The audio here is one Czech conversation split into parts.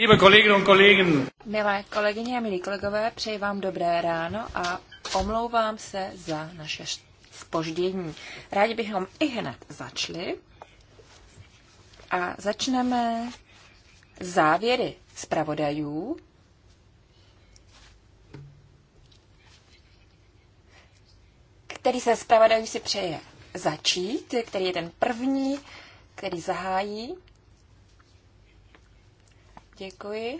Liebe Kolleginnen und Kollegen. Milé kolegyně a milí kolegové, přeji vám dobré ráno a omlouvám se za naše spoždění. Rádi bychom i hned začali a začneme závěry zpravodajů. který se zpravodajů si přeje začít, který je ten první, který zahájí. Děkuji.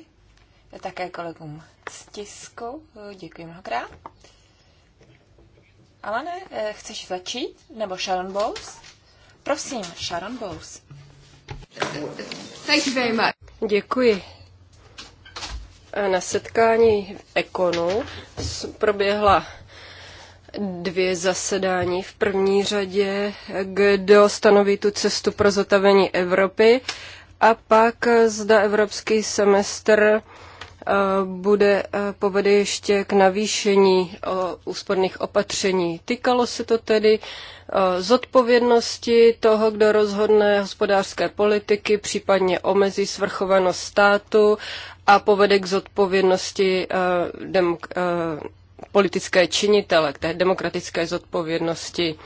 A také kolegům z tisku. Děkuji mnohokrát. Alane, eh, chceš začít? Nebo Sharon Bowles? Prosím, Sharon Bowles. Thank you very much. Děkuji. Na setkání v Ekonu proběhla dvě zasedání. V první řadě, kdo stanoví tu cestu pro zotavení Evropy a pak eh, zda evropský semestr eh, bude eh, povede ještě k navýšení úsporných opatření. Týkalo se to tedy zodpovědnosti toho, kdo rozhodne hospodářské politiky, případně omezí svrchovanost státu a povede k zodpovědnosti demok- politické činitele, k té demokratické zodpovědnosti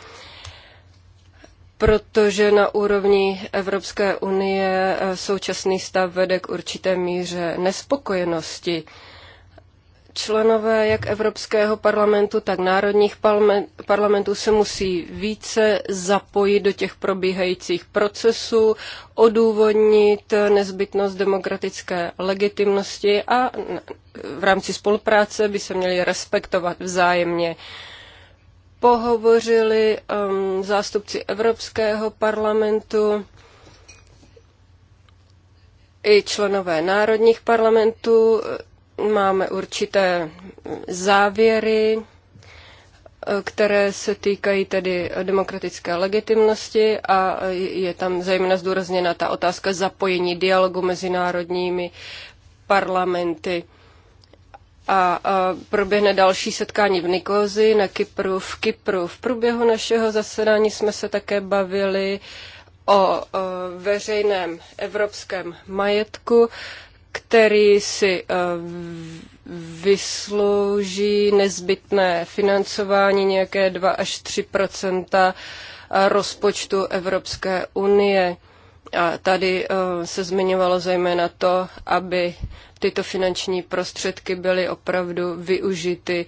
protože na úrovni Evropské unie eh, současný stav vede k určité míře nespokojenosti. Členové jak Evropského parlamentu, tak národních parlamentů se musí více zapojit do těch probíhajících procesů, odůvodnit nezbytnost demokratické legitimnosti a v rámci spolupráce by se měly respektovat vzájemně. Uh, pohovořili um, zástupci Evropského parlamentu i členové národních parlamentů. Máme určité závěry, které se týkají tedy demokratické legitimnosti a je tam zejména zdůrazněna ta otázka zapojení dialogu mezi národními parlamenty a, proběhne další setkání v Nikozi, na Kypru, v Kypru. V průběhu našeho zasedání jsme se také bavili o veřejném evropském majetku, který si e, vyslouží nezbytné financování nějaké 2 až 3 rozpočtu Evropské unie. A tady eh, se zmiňovalo zejména to, aby tyto finanční prostředky byly opravdu využity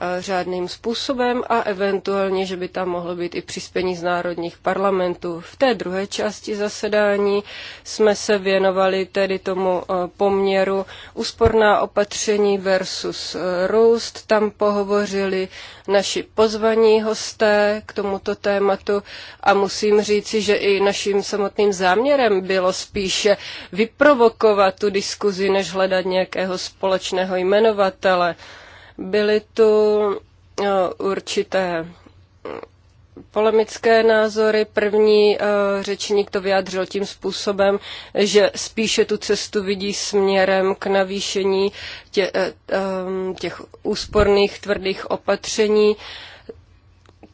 Eh, řádným způsobem a eventuálně, že by tam mohlo být i přispění z národních parlamentů. V té druhé části zasedání jsme se věnovali tedy tomu eh, poměru úsporná opatření versus eh, růst. Tam pohovořili naši pozvaní hosté k tomuto tématu a musím říci, že i naším samotným záměrem bylo spíše vyprovokovat tu diskuzi, než hledat nějakého společného jmenovatele. Byly tu eh, určité eh, polemické názory. První eh, řečník to vyjádřil tím způsobem, že spíše tu cestu vidí směrem k navýšení tě, těch úsporných tvrdých opatření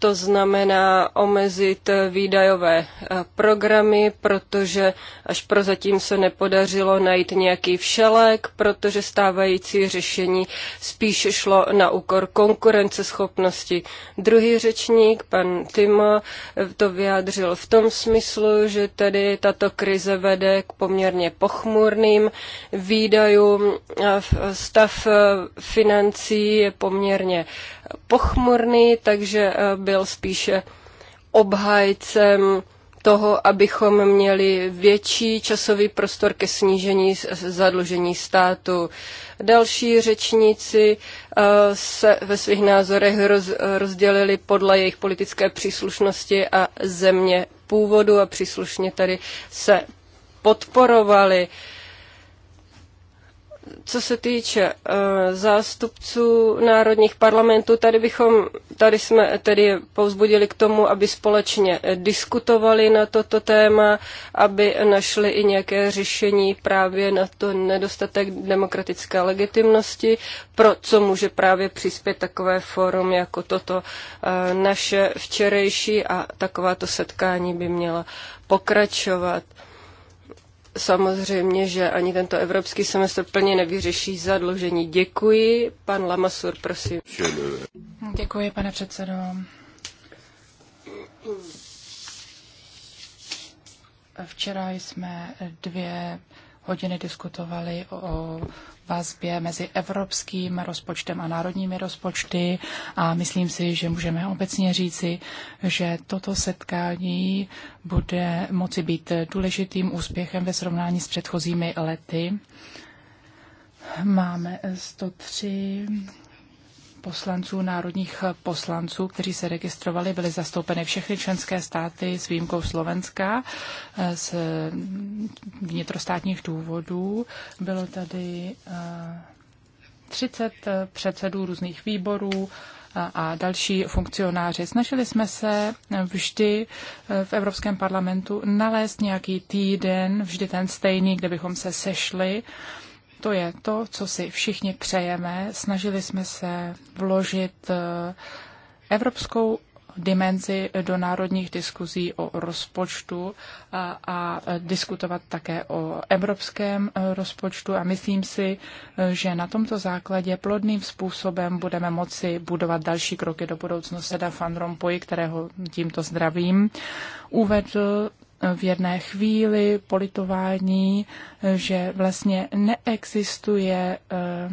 to znamená omezit výdajové eh, programy, protože až prozatím se nepodařilo najít nějaký všelek, protože stávající řešení spíš šlo na úkor konkurenceschopnosti. Druhý řečník, pan Timo, eh, to vyjádřil v tom smyslu, že tedy tato krize vede k poměrně pochmurným výdajům. Stav eh, financí je poměrně pochmurný, takže eh, byl spíše obhájcem toho, abychom měli větší časový prostor ke snížení zadlužení státu. Další řečníci eh, se ve svých názorech rozdělili podle jejich politické příslušnosti a země původu a příslušně tady se podporovali. Uh, co se týče eh, zástupců národních parlamentů, tady, bychom, tady jsme tedy povzbudili k tomu, aby společně eh, diskutovali na toto téma, aby našli i nějaké řešení právě na to nedostatek demokratické legitimnosti, pro co může právě přispět takové fórum jako toto eh, naše včerejší a takováto setkání by měla pokračovat samozřejmě, že ani tento evropský semestr plně nevyřeší zadlužení. Děkuji. Pan Lamasur, prosím. Děkuji, pane předsedo. Včera jsme dvě hodiny diskutovali o vazbě mezi evropským rozpočtem a národními rozpočty a myslím si, že můžeme obecně říci, že toto setkání bude moci být důležitým úspěchem ve srovnání s předchozími lety. Máme 103 poslanců, národních poslanců, kteří se registrovali, byly zastoupeny všechny členské státy s výjimkou Slovenska eh, z vnitrostátních důvodů. Bylo tady 30 eh, eh, předsedů různých výborů, a další funkcionáři. Snažili jsme se vždy v Evropském parlamentu nalézt nějaký týden, vždy ten stejný, kde bychom se sešli to je to, co si všichni přejeme. Snažili jsme se vložit eh, evropskou dimenzi do národních diskuzí o rozpočtu a, a diskutovat také o evropském eh, rozpočtu a myslím si, eh, že na tomto základě plodným způsobem budeme moci budovat další kroky do budoucnosti. Seda Van Rompuy, kterého tímto zdravím, uvedl v jedné chvíli politování, že vlastně neexistuje eh,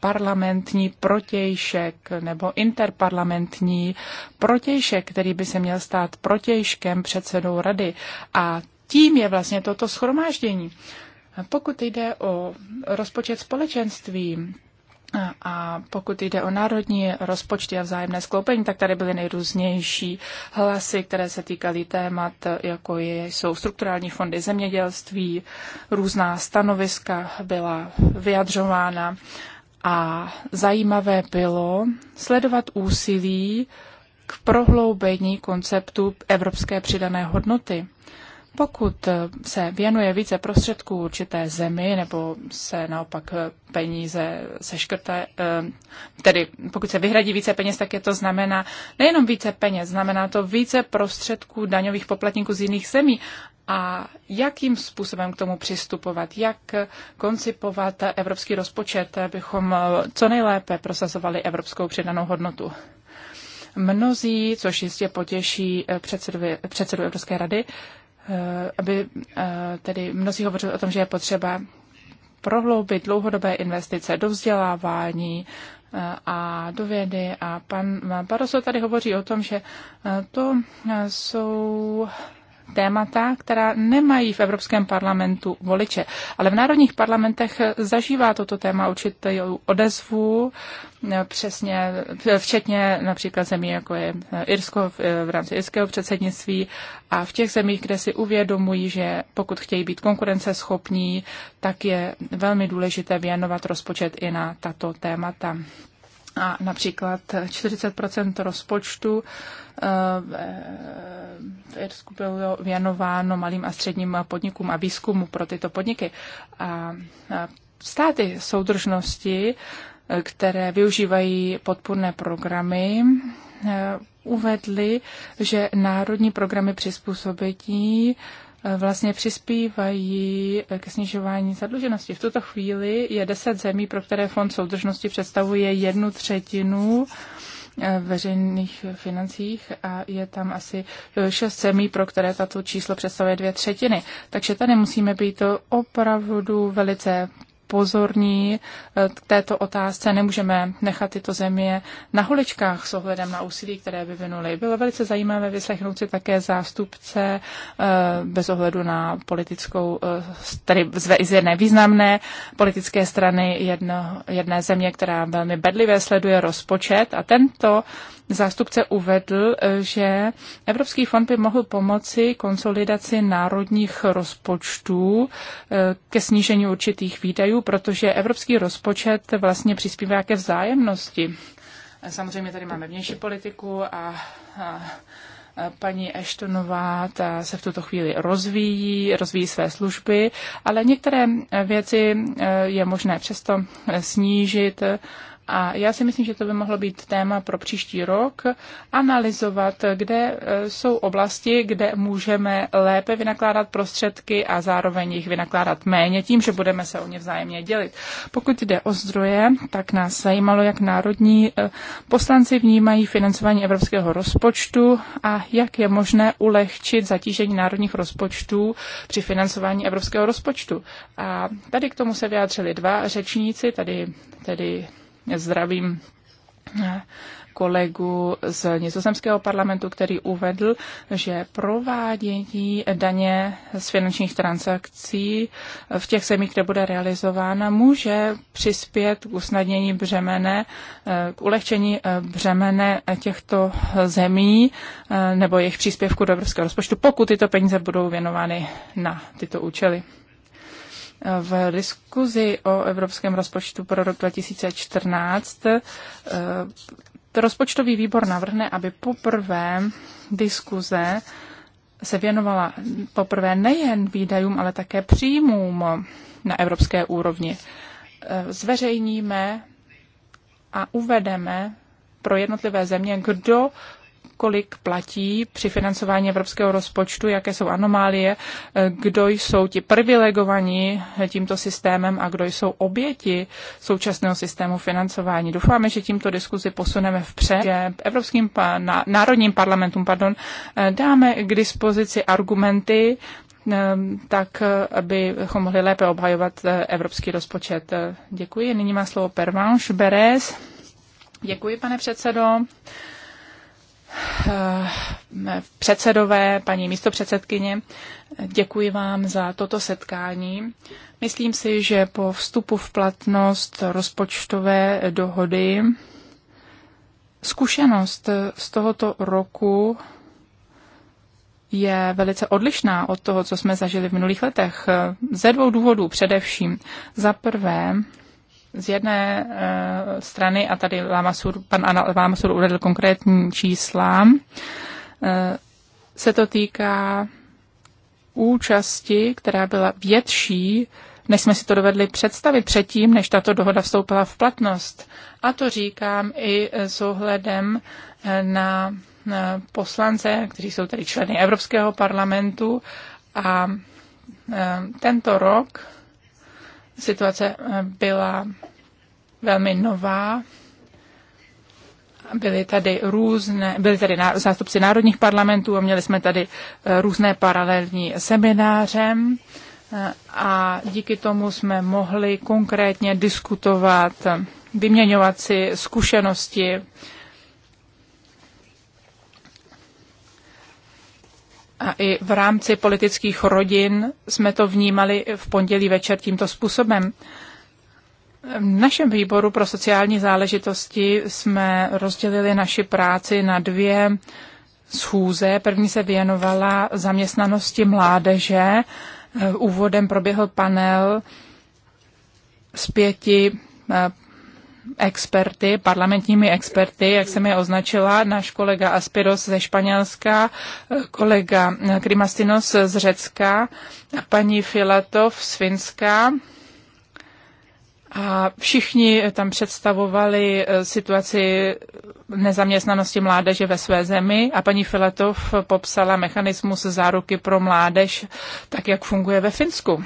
parlamentní protějšek nebo interparlamentní protějšek, který by se měl stát protějškem předsedou rady. A tím je vlastně toto schromáždění. Pokud jde o rozpočet společenství, a pokud jde o národní rozpočty a vzájemné skloupení, tak tady byly nejrůznější hlasy, které se týkaly témat, jako je jsou strukturální fondy zemědělství, různá stanoviska byla vyjadřována. A zajímavé bylo sledovat úsilí k prohloubení konceptu evropské přidané hodnoty. Pokud eh, se věnuje více prostředků určité zemi, nebo se naopak eh, peníze seškrte, eh, tedy pokud se vyhradí více peněz, tak je to znamená nejenom více peněz, znamená to více prostředků daňových poplatníků z jiných zemí. A jakým způsobem k tomu přistupovat, jak koncipovat evropský rozpočet, abychom co nejlépe prosazovali evropskou přidanou hodnotu mnozí, což jistě potěší předsedu, předsedu Evropské rady, Eh, aby eh, tedy mnozí hovořili o tom, že je potřeba prohloubit dlouhodobé investice do vzdělávání eh, a do vědy. A pan Barroso tady hovoří o tom, že to jsou témata, která nemají v Evropském parlamentu voliče. Ale v národních parlamentech zažívá toto téma určitou odezvu, eh, přesně, včetně například zemí, jako je eh, Irsko eh, v rámci irského předsednictví a v těch zemích, kde si uvědomují, že pokud chtějí být konkurenceschopní, tak je velmi důležité věnovat rozpočet i na tato témata a například 40 rozpočtu v Irsku bylo věnováno malým a středním podnikům a výzkumu pro tyto podniky. A státy soudržnosti, eh, které využívají podpůrné programy, eh, uvedly, že národní programy přizpůsobení vlastně přispívají ke snižování zadluženosti. V tuto chvíli je deset zemí, pro které fond soudržnosti představuje jednu třetinu eh, veřejných financích a je tam asi eh, šest zemí, pro které tato číslo představuje dvě třetiny. Takže tady musíme být opravdu velice pozorní eh, k této otázce. Nemůžeme nechat tyto země na holičkách s ohledem na úsilí, které vyvinuli. Bylo velice zajímavé vyslechnout si také zástupce eh, bez ohledu na politickou, eh, tedy z jedné významné politické strany jedno, jedné země, která velmi bedlivě sleduje rozpočet a tento zástupce uvedl, že Evropský fond by mohl pomoci konsolidaci národních rozpočtů eh, ke snížení určitých výdajů, protože evropský rozpočet vlastně přispívá ke vzájemnosti. Samozřejmě tady máme vnější politiku a, a paní Eštonová ta se v tuto chvíli rozvíjí, rozvíjí své služby, ale některé věci eh, je možné přesto eh, snížit a já si myslím, že to by mohlo být téma pro příští rok, analyzovat, kde e, jsou oblasti, kde můžeme lépe vynakládat prostředky a zároveň jich vynakládat méně tím, že budeme se o ně vzájemně dělit. Pokud jde o zdroje, tak nás zajímalo, jak národní e, poslanci vnímají financování evropského rozpočtu a jak je možné ulehčit zatížení národních rozpočtů při financování evropského rozpočtu. A tady k tomu se vyjádřili dva řečníci, tady tedy Zdravím eh, kolegu z nizozemského parlamentu, který uvedl, že provádění daně z finančních transakcí v těch zemích, kde bude realizována, může přispět k usnadnění břemene, eh, k ulehčení eh, břemene těchto zemí nebo jejich příspěvku do evropského rozpočtu, pokud tyto peníze budou věnovány na tyto účely. V diskuzi o evropském rozpočtu pro rok 2014 eh, rozpočtový výbor navrhne, aby poprvé diskuze se věnovala poprvé nejen výdajům, ale také příjmům na evropské úrovni. Eh, zveřejníme a uvedeme pro jednotlivé země, kdo kolik platí při financování evropského rozpočtu, jaké jsou anomálie, eh, kdo jsou ti privilegovaní tímto systémem a kdo jsou oběti současného systému financování. Doufáme, že tímto diskuzi posuneme vpřed, že evropským národním parlamentům pardon, eh, dáme k dispozici argumenty, eh, tak abychom mohli lépe obhajovat evropský rozpočet. Děkuji. Nyní má slovo Pervanš Beres. Děkuji, pane předsedo. Eh, předsedové, paní místopředsedkyně, děkuji vám za toto setkání. Myslím si, že po vstupu v platnost rozpočtové dohody zkušenost z tohoto roku je velice odlišná od toho, co jsme zažili v minulých letech. Eh, ze dvou důvodů především. Za prvé, z jedné uh, strany, a tady Lámasur, pan Lámasur uvedl konkrétní čísla, uh, se to týká účasti, která byla větší, než jsme si to dovedli představit předtím, než tato dohoda vstoupila v platnost. A to říkám i s ohledem eh, na poslance, kteří jsou tedy členy Evropského parlamentu. A tento rok Situace eh, byla velmi nová. Byly tady různé, byli tady zástupci národních parlamentů a měli jsme tady eh, různé paralelní semináře eh, a díky tomu jsme mohli konkrétně diskutovat, vyměňovat si zkušenosti, A i v rámci politických rodin jsme to vnímali v pondělí večer tímto způsobem. V našem výboru pro sociální záležitosti jsme rozdělili naši práci na dvě schůze. První se věnovala zaměstnanosti mládeže. Úvodem proběhl panel z pěti eh, experty, parlamentními experty, jak jsem je označila, náš kolega Aspiros ze Španělska, kolega Krimastinos z Řecka, paní Filatov z Finska. A všichni tam představovali eh, situaci nezaměstnanosti mládeže ve své zemi a paní Filatov popsala mechanismus záruky pro mládež, tak jak funguje ve Finsku.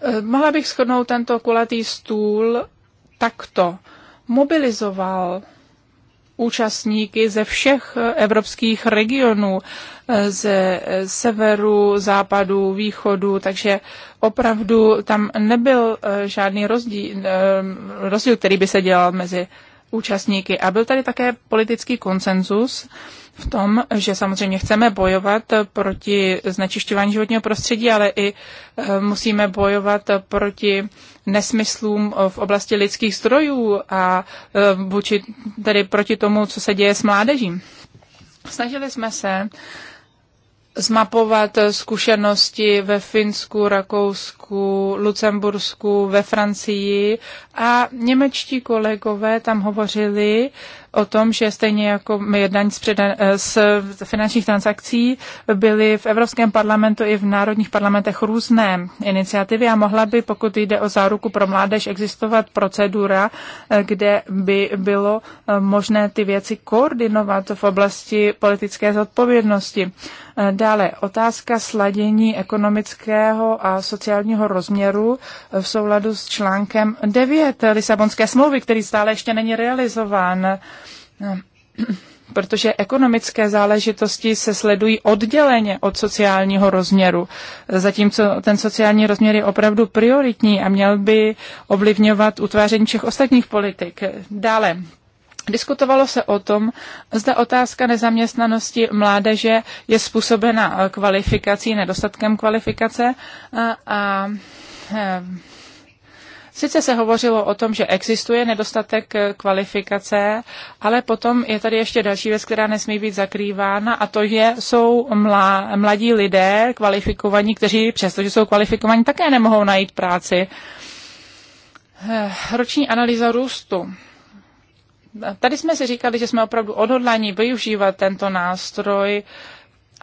Eh, mohla bych shodnout tento kulatý stůl takto. Mobilizoval účastníky ze všech eh, evropských regionů, eh, ze severu, západu, východu, takže opravdu tam nebyl žádný rozdíl, rozdíl který by se dělal mezi účastníky. A byl tady také politický konsenzus v tom, že samozřejmě chceme bojovat proti znečišťování životního prostředí, ale i eh, musíme bojovat proti nesmyslům v oblasti lidských zdrojů a eh, vůči, tedy proti tomu, co se děje s mládeží. Snažili jsme se zmapovat zkušenosti ve Finsku, Rakousku, Lucembursku, ve Francii a němečtí kolegové tam hovořili o tom, že stejně jako my jednání z, předan- z finančních transakcí byly v Evropském parlamentu i v národních parlamentech různé iniciativy a mohla by, pokud jde o záruku pro mládež, existovat procedura, eh, kde by bylo eh, možné ty věci koordinovat v oblasti politické zodpovědnosti. Eh, dále otázka sladění ekonomického a sociálního rozměru v souladu s článkem 9 Lisabonské smlouvy, který stále ještě není realizován. No, protože ekonomické záležitosti se sledují odděleně od sociálního rozměru, zatímco ten sociální rozměr je opravdu prioritní a měl by ovlivňovat utváření všech ostatních politik. Dále. Diskutovalo se o tom, zda otázka nezaměstnanosti mládeže je způsobena kvalifikací, nedostatkem kvalifikace a, a Sice se hovořilo o tom, že existuje nedostatek eh, kvalifikace, ale potom je tady ještě další věc, která nesmí být zakrývána a to je, jsou mla, mladí lidé kvalifikovaní, kteří přestože jsou kvalifikovaní, také nemohou najít práci. Eh, roční analýza růstu. Tady jsme si říkali, že jsme opravdu odhodlání využívat tento nástroj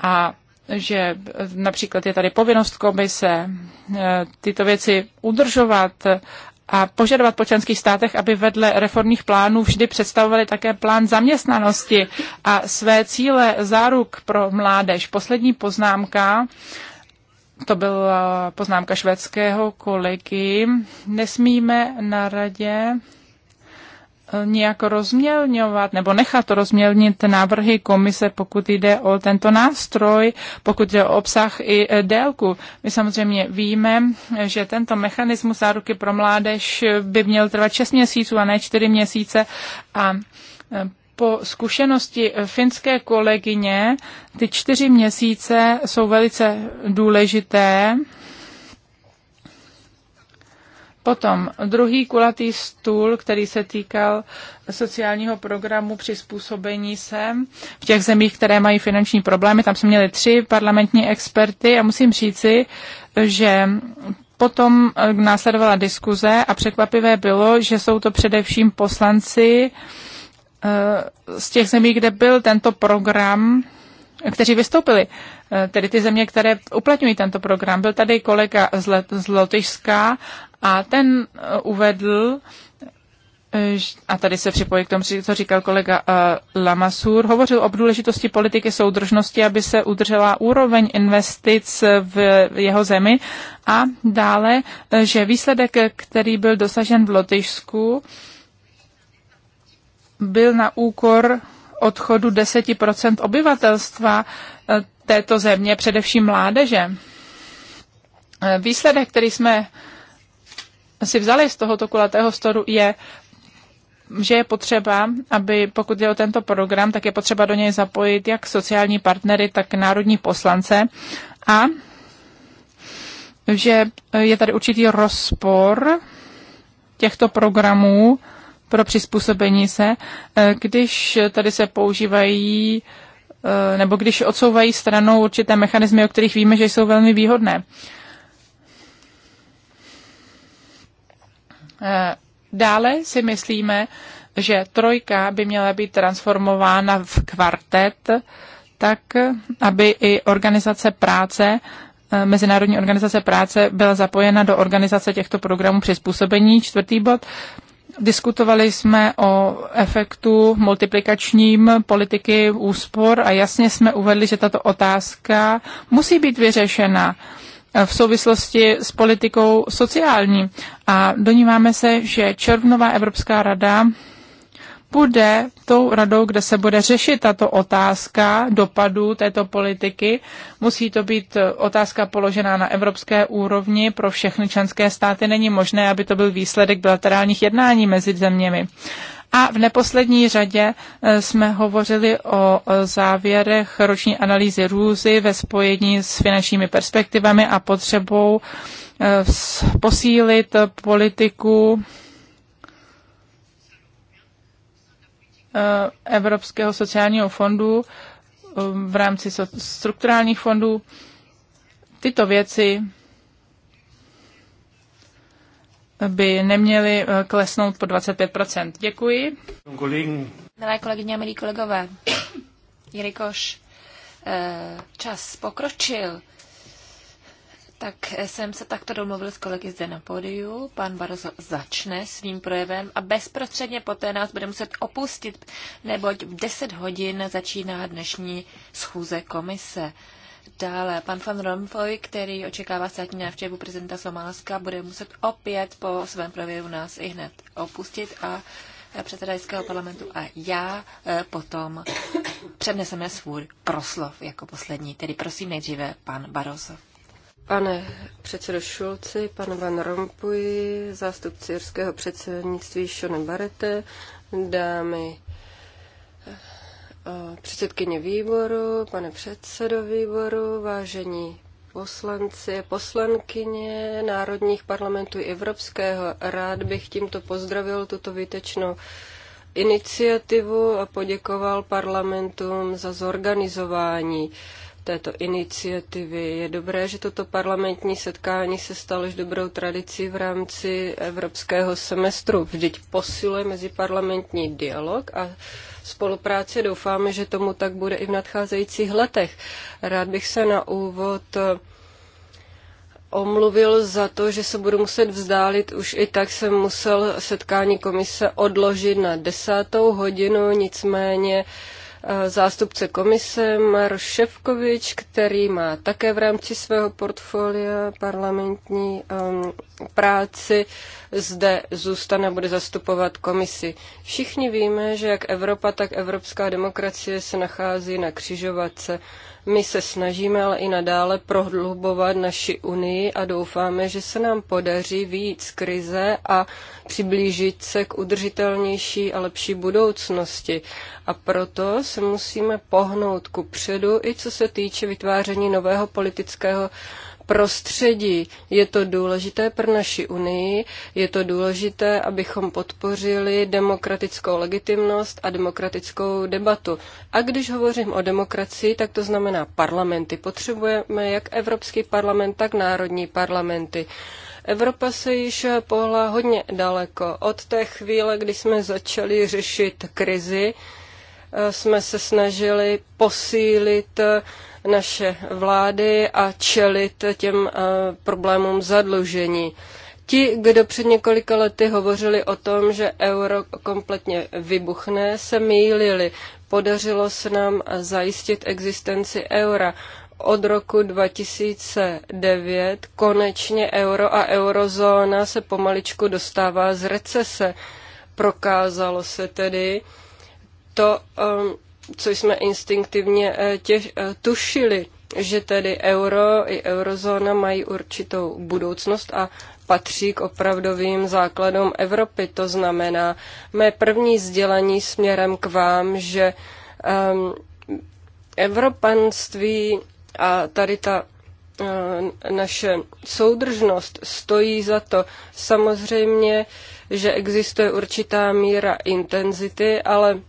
a že například je tady povinnost komise eh, tyto věci udržovat a požadovat po členských státech, aby vedle reformních plánů vždy představovali také plán zaměstnanosti a své cíle záruk pro mládež. Poslední poznámka, to byla poznámka švédského kolegy, nesmíme na radě nějak rozmělňovat nebo nechat rozmělnit návrhy komise, pokud jde o tento nástroj, pokud jde o obsah i e, délku. My samozřejmě víme, že tento mechanismus záruky pro mládež by měl trvat 6 měsíců a ne 4 měsíce a e, po zkušenosti finské kolegyně ty čtyři měsíce jsou velice důležité Potom druhý kulatý stůl, který se týkal sociálního programu přizpůsobení se v těch zemích, které mají finanční problémy. Tam jsme měli tři parlamentní experty a musím říci, že potom eh, následovala diskuze a překvapivé bylo, že jsou to především poslanci eh, z těch zemí, kde byl tento program, kteří vystoupili, eh, tedy ty země, které uplatňují tento program. Byl tady kolega z Lotyšska a ten eh, uvedl, eh, a tady se připojí k tomu, co říkal kolega eh, Lamasur, hovořil o důležitosti politiky soudržnosti, aby se udržela úroveň investic v jeho zemi a dále, že výsledek, který byl dosažen v Lotyšsku, byl na úkor odchodu 10% obyvatelstva této země, především mládeže. Výsledek, který jsme si vzali z tohoto kulatého storu, je, že je potřeba, aby pokud je o tento program, tak je potřeba do něj zapojit jak sociální partnery, tak národní poslance a že je tady určitý rozpor těchto programů pro přizpůsobení se, když tady se používají eh, nebo když odsouvají stranou určité mechanismy, o kterých víme, že jsou velmi výhodné. Eh, dále si myslíme, že trojka by měla být transformována v kvartet, tak aby i organizace práce eh, Mezinárodní organizace práce byla zapojena do organizace těchto programů přizpůsobení. Čtvrtý bod. Diskutovali jsme o efektu multiplikačním politiky úspor a jasně jsme uvedli, že tato otázka musí být vyřešena. Eh, v souvislosti s politikou sociální. A donímáme se, že červnová Evropská rada bude tou radou, kde se bude řešit tato otázka dopadů této politiky. Musí to být otázka položená na evropské úrovni pro všechny členské státy. Není možné, aby to byl výsledek bilaterálních jednání mezi zeměmi. A v neposlední řadě eh, jsme hovořili o závěrech roční analýzy růzy ve spojení s finančními perspektivami a potřebou eh, posílit politiku eh, Evropského sociálního fondu v rámci strukturálních fondů. Tyto věci by neměly eh, klesnout po 25%. Děkuji. Milé kolegyně a milí kolegové, jelikož eh, čas pokročil, tak jsem se takto domluvil s kolegy zde na pódiu. Pan Barozo začne svým projevem a bezprostředně poté nás bude muset opustit, neboť v 10 hodin začíná dnešní schůze komise. Dále, pan van Rompuy, který očekává státní návštěvu prezidenta Somálska, bude muset opět po svém projevu nás i hned opustit a eh, předsedajského parlamentu a já eh, potom předneseme svůj proslov jako poslední. Tedy prosím nejdříve pan Barroso. Pane předsedo Šulci, pan Van Rompuy, zástupci jirského předsednictví Šone Barete, dámy Eh, předsedkyně výboru, pane předsedo výboru, vážení poslanci, a poslankyně národních parlamentů i Evropského. Rád bych tímto pozdravil tuto výtečnou iniciativu a poděkoval parlamentům za zorganizování této iniciativy. Je dobré, že toto parlamentní setkání se stalo už dobrou tradicí v rámci evropského semestru. Vždyť posiluje meziparlamentní dialog a spolupráci. Doufáme, že tomu tak bude i v nadcházejících letech. Rád bych se na úvod eh, omluvil za to, že se budu muset vzdálit. Už i tak jsem musel setkání komise odložit na desátou hodinu, nicméně zástupce komise Maroš Ševkovič, který má také v rámci svého portfolia parlamentní um, práci, zde zůstane a bude zastupovat komisi. Všichni víme, že jak Evropa, tak evropská demokracie se nachází na křižovatce. My se snažíme ale i nadále prohlubovat naši unii a doufáme, že se nám podaří vyjít z krize a přiblížit se k udržitelnější a lepší budoucnosti. A proto se musíme pohnout ku předu, i co se týče vytváření nového politického prostředí. Je to důležité pro naši Unii, je to důležité, abychom podpořili demokratickou legitimnost a demokratickou debatu. A když hovořím o demokracii, tak to znamená parlamenty. Potřebujeme jak Evropský parlament, tak národní parlamenty. Evropa se již pohla hodně daleko. Od té chvíle, kdy jsme začali řešit krizi, eh, jsme se snažili posílit eh, naše vlády a čelit těm eh, problémům zadlužení. Ti, kdo před několika lety hovořili o tom, že euro kompletně vybuchne, se mýlili. Podařilo se nám zajistit existenci eura. Od roku 2009 konečně euro a eurozóna se pomaličku dostává z recese. Prokázalo se tedy to, um, co jsme instinktivně eh, těž, eh, tušili, že tedy euro i eurozóna mají určitou budoucnost a patří k opravdovým základům Evropy. To znamená, mé první sdělení směrem k vám, že um, evropanství a tady ta eh, naše soudržnost stojí za to. Samozřejmě, že existuje určitá míra intenzity, ale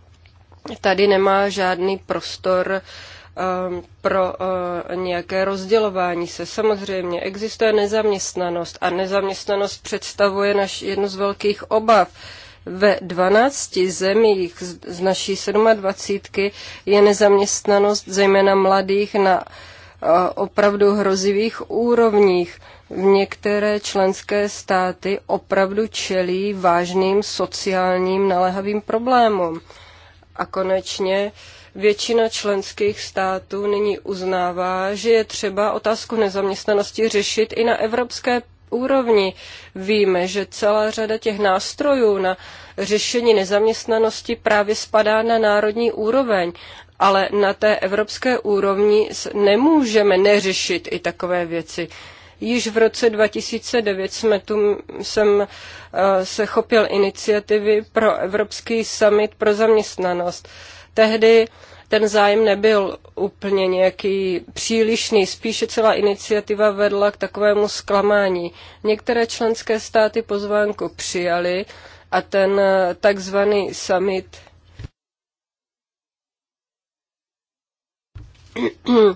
tady nemá žádný prostor ehm, pro eh, nějaké rozdělování se. Samozřejmě existuje nezaměstnanost a nezaměstnanost představuje naš, jednu z velkých obav. Ve 12 zemích z, z naší 27 je nezaměstnanost zejména mladých na eh, opravdu hrozivých úrovních. V některé členské státy opravdu čelí vážným sociálním naléhavým problémům. A konečně většina členských států nyní uznává, že je třeba otázku nezaměstnanosti řešit i na evropské úrovni. Víme, že celá řada těch nástrojů na řešení nezaměstnanosti právě spadá na národní úroveň, ale na té evropské úrovni nemůžeme neřešit i takové věci. Již v roce 2009 jsme tu, jsem eh, se chopil iniciativy pro Evropský summit pro zaměstnanost. Tehdy ten zájem nebyl úplně nějaký přílišný, spíše celá iniciativa vedla k takovému zklamání. Některé členské státy pozvánku přijali a ten eh, takzvaný summit eh,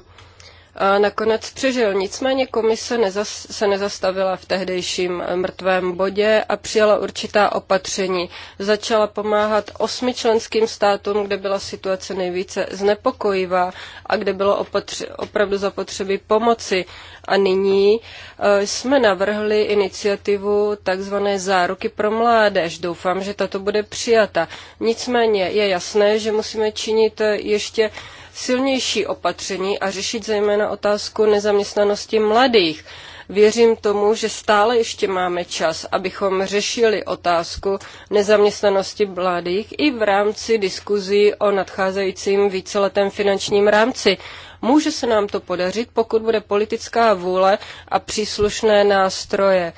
nakonec přežil. Nicméně komise nezas, se nezastavila v tehdejším mrtvém bodě a přijala určitá opatření. Začala pomáhat osmi členským státům, kde byla situace nejvíce znepokojivá a kde bylo opatři, opravdu zapotřebí pomoci. A nyní e, jsme navrhli iniciativu takzvané záruky pro mládež. Doufám, že tato bude přijata. Nicméně je jasné, že musíme činit ještě silnější opatření a řešit zejména otázku nezaměstnanosti mladých. Věřím tomu, že stále ještě máme čas, abychom řešili otázku nezaměstnanosti mladých i v rámci diskuzí o nadcházejícím víceletém finančním rámci. Může se nám to podařit, pokud bude politická vůle a příslušné nástroje.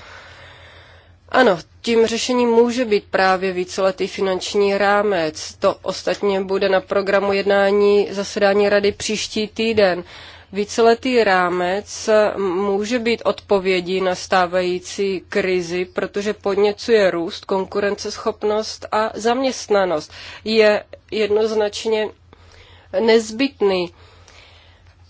Ano, tím řešením může být právě víceletý finanční rámec. To ostatně bude na programu jednání zasedání rady příští týden. Víceletý rámec může být odpovědí na stávající krizi, protože podněcuje růst, konkurenceschopnost a zaměstnanost. Je jednoznačně nezbytný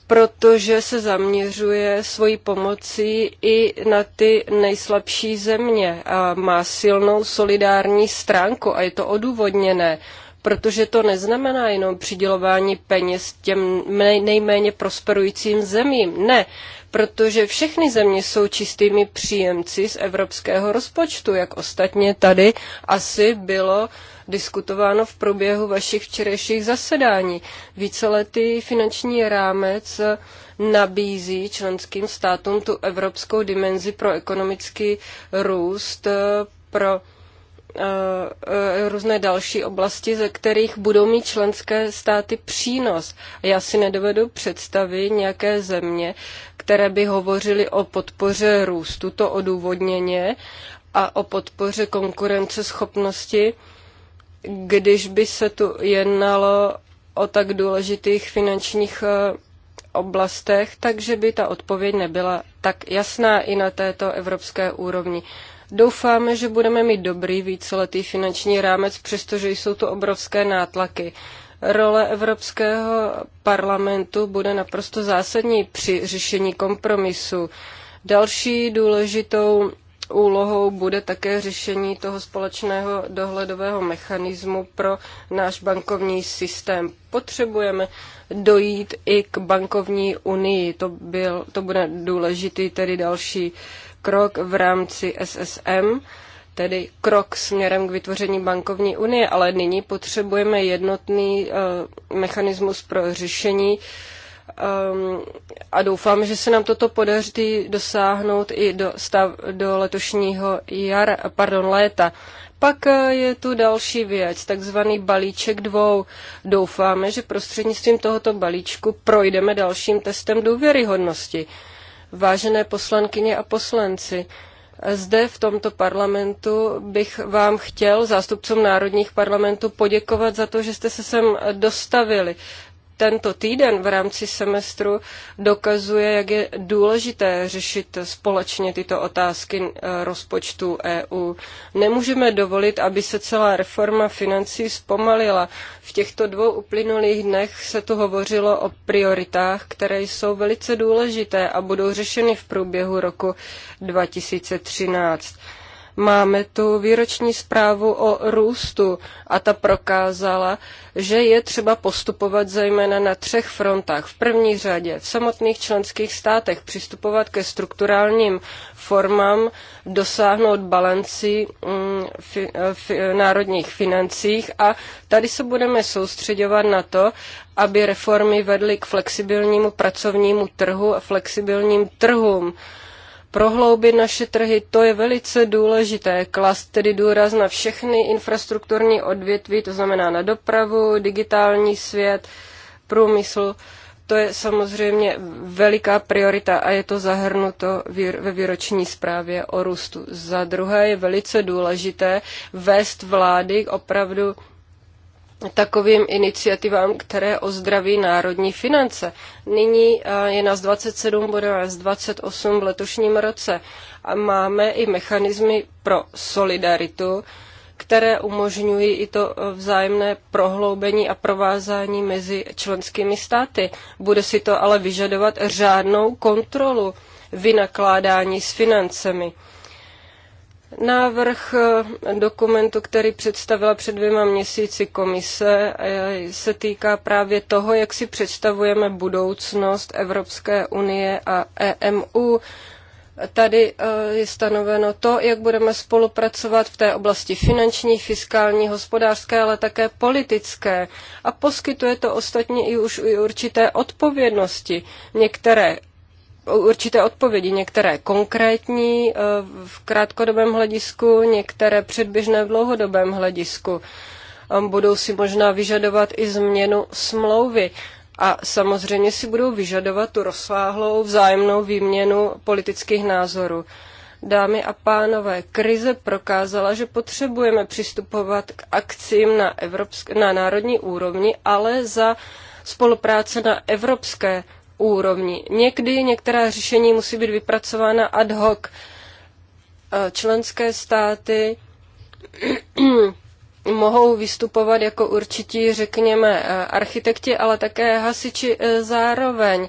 protože se zaměřuje svojí pomocí i na ty nejslabší země a má silnou solidární stránku a je to odůvodněné, protože to neznamená jenom přidělování peněz těm nejméně prosperujícím zemím. Ne, protože všechny země jsou čistými příjemci z evropského rozpočtu, jak ostatně tady asi bylo uh, diskutováno v průběhu vašich včerejších zasedání. Víceletý finanční rámec nabízí členským státům tu evropskou dimenzi pro ekonomický růst, pro eh, různé další oblasti, ze kterých budou mít členské státy přínos. Já si nedovedu představit nějaké země, které by hovořily o podpoře růstu, to odůvodněně, a o podpoře konkurenceschopnosti, když by se tu jednalo o tak důležitých finančních eh, oblastech, takže by ta odpověď nebyla tak jasná i na této evropské úrovni. Doufáme, že budeme mít dobrý víceletý finanční rámec, přestože jsou tu obrovské nátlaky. Role Evropského parlamentu bude naprosto zásadní při řešení kompromisu. Další důležitou úlohou bude také řešení toho společného dohledového mechanismu pro náš bankovní systém. Potřebujeme dojít i k bankovní unii. To, byl, to bude důležitý tedy další krok v rámci SSM tedy krok směrem k vytvoření bankovní unie, ale nyní potřebujeme jednotný uh, mechanismus pro řešení uh, Ehm, a doufám, že se nám toto podaří dosáhnout i do, stav, do letošního jara, pardon, léta. Pak eh, je tu další věc, takzvaný balíček dvou. Doufáme, že prostřednictvím tohoto balíčku projdeme dalším testem důvěryhodnosti. Vážené poslankyně a poslanci, zde v tomto parlamentu bych vám chtěl, zástupcům národních parlamentů, poděkovat za to, že jste se sem dostavili tento týden v rámci semestru dokazuje, jak je důležité řešit společně tyto otázky eh, rozpočtu EU. Nemůžeme dovolit, aby se celá reforma financí zpomalila. V těchto dvou uplynulých dnech se tu hovořilo o prioritách, které jsou velice důležité a budou řešeny v průběhu roku 2013. Máme tu výroční zprávu o růstu a ta prokázala, že je třeba postupovat zejména na třech frontách. V první řadě v samotných členských státech přistupovat ke strukturálním formám, dosáhnout balancí mm, fi, eh, fi, eh, národních financích a tady se budeme soustředovat na to, aby reformy vedly k flexibilnímu pracovnímu trhu a flexibilním trhům prohloubit naše trhy, to je velice důležité. Klas tedy důraz na všechny infrastrukturní odvětví, to znamená na dopravu, digitální svět, průmysl. To je samozřejmě veliká priorita a je to zahrnuto ve výroční zprávě o růstu. Za druhé je velice důležité vést vlády opravdu takovým iniciativám, které ozdraví národní finance. Nyní eh, je nás 27, bude nás 28 v letošním roce a máme i mechanismy pro solidaritu, které umožňují i to eh, vzájemné prohloubení a provázání mezi členskými státy. Bude si to ale vyžadovat řádnou kontrolu vynakládání s financemi. Návrh eh, dokumentu, který představila před dvěma měsíci komise, eh, se týká právě toho, jak si představujeme budoucnost Evropské unie a EMU. Tady eh, je stanoveno to, jak budeme spolupracovat v té oblasti finanční, fiskální, hospodářské, ale také politické. A poskytuje to ostatně i už i určité odpovědnosti. Některé určité odpovědi, některé konkrétní eh, v krátkodobém hledisku, některé předběžné v dlouhodobém hledisku. Ehm, budou si možná vyžadovat i změnu smlouvy a samozřejmě si budou vyžadovat tu rozsáhlou vzájemnou výměnu politických názorů. Dámy a pánové, krize prokázala, že potřebujeme přistupovat k akcím na, evropské, na národní úrovni, ale za spolupráce na evropské úrovni. Někdy některá řešení musí být vypracována ad hoc. E, členské státy mohou vystupovat jako určití, řekněme, e, architekti, ale také hasiči e, zároveň.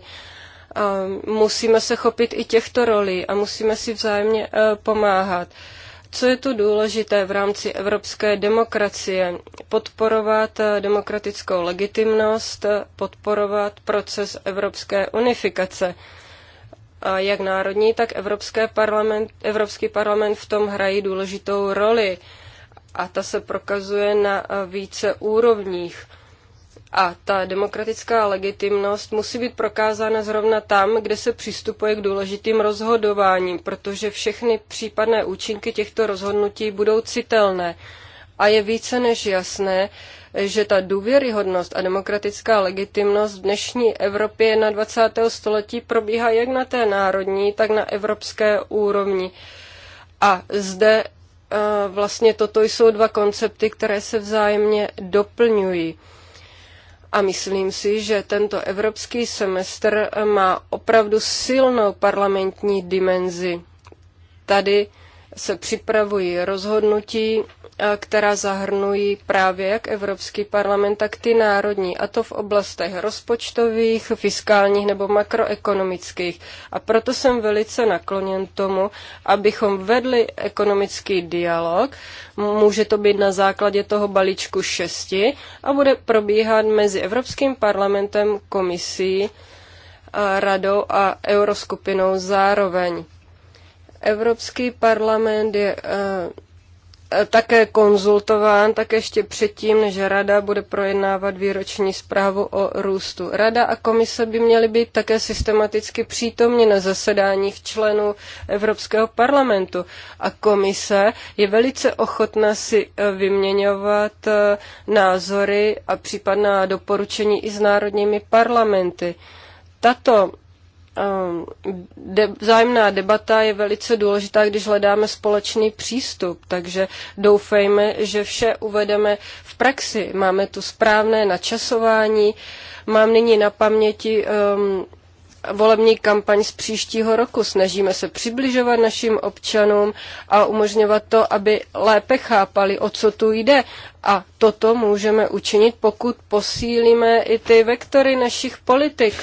Musíme se chopit i těchto rolí a musíme si vzájemně pomáhat. Co je tu důležité v rámci evropské demokracie? Podporovat eh, demokratickou legitimnost, eh, podporovat proces evropské unifikace. A jak národní, tak evropské parlament, Evropský parlament v tom hrají důležitou roli a ta se prokazuje na eh, více úrovních. A ta demokratická legitimnost musí být prokázána zrovna tam, kde se přistupuje k důležitým rozhodováním, protože všechny případné účinky těchto rozhodnutí budou citelné. A je více než jasné, že ta důvěryhodnost a demokratická legitimnost v dnešní Evropě 20. století probíhá jak na té národní, tak na evropské úrovni. A zde eh, vlastně toto jsou dva koncepty, které se vzájemně doplňují. A myslím si, že tento evropský semestr má opravdu silnou parlamentní dimenzi. Tady se připravují rozhodnutí která zahrnují právě jak Evropský parlament, tak ty národní, a to v oblastech rozpočtových, fiskálních nebo makroekonomických. A proto jsem velice nakloněn tomu, abychom vedli ekonomický dialog. Může to být na základě toho balíčku šesti a bude probíhat mezi Evropským parlamentem, komisí, a radou a euroskupinou zároveň. Evropský parlament je eh, Eh, také konzultován, tak ještě předtím, než Rada bude projednávat výroční zprávu o růstu. Rada a komise by měly být také systematicky přítomni na zasedáních členů Evropského parlamentu. A komise je velice ochotna si eh, vyměňovat eh, názory a případná doporučení i s národními parlamenty. Tato Um, de, vzájemná debata je velice důležitá, když hledáme společný přístup, takže doufejme, že vše uvedeme v praxi. Máme tu správné načasování, mám nyní na paměti um, volební kampaň z příštího roku. Snažíme se přibližovat našim občanům a umožňovat to, aby lépe chápali, o co tu jde. A toto můžeme učinit, pokud posílíme i ty vektory našich politik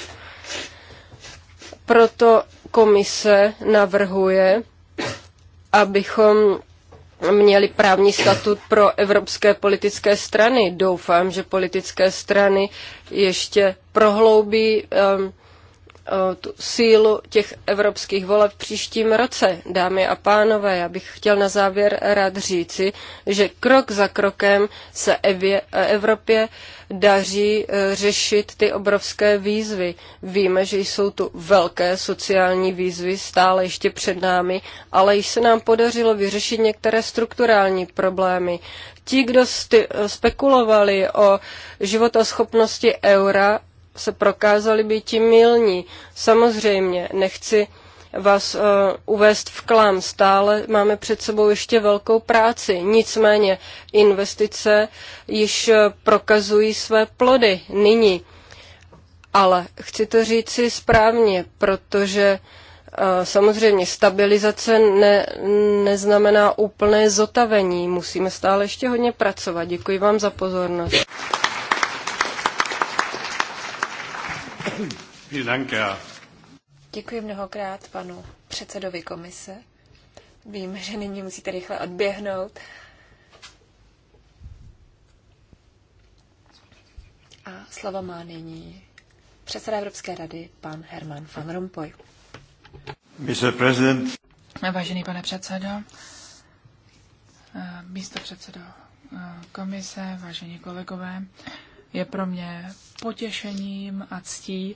proto komise navrhuje, abychom měli právní statut pro evropské politické strany. Doufám, že politické strany ještě prohloubí um, tu sílu těch evropských voleb v příštím roce. Dámy a pánové, já bych chtěl na závěr rád říci, že krok za krokem se e, Evropě daří e, řešit ty obrovské výzvy. Víme, že jsou tu velké sociální výzvy stále ještě před námi, ale již se nám podařilo vyřešit některé strukturální problémy. Ti, kdo e, spekulovali o životoschopnosti eura, se prokázali být milní. Samozřejmě, nechci vás uh, uvést v klam. Stále máme před sebou ještě velkou práci. Nicméně investice již eh, prokazují své plody nyní. Ale chci to říci správně, protože uh, samozřejmě stabilizace ne, neznamená úplné zotavení. Musíme stále ještě hodně pracovat. Děkuji vám za pozornost. Děkuji mnohokrát panu předsedovi komise. Vím, že nyní musíte rychle odběhnout. A slovo má nyní předseda Evropské rady, pan Herman van Rompuy. Vážený pane předsedo, eh, místo předsedo eh, komise, vážení kolegové, je pro mě potěšením a ctí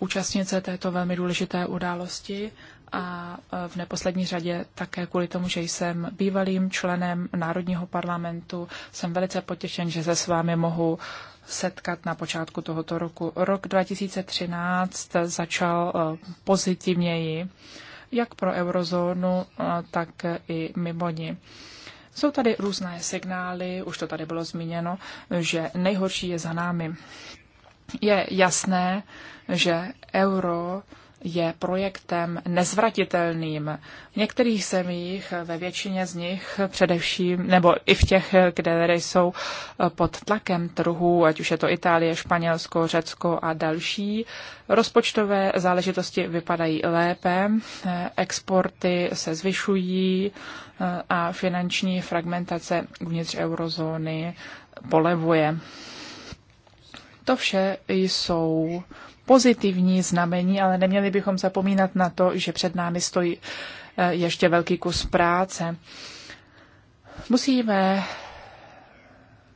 účastnit se této velmi důležité události a e, v neposlední řadě také kvůli tomu, že jsem bývalým členem Národního parlamentu. Jsem velice potěšen, že se s vámi mohu setkat na počátku tohoto roku. Rok 2013 začal e, pozitivněji jak pro eurozónu, e, tak i mimo ní. Jsou tady různé signály, už to tady bylo zmíněno, že nejhorší je za námi. Je jasné, že euro je projektem nezvratitelným. V některých zemích, ve většině z nich především, nebo i v těch, kde jsou eh, pod tlakem trhu, ať už je to Itálie, Španělsko, Řecko a další, rozpočtové záležitosti vypadají lépe, eh, exporty se zvyšují, a finanční fragmentace uvnitř eurozóny polevuje. To vše jsou pozitivní znamení, ale neměli bychom zapomínat na to, že před námi stojí eh, ještě velký kus práce. Musíme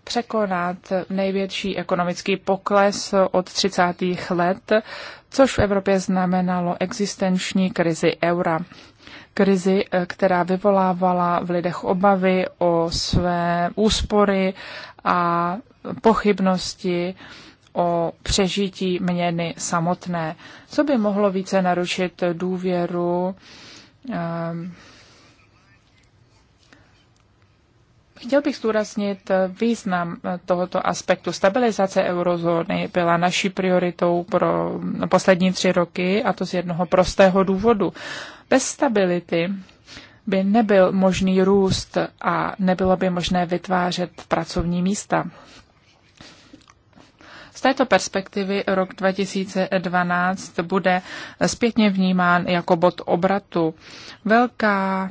překonat největší ekonomický pokles od 30. let, což v Evropě znamenalo existenční krizi eura krizi, eh, která vyvolávala v lidech obavy o své úspory a pochybnosti o přežití měny samotné. Co by mohlo více narušit důvěru? Eh, chtěl bych zdůraznit význam tohoto aspektu. Stabilizace eurozóny byla naší prioritou pro poslední tři roky a to z jednoho prostého důvodu. Bez stability by nebyl možný růst a nebylo by možné vytvářet pracovní místa. Z této perspektivy rok 2012 bude zpětně vnímán jako bod obratu. Velká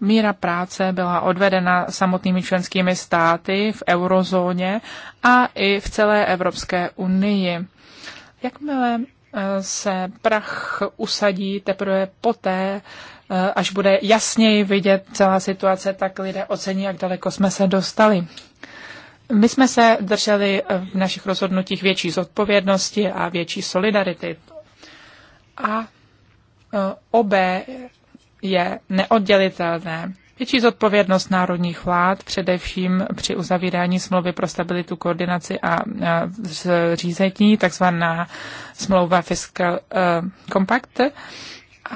míra práce byla odvedena samotnými členskými státy v eurozóně a i v celé Evropské unii. Jakmile se prach usadí teprve poté, eh, až bude jasněji vidět celá situace, tak lidé ocení, jak daleko jsme se dostali. My jsme se drželi v našich rozhodnutích větší zodpovědnosti a větší solidarity. A eh, obé je neoddělitelné. Větší zodpovědnost národních vlád, především při uzavírání smlouvy pro stabilitu, koordinaci a řízení, takzvaná smlouva Fiscal eh, Compact.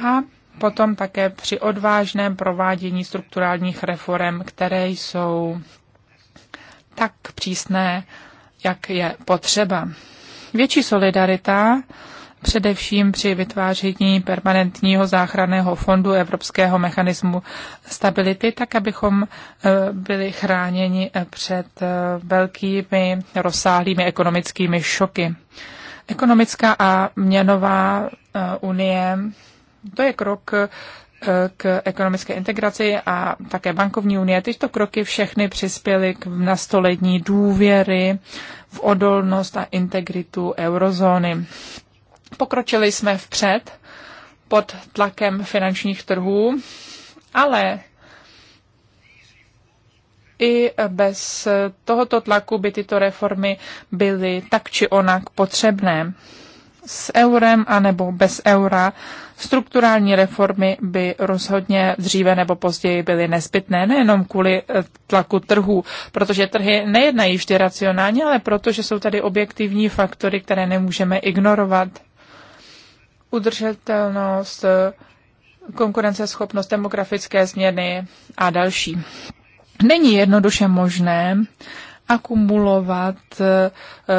A potom také při odvážném provádění strukturálních reform, které jsou tak přísné, jak je potřeba. Větší solidarita především při vytváření permanentního záchranného fondu Evropského mechanismu stability, tak abychom eh, byli chráněni eh, před eh, velkými rozsáhlými ekonomickými šoky. Ekonomická a měnová unie, to je krok k ekonomické integraci a také bankovní unie. Tyto kroky všechny přispěly k nastolení důvěry v odolnost a integritu eurozóny. Pokročili jsme vpřed pod tlakem finančních trhů, ale i bez tohoto tlaku by tyto reformy byly tak či onak potřebné. S eurem anebo bez eura strukturální reformy by rozhodně dříve nebo později byly nezbytné, nejenom kvůli tlaku trhů, protože trhy nejednají vždy racionálně, ale protože jsou tady objektivní faktory, které nemůžeme ignorovat udržitelnost, konkurenceschopnost, demografické změny a další. Není jednoduše možné akumulovat eh,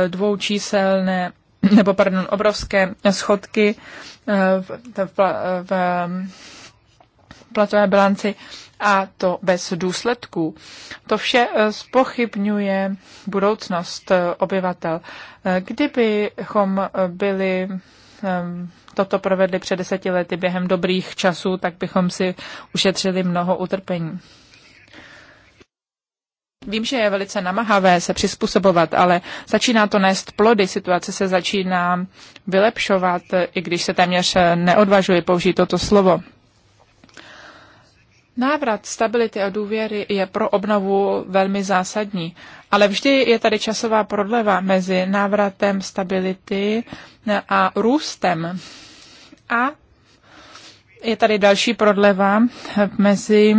dvoučíselné nebo pardon, obrovské schodky eh, v, v, v, eh, platové bilanci a to bez důsledků. To vše spochybňuje budoucnost obyvatel. Kdybychom byli toto provedli před deseti lety během dobrých časů, tak bychom si ušetřili mnoho utrpení. Vím, že je velice namahavé se přizpůsobovat, ale začíná to nést plody, situace se začíná vylepšovat, i když se téměř neodvažuje použít toto slovo. Návrat stability a důvěry je pro obnovu velmi zásadní, ale vždy je tady časová prodleva mezi návratem stability a růstem. A je tady další prodleva mezi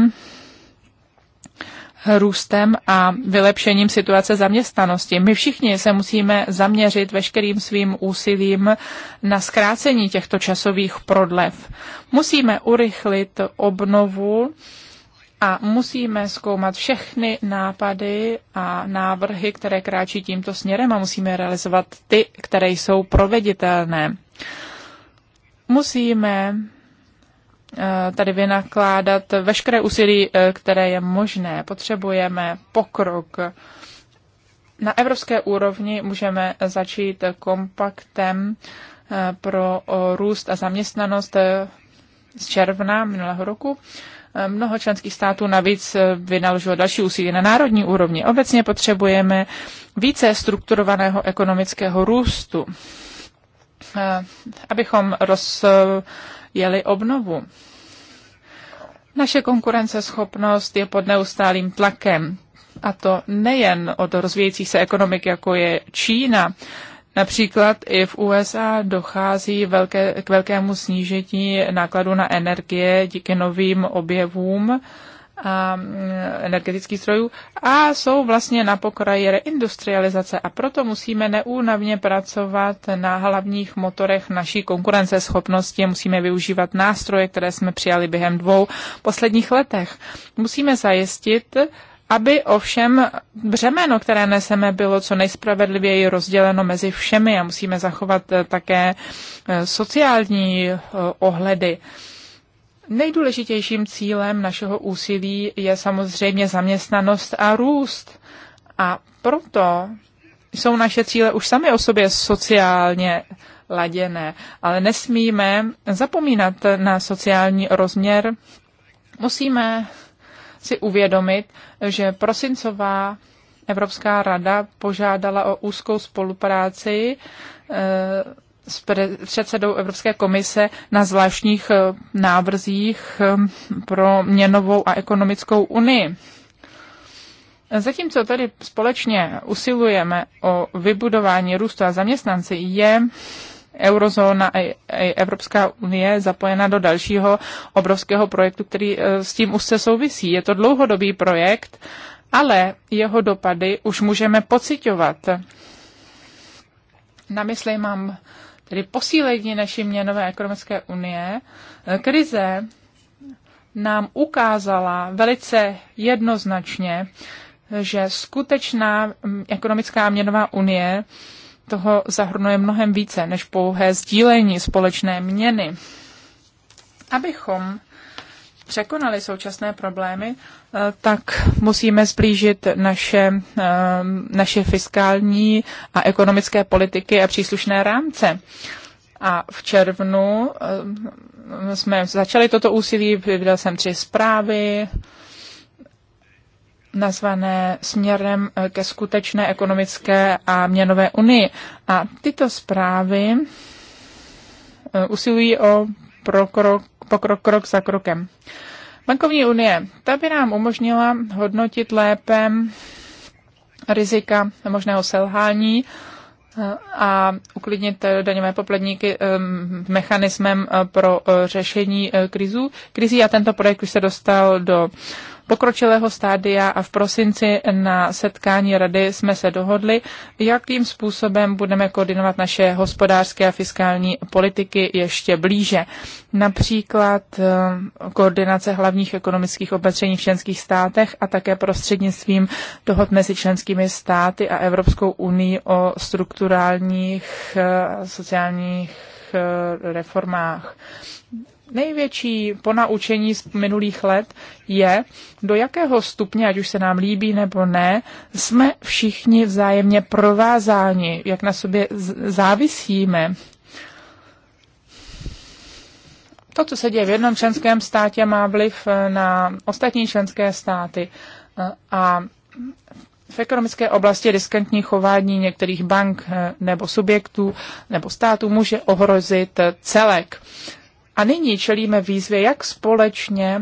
růstem a vylepšením situace zaměstnanosti. My všichni se musíme zaměřit veškerým svým úsilím na zkrácení těchto časových prodlev. Musíme urychlit obnovu a musíme zkoumat všechny nápady a návrhy, které kráčí tímto směrem a musíme realizovat ty, které jsou proveditelné. Musíme Eh, tady vynakládat veškeré úsilí, eh, které je možné. Potřebujeme pokrok. Na evropské úrovni můžeme začít kompaktem eh, pro růst a zaměstnanost z června minulého roku. Mnoho členských států navíc vynaložilo další úsilí na národní úrovni. Obecně potřebujeme více strukturovaného ekonomického růstu, abychom roz, jeli obnovu. Naše konkurenceschopnost je pod neustálým tlakem, a to nejen od rozvíjejících se ekonomik, jako je Čína. Například i v USA dochází velké, k velkému snížení nákladu na energie díky novým objevům a mm, energetických strojů a jsou vlastně na pokraji reindustrializace a proto musíme neúnavně pracovat na hlavních motorech naší konkurenceschopnosti musíme využívat nástroje, které jsme přijali během dvou posledních letech. Musíme zajistit, aby ovšem břemeno, které neseme, bylo co nejspravedlivěji rozděleno mezi všemi a musíme zachovat eh, také eh, sociální eh, ohledy. Nejdůležitějším cílem našeho úsilí je samozřejmě zaměstnanost a růst. A proto jsou naše cíle už sami o sobě sociálně laděné, ale nesmíme zapomínat na sociální rozměr. Musíme si uvědomit, že prosincová Evropská rada požádala o úzkou spolupráci eh, s předsedou Evropské komise na zvláštních eh, návrzích eh, pro měnovou a ekonomickou unii. Zatímco tady společně usilujeme o vybudování růstu a zaměstnanci, je eurozóna a Evropská unie zapojena do dalšího obrovského projektu, který eh, s tím už se souvisí. Je to dlouhodobý projekt, ale jeho dopady už můžeme pocitovat. Na mysli mám tedy posílení naší měnové ekonomické unie, eh, krize nám ukázala velice jednoznačně, že skutečná mm, ekonomická měnová unie toho zahrnuje mnohem více než pouhé sdílení společné měny. Abychom překonali současné problémy, eh, tak musíme zblížit naše, eh, naše fiskální a ekonomické politiky a příslušné rámce. A v červnu eh, jsme začali toto úsilí, vydal jsem tři zprávy nazvané směrem ke skutečné ekonomické a měnové unii. A tyto zprávy usilují o prokrok pokrok krok za krokem. Bankovní unie, ta by nám umožnila hodnotit lépe rizika možného selhání eh, a uklidnit eh, daňové poplatníky eh, mechanismem pro řešení krizů. Krizí a tento projekt už se dostal do pokročilého stádia a v prosinci na setkání rady jsme se dohodli, jakým způsobem budeme koordinovat naše hospodářské a fiskální politiky ještě blíže. Například eh, koordinace hlavních ekonomických opatření v členských státech a také prostřednictvím dohod mezi členskými státy a Evropskou unii o strukturálních eh, sociálních eh, reformách největší ponaučení z minulých let je, do jakého stupně, ať už se nám líbí nebo ne, jsme všichni vzájemně provázáni, jak na sobě závisíme. To, co se děje v jednom členském státě, má vliv eh, na ostatní členské státy. Eh, a v ekonomické oblasti riskantní chování některých bank eh, nebo subjektů nebo států může ohrozit celek. A nyní čelíme výzvě, jak společně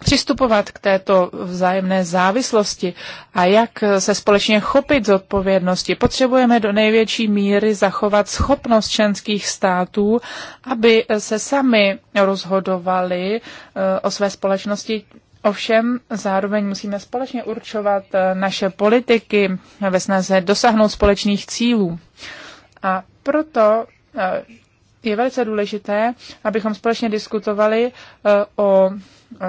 přistupovat k této vzájemné závislosti a jak se společně chopit zodpovědnosti. Potřebujeme do největší míry zachovat schopnost členských států, aby se sami rozhodovali eh, o své společnosti. Ovšem zároveň musíme společně určovat eh, naše politiky ve snaze dosáhnout společných cílů. A proto eh, je velice důležité, abychom společně diskutovali eh, o eh,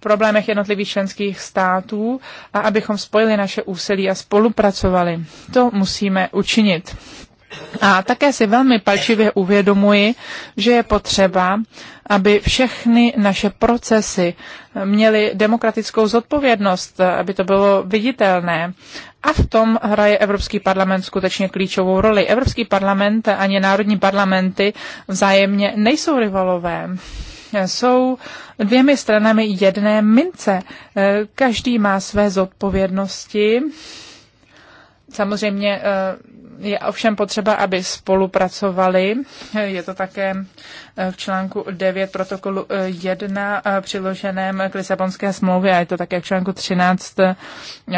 problémech jednotlivých členských států a abychom spojili naše úsilí a spolupracovali. To musíme učinit. A také si velmi palčivě uvědomuji, že je potřeba, aby všechny naše procesy měly demokratickou zodpovědnost, aby to bylo viditelné. A v tom hraje Evropský parlament skutečně klíčovou roli. Evropský parlament ani národní parlamenty vzájemně nejsou rivalové. Jsou dvěmi stranami jedné mince. Každý má své zodpovědnosti. Samozřejmě eh, je ovšem potřeba, aby spolupracovali. Je to také eh, v článku 9 protokolu 1 eh, eh, přiloženém k Lisabonské smlouvě a je to také v článku 13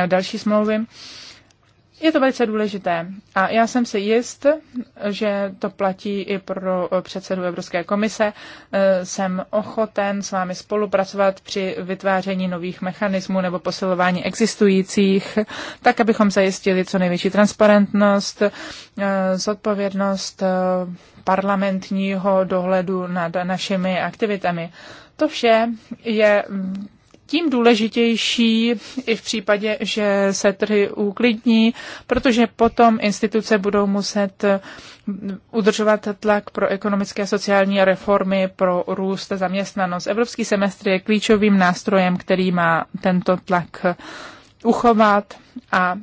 další smlouvy. Je to velice důležité a já jsem si jist, že to platí i pro předsedu Evropské komise. Eh, jsem ochoten s vámi spolupracovat při vytváření nových mechanismů nebo posilování existujících, tak abychom zajistili co největší transparentnost, eh, zodpovědnost eh, parlamentního dohledu nad našimi aktivitami. To vše je tím důležitější i v případě, že se trhy uklidní, protože potom instituce budou muset udržovat tlak pro ekonomické a sociální reformy, pro růst a zaměstnanost. Evropský semestr je klíčovým nástrojem, který má tento tlak uchovat a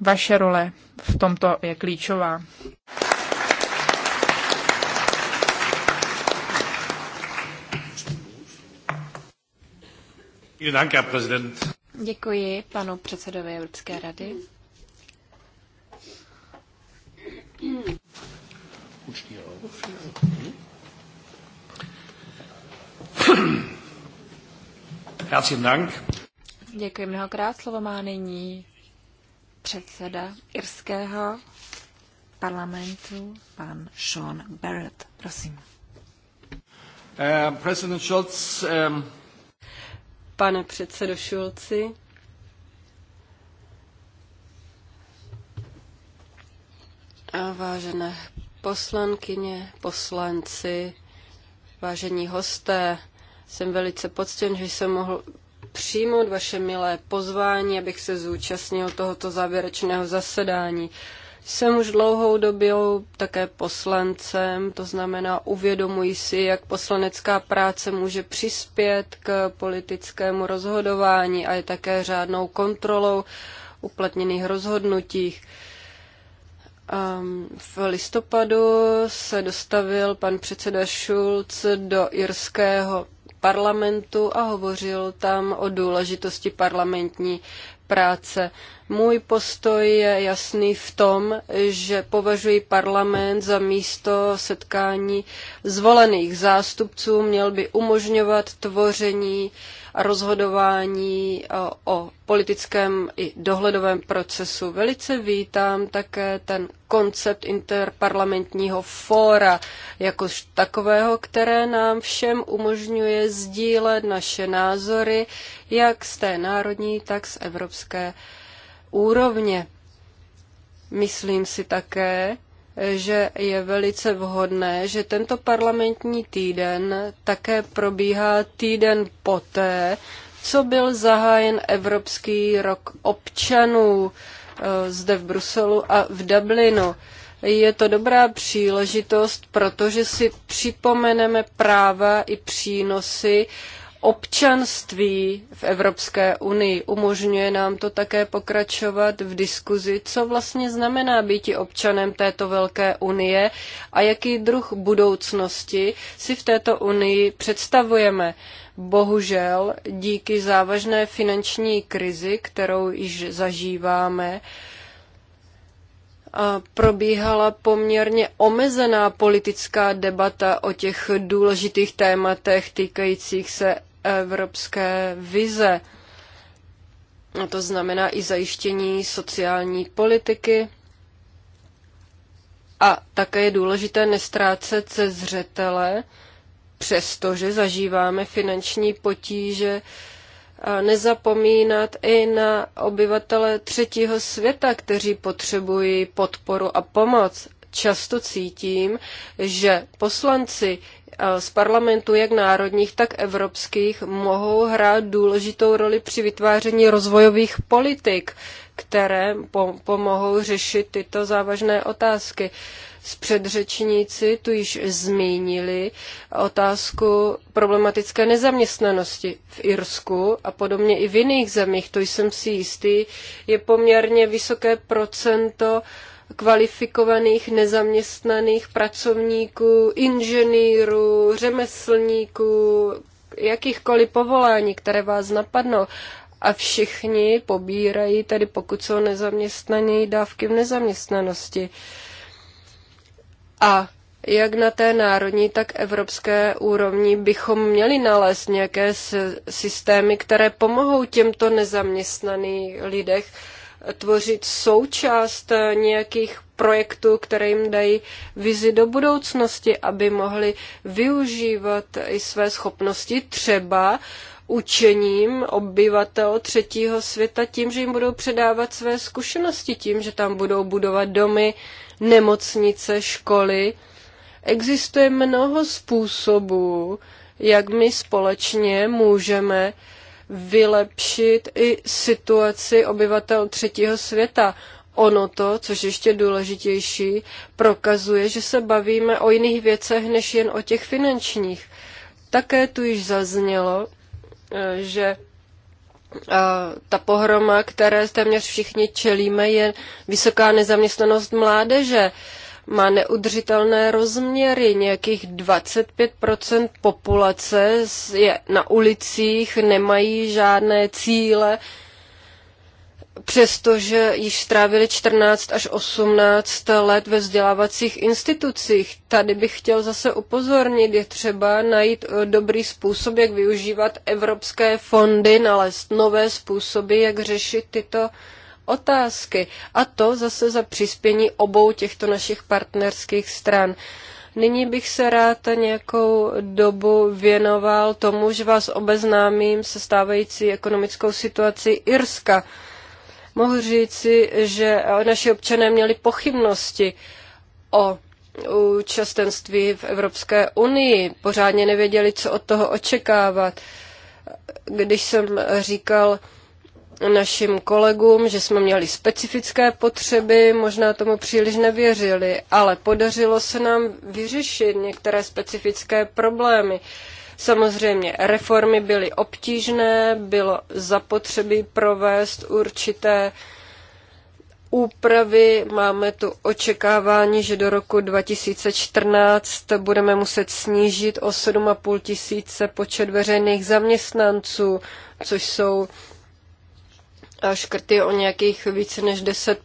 vaše role v tomto je klíčová. Děkuji panu předsedovi Evropské rady. Děkuji mnohokrát. Slovo má nyní předseda irského parlamentu, pan Sean Barrett. Prosím. Uh, President Schultz, um... Ähm, pane předsedo Šulci. A vážené poslankyně, poslanci, vážení hosté, jsem velice poctěn, že jsem mohl přijmout vaše milé pozvání, abych se zúčastnil tohoto závěrečného zasedání. Jsem už dlouhou dobu také poslancem, to znamená uvědomuji si, jak poslanecká práce může přispět k politickému rozhodování a je také řádnou kontrolou uplatněných rozhodnutích. Ehm, v listopadu se dostavil pan předseda Schulz do irského parlamentu a hovořil tam o důležitosti parlamentní práce. Můj postoj je jasný v tom, že považuji parlament za místo setkání zvolených zástupců, měl by umožňovat tvoření uh, rozhodování eh, o politickém i dohledovém procesu. Velice vítám také ten koncept interparlamentního fóra jako takového, které nám všem umožňuje sdílet naše názory, jak z té národní, tak z evropské úrovně. Myslím si také, že je velice vhodné, že tento parlamentní týden také probíhá týden poté, co byl zahájen Evropský rok občanů eh, zde v Bruselu a v Dublinu. Je to dobrá příležitost, protože si připomeneme práva i přínosy uh, občanství v Evropské unii. Umožňuje nám to také pokračovat v diskuzi, co vlastně znamená být občanem této velké unie a jaký druh budoucnosti si v této unii představujeme. Bohužel díky závažné finanční krizi, kterou již zažíváme, probíhala poměrně omezená politická debata o těch důležitých tématech týkajících se evropské vize. A to znamená i zajištění sociální politiky. A také je důležité nestrácet se zřetele, přestože zažíváme finanční potíže, nezapomínat i na obyvatele třetího světa, kteří potřebují podporu a pomoc. Často cítím, že poslanci z parlamentu, jak národních, tak evropských, mohou hrát důležitou roli při vytváření rozvojových politik, které pomohou řešit tyto závažné otázky s předřečníci tu již zmínili otázku problematické nezaměstnanosti v Irsku a podobně i v jiných zemích, to jsem si jistý, je poměrně vysoké procento kvalifikovaných nezaměstnaných pracovníků, inženýrů, řemeslníků, jakýchkoliv povolání, které vás napadnou. A všichni pobírají tedy, pokud jsou nezaměstnaní, dávky v nezaměstnanosti. A jak na té národní, tak evropské úrovni bychom měli nalézt nějaké systémy, které pomohou těmto nezaměstnaným lidem tvořit součást eh, nějakých projektů, které jim dají vizi do budoucnosti, aby mohli využívat i své schopnosti třeba učením obyvatel třetího světa tím, že jim budou předávat své zkušenosti, tím, že tam budou budovat domy, nemocnice, školy. Existuje mnoho způsobů, jak my společně můžeme uh, vylepšit i situaci obyvatel třetího světa. Ono to, což ještě důležitější, prokazuje, že se bavíme o jiných věcech než jen o těch finančních. Také tu již zaznělo, eh, že eh, ta pohroma, které téměř všichni čelíme, je vysoká nezaměstnanost mládeže má neudržitelné rozměry. Nějakých 25 populace je na ulicích, nemají žádné cíle, přestože již strávili 14 až 18 let ve vzdělávacích institucích. Tady bych chtěl zase upozornit, je třeba najít eh, dobrý způsob, jak využívat evropské fondy, nalézt nové způsoby, jak řešit tyto otázky. A to zase za přispění obou těchto našich partnerských stran. Nyní bych se rád nějakou dobu věnoval tomu, že vás obeznámím se stávající ekonomickou situací Irska. Mohu říci, že naši občané měli pochybnosti o účastenství v Evropské unii. Pořádně nevěděli, co od toho očekávat. Když jsem říkal, našim kolegům, že jsme měli specifické potřeby, možná tomu příliš nevěřili, ale podařilo se nám vyřešit některé specifické problémy. Samozřejmě reformy byly obtížné, bylo zapotřebí provést určité úpravy. Máme tu očekávání, že do roku 2014 budeme muset snížit o 7,5 tisíce počet veřejných zaměstnanců, což jsou škrty o nějakých více než 10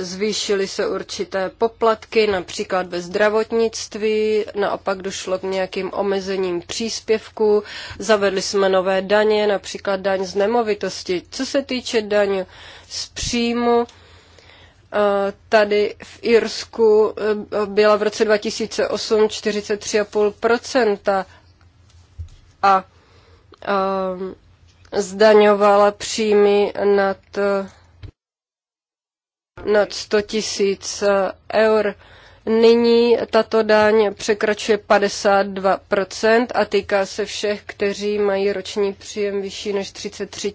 Zvýšily se určité poplatky, například ve zdravotnictví, naopak došlo k nějakým omezením příspěvku, zavedli jsme nové daně, například daň z nemovitosti. Co se týče daň z příjmu, tady v Irsku e, byla v roce 2008 43,5% a, a zdaňovala příjmy nad, nad 100 tisíc eur. Nyní tato daň překračuje 52% a týká se všech, kteří mají roční příjem vyšší než 33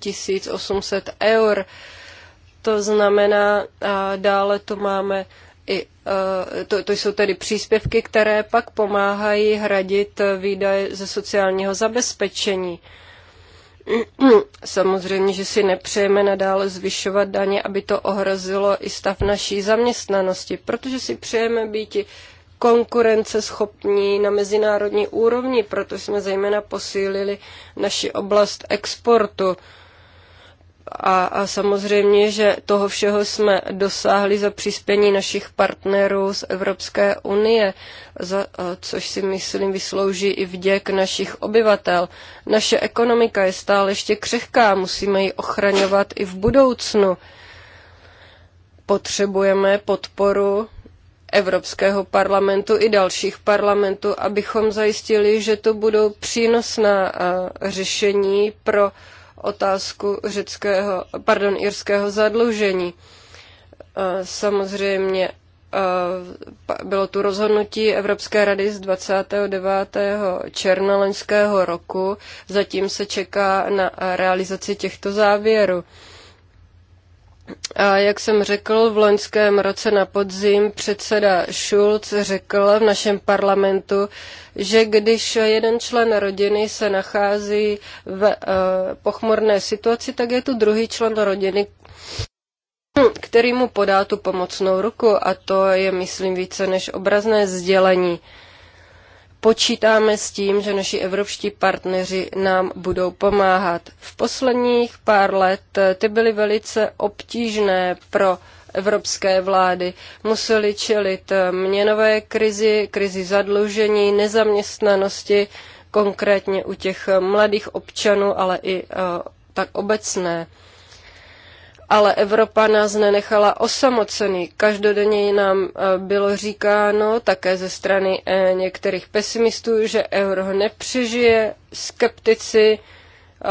800 eur. To znamená, a dále to máme i, to, to jsou tedy příspěvky, které pak pomáhají hradit výdaje ze sociálního zabezpečení. Samozřejmě, že si nepřejeme nadále zvyšovat daně, aby to ohrozilo i stav naší zaměstnanosti, protože si přejeme být konkurenceschopní na mezinárodní úrovni, proto jsme zejména posílili naši oblast exportu. A, a samozřejmě, že toho všeho jsme dosáhli za přispění našich partnerů z Evropské unie, za, což si myslím vyslouží i vděk našich obyvatel. Naše ekonomika je stále ještě křehká, musíme ji ochraňovat i v budoucnu. Potřebujeme podporu Evropského parlamentu i dalších parlamentů, abychom zajistili, že to budou přínosná řešení pro otázku řeckého, pardon, irského zadlužení. E, samozřejmě e, bylo tu rozhodnutí Evropské rady z 29. června loňského roku. Zatím se čeká na realizaci těchto závěrů. A jak jsem řekl, v loňském roce na podzim předseda Schulz řekl v našem parlamentu, že když jeden člen rodiny se nachází v eh, pochmurné situaci, tak je tu druhý člen rodiny, který mu podá tu pomocnou ruku a to je, myslím, více než obrazné sdělení počítáme s tím, že naši evropští partneři nám budou pomáhat. V posledních pár let eh, ty byly velice obtížné pro evropské vlády. Museli čelit eh, měnové krizi, krizi zadlužení, nezaměstnanosti, konkrétně u těch mladých občanů, ale i eh, tak obecné ale Evropa nás nenechala osamocený. Každodenně nám eh, bylo říkáno, také ze strany eh, některých pesimistů, že euro nepřežije, skeptici eh,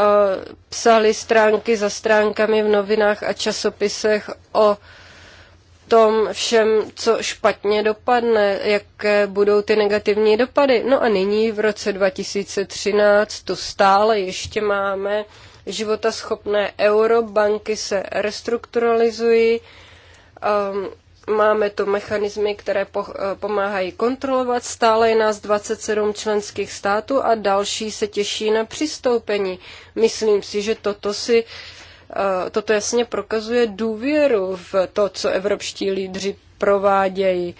psali stránky za stránkami v novinách a časopisech o tom všem, co špatně dopadne, jaké budou ty negativní dopady. No a nyní v roce 2013 to stále ještě máme životaschopné euro, banky se restrukturalizují, ehm, máme tu mechanismy, které eh, pomáhají kontrolovat, stále je nás 27 členských států a další se těší na přistoupení. Myslím si, že toto si eh, toto jasně prokazuje důvěru v to, co evropští lídři provádějí.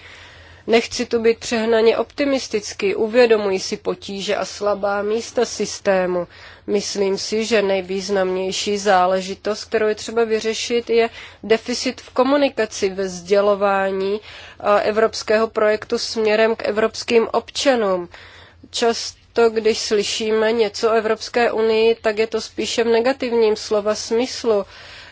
Nechci tu být přehnaně optimistický, uvědomuji si potíže a slabá místa systému. Myslím si, že nejvýznamnější záležitost, kterou je třeba vyřešit, je deficit v komunikaci ve sdělování evropského projektu směrem k evropským občanům. Často, když slyšíme něco o Evropské unii, tak je to spíše v negativním slova smyslu.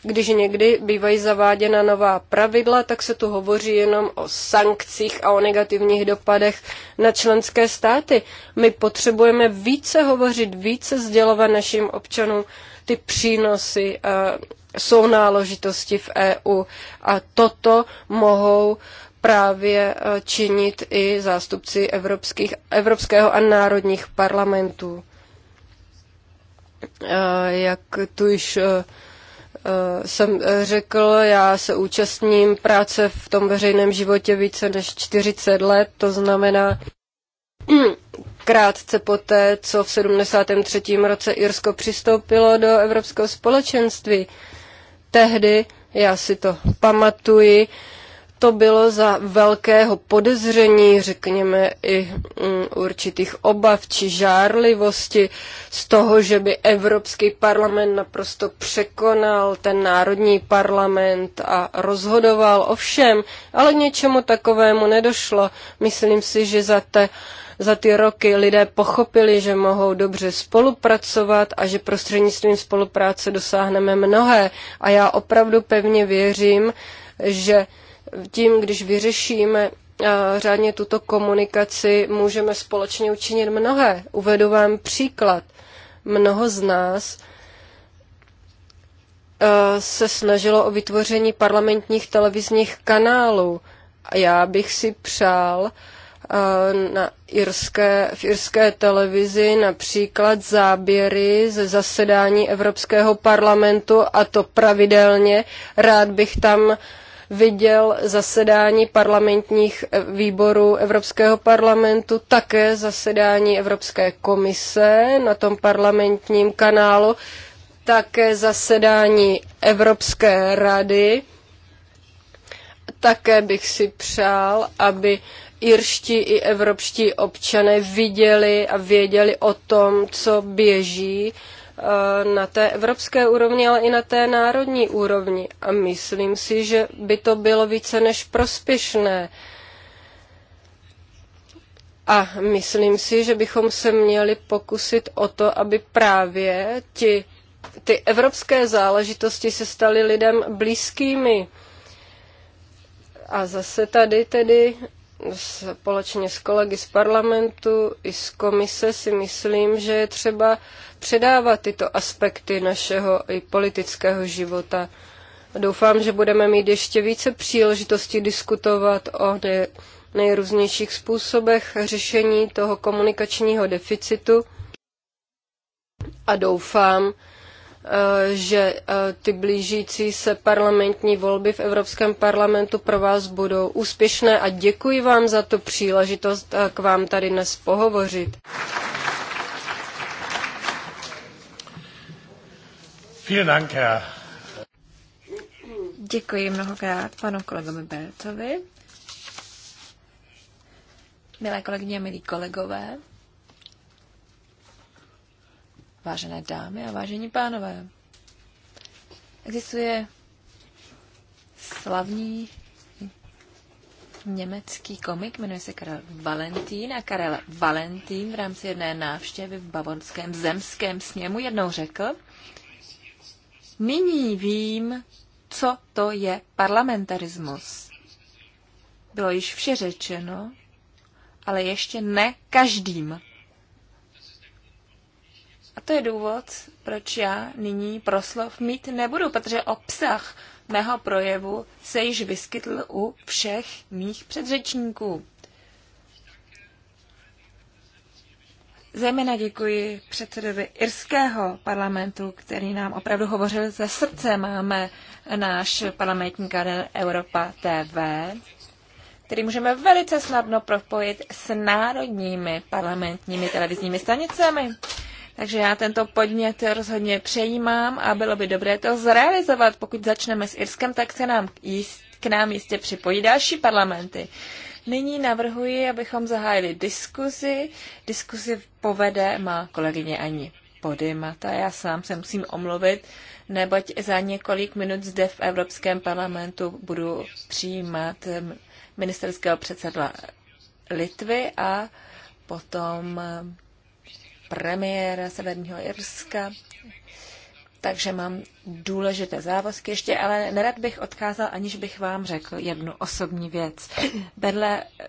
Když někdy bývají zaváděna nová pravidla, tak se tu hovoří jenom o sankcích a o negativních dopadech na členské státy. My potřebujeme více hovořit, více sdělovat našim občanům ty přínosy a eh, sounáležitosti v EU. A toto mohou právě eh, činit i zástupci evropských, evropského a národních parlamentů. Eh, jak tu již Eh, jsem eh, řekl, já se účastním práce v tom veřejném životě více než 40 let, to znamená krátce poté, co v 73. roce Irsko přistoupilo do Evropského společenství. Tehdy, já si to pamatuji, to bylo za velkého podezření, řekněme i mm, určitých obav či žárlivosti z toho, že by Evropský parlament naprosto překonal ten národní parlament a rozhodoval o všem, ale k něčemu takovému nedošlo. Myslím si, že za te za ty roky lidé pochopili, že mohou dobře spolupracovat a že prostřednictvím spolupráce dosáhneme mnohé. A já opravdu pevně věřím, že tím, když vyřešíme eh, řádně tuto komunikaci, můžeme společně učinit mnohé. Uvedu vám příklad. Mnoho z nás eh, se snažilo o vytvoření parlamentních televizních kanálů. A já bych si přál eh, na irské, v irské televizi například záběry ze zasedání Evropského parlamentu a to pravidelně. Rád bych tam uh, viděl zasedání parlamentních eh, výborů Evropského parlamentu, také zasedání Evropské komise na tom parlamentním kanálu, také zasedání Evropské rady. Také bych si přál, aby irští i evropští občané viděli a věděli o tom, co běží Eh, na té evropské úrovni, ale i na té národní úrovni. A myslím si, že by to bylo více než prospěšné. A myslím si, že bychom se měli pokusit o to, aby právě ti, ty evropské záležitosti se staly lidem blízkými. A zase tady tedy společně s kolegy z parlamentu i z komise si myslím, že je třeba předávat tyto aspekty našeho i politického života. Doufám, že budeme mít ještě více příležitostí diskutovat o nej, nejrůznějších způsobech řešení toho komunikačního deficitu a doufám, Eh, že eh, ty blížící se parlamentní volby v Evropském parlamentu pro vás budou úspěšné a děkuji vám za tu příležitost eh, k vám tady dnes pohovořit. Děkuji mnohokrát panu kolegovi Bertovi. Milé kolegyně, milí kolegové, Vážené dámy a vážení pánové, existuje slavný německý komik, jmenuje se Karel Valentín a Karel Valentín v rámci jedné návštěvy v bavorském zemském sněmu jednou řekl, nyní vím, co to je parlamentarismus. Bylo již vše řečeno, ale ještě ne každým. A to je důvod, proč já nyní proslov mít nebudu, protože obsah mého projevu se již vyskytl u všech mých předřečníků. Zejména děkuji předsedovi irského parlamentu, který nám opravdu hovořil ze srdce. Máme náš parlamentní kanál Europa TV, který můžeme velice snadno propojit s národními parlamentními televizními stanicemi. Takže já tento podnět rozhodně přejímám a bylo by dobré to zrealizovat. Pokud začneme s Irskem, tak se nám jist, k nám jistě připojí další parlamenty. Nyní navrhuji, abychom zahájili diskuzi. Diskuzi povede má kolegyně Ani Podymata. Já sám se musím omluvit, neboť za několik minut zde v Evropském parlamentu budu přijímat ministerského předsedla Litvy a potom premiéra Severního Irska, takže mám důležité závazky ještě, ale nerad bych odkázal, aniž bych vám řekl jednu osobní věc. Vedle eh,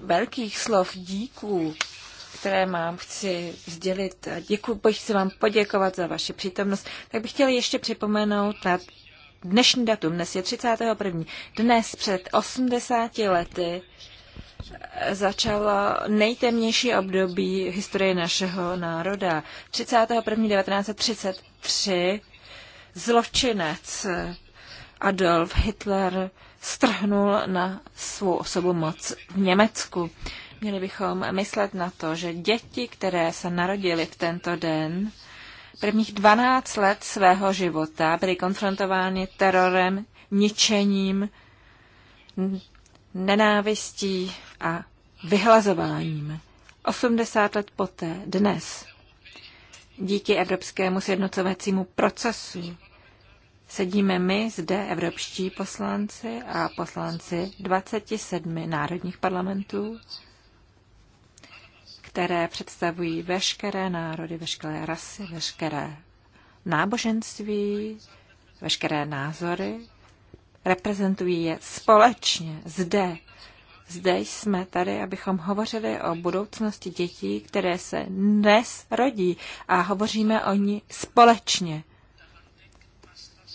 velkých slov díků, které mám, chci sdělit. Děkuji, chci vám poděkovat za vaši přítomnost. Tak bych chtěla ještě připomenout na dnešní datum. Dnes je 31. Dnes před 80 lety začalo nejtemnější období historie našeho národa. 31.1933 1933 zločinec Adolf Hitler strhnul na svou osobu moc v Německu. Měli bychom myslet na to, že děti, které se narodily v tento den, prvních 12 let svého života byly konfrontovány terorem, ničením, nenávistí, a vyhlazováním. 80 let poté, dnes, díky evropskému sjednocovacímu procesu, sedíme my zde, evropští poslanci a poslanci 27 národních parlamentů, které představují veškeré národy, veškeré rasy, veškeré náboženství, veškeré názory, reprezentují je společně zde zde jsme tady, abychom hovořili o budoucnosti dětí, které se dnes rodí a hovoříme o ní společně.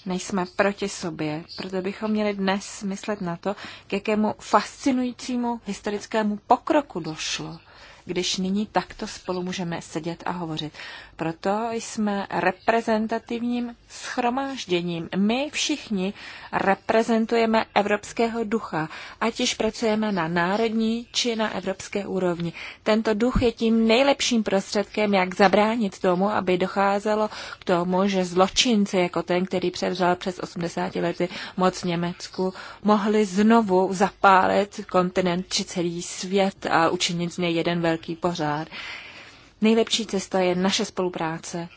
Nejsme proti sobě, proto bychom měli dnes myslet na to, k jakému fascinujícímu historickému pokroku došlo když nyní takto spolu můžeme sedět a hovořit. Proto jsme reprezentativním schromážděním. My všichni reprezentujeme evropského ducha, ať již pracujeme na národní či na evropské úrovni. Tento duch je tím nejlepším prostředkem, jak zabránit tomu, aby docházelo k tomu, že zločinci, jako ten, který převzal přes 80 lety moc Německu, mohli znovu zapálit kontinent či celý svět a učinit z něj jeden velký velký pořád. Nejlepší cesta je naše spolupráce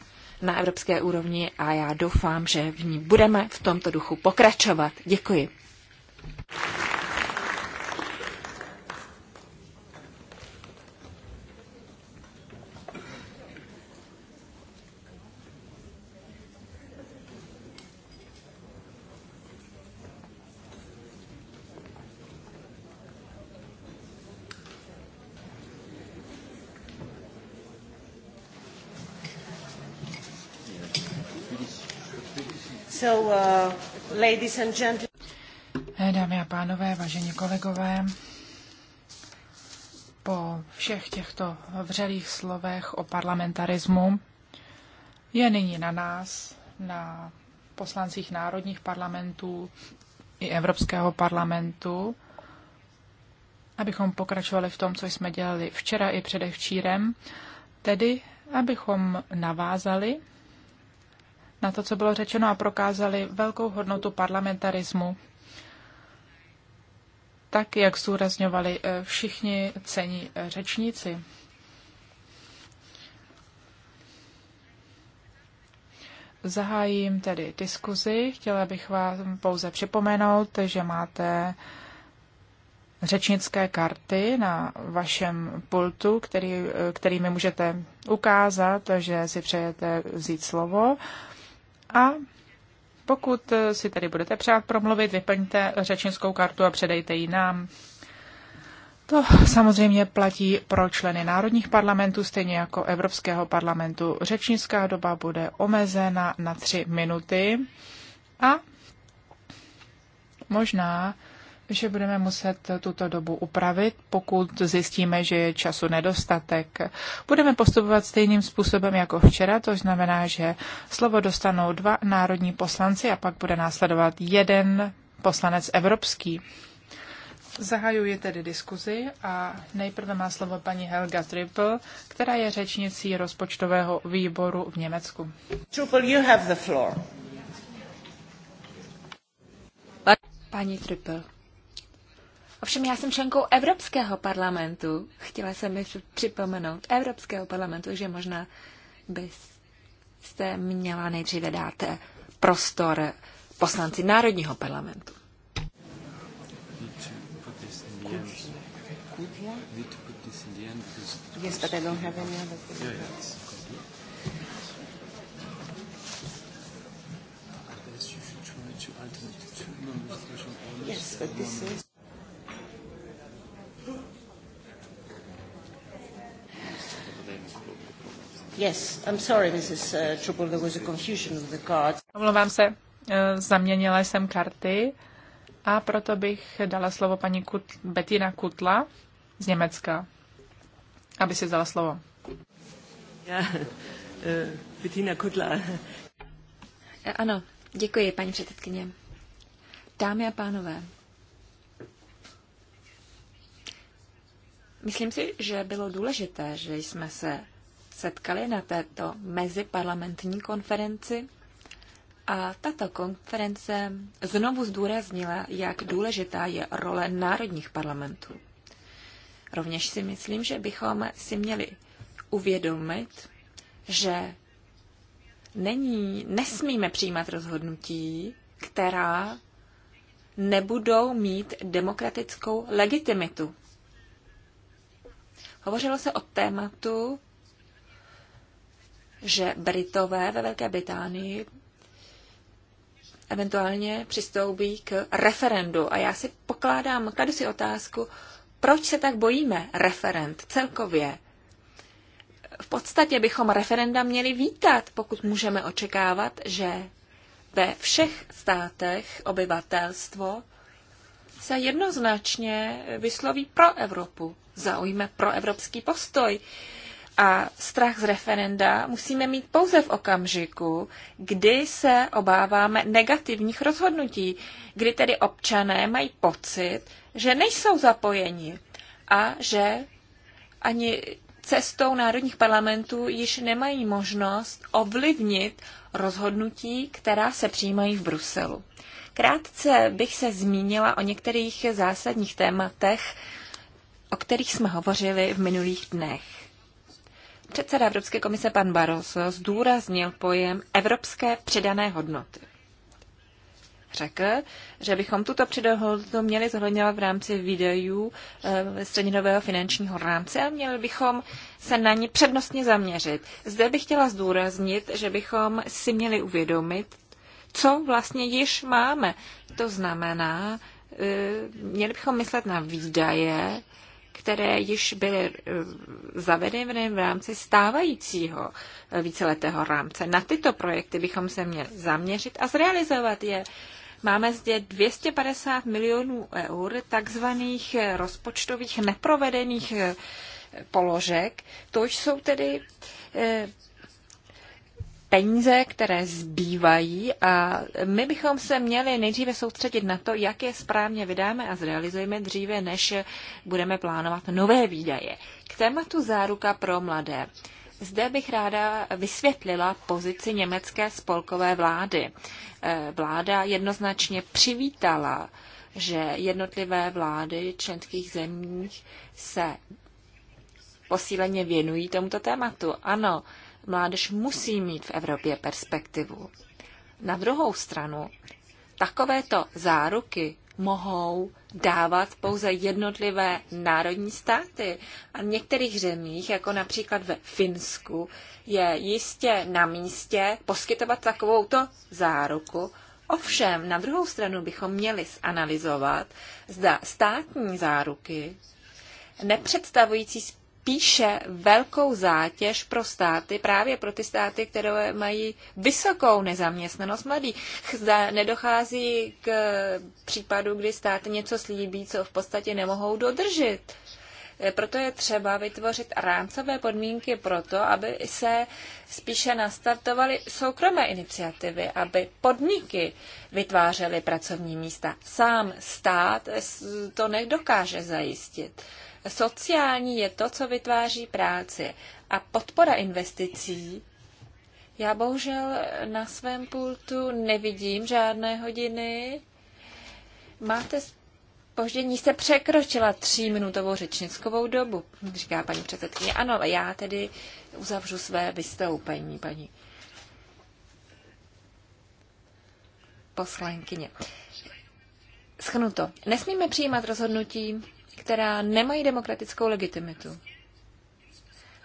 na evropské úrovni a já doufám, že v ní budeme v tomto duchu pokračovat. Děkuji. So, uh, ladies and gentlemen. Dámy a pánové, vážení kolegové, po všech těchto vřelých slovech o parlamentarismu je nyní na nás, na poslancích národních parlamentů i Evropského parlamentu, abychom pokračovali v tom, co jsme dělali včera i předevčírem, tedy abychom navázali na to, co bylo řečeno a prokázali velkou hodnotu parlamentarismu. Tak, jak zúrazňovali eh, všichni cení eh, řečníci. Zahájím tedy diskuzi. Chtěla bych vám pouze připomenout, že máte řečnické karty na vašem pultu, který, eh, kterými můžete ukázat, že si přejete vzít slovo. A pokud si tedy budete přát promluvit, vyplňte řečnickou kartu a předejte ji nám. To samozřejmě platí pro členy národních parlamentů, stejně jako Evropského parlamentu. Řečnická doba bude omezena na tři minuty a možná že budeme muset tuto dobu upravit, pokud zjistíme, že je času nedostatek. Budeme postupovat stejným způsobem jako včera, to znamená, že slovo dostanou dva národní poslanci a pak bude následovat jeden poslanec evropský. Zahajuji tedy diskuzi a nejprve má slovo paní Helga Trippel, která je řečnicí rozpočtového výboru v Německu. Trippel, you have the floor. Paní Trippel. Ovšem já jsem členkou Evropského parlamentu. Chtěla jsem mi připomenout Evropského parlamentu, že možná byste měla nejdříve dát eh, prostor poslanci Národního parlamentu. Yes, but this is... Yes, I'm sorry, Mrs. Uh, Trouble, there was a confusion of the cards. Omlouvám se, uh, zaměnila jsem karty a proto bych dala slovo paní Kut, Bettina Kutla z Německa, aby si vzala slovo. uh, Bettina Kutla. Eh, ano, děkuji, paní předsedkyně. Dámy a pánové, myslím si, že bylo důležité, že jsme se setkali na této meziparlamentní konferenci a tato konference znovu zdůraznila, jak důležitá je role národních parlamentů. Rovněž si myslím, že bychom si měli uvědomit, že není, nesmíme přijímat rozhodnutí, která nebudou mít demokratickou legitimitu. Hovořilo se o tématu, že Britové ve Velké Británii eventuálně přistoupí k referendu. A já si pokládám, kladu si otázku, proč se tak bojíme referend celkově? V podstatě bychom referenda měli vítat, pokud můžeme očekávat, že ve všech státech obyvatelstvo se jednoznačně vysloví pro Evropu, zaujme evropský postoj a strach z referenda musíme mít pouze v okamžiku, kdy se obáváme negativních rozhodnutí, kdy tedy občané mají pocit, že nejsou zapojeni a že ani cestou národních parlamentů již nemají možnost ovlivnit rozhodnutí, která se přijímají v Bruselu. Krátce bych se zmínila o některých zásadních tématech, o kterých jsme hovořili v minulých dnech. Předseda Evropské komise pan Barroso zdůraznil pojem evropské přidané hodnoty. Řekl, že bychom tuto přidanou měli zohledňovat v rámci videů eh, e, střednědobého finančního rámce a měli bychom se na ní přednostně zaměřit. Zde bych chtěla zdůraznit, že bychom si měli uvědomit, co vlastně již máme. To znamená, e, měli bychom myslet na výdaje, které již byly eh, zavedeny v rámci stávajícího eh, víceletého rámce. Na tyto projekty bychom se měli zaměřit a zrealizovat je. Máme zde 250 milionů eur takzvaných eh, rozpočtových neprovedených položek. To jsou tedy peníze, které zbývají a my bychom se měli nejdříve soustředit na to, jak je správně vydáme a zrealizujeme dříve, než budeme plánovat nové výdaje. K tématu záruka pro mladé. Zde bych ráda vysvětlila pozici německé spolkové vlády. Eh, vláda jednoznačně přivítala, že jednotlivé vlády členských zemí se posíleně věnují tomuto tématu. Ano, mládež musí mít v Evropě perspektivu. Na druhou stranu, takovéto záruky mohou dávat pouze jednotlivé národní státy. A v některých zemích, jako například ve Finsku, je jistě na místě poskytovat takovouto záruku. Ovšem, na druhou stranu bychom měli zanalizovat, zda státní záruky nepředstavující spíše velkou zátěž pro státy, právě pro ty státy, které mají vysokou nezaměstnanost mladých. Nedochází k případu, kdy státy něco slíbí, co v podstatě nemohou dodržet. E, proto je třeba vytvořit rámcové podmínky pro to, aby se spíše nastartovaly soukromé iniciativy, aby podniky vytvářely pracovní místa. Sám stát to nedokáže zajistit sociální je to, co vytváří práci. A podpora investicí, já bohužel na svém pultu nevidím žádné hodiny. Máte spoždění, jste překročila tříminutovou řečnickovou dobu, říká paní předsedkyně. Ano, já tedy uzavřu své vystoupení, paní poslankyně. Schnuto. Nesmíme přijímat rozhodnutí která nemají demokratickou legitimitu.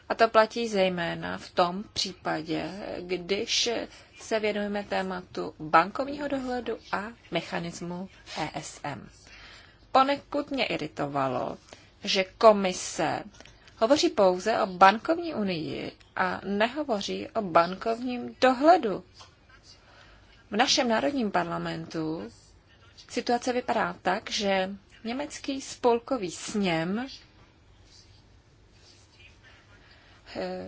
A to platí zejména v tom případě, když se věnujeme tématu bankovního dohledu a mechanismu ESM. Ponekud mě iritovalo, že komise hovoří pouze o bankovní unii a nehovoří o bankovním dohledu. V našem národním parlamentu situace vypadá tak, že Německý spolkový sněm eh,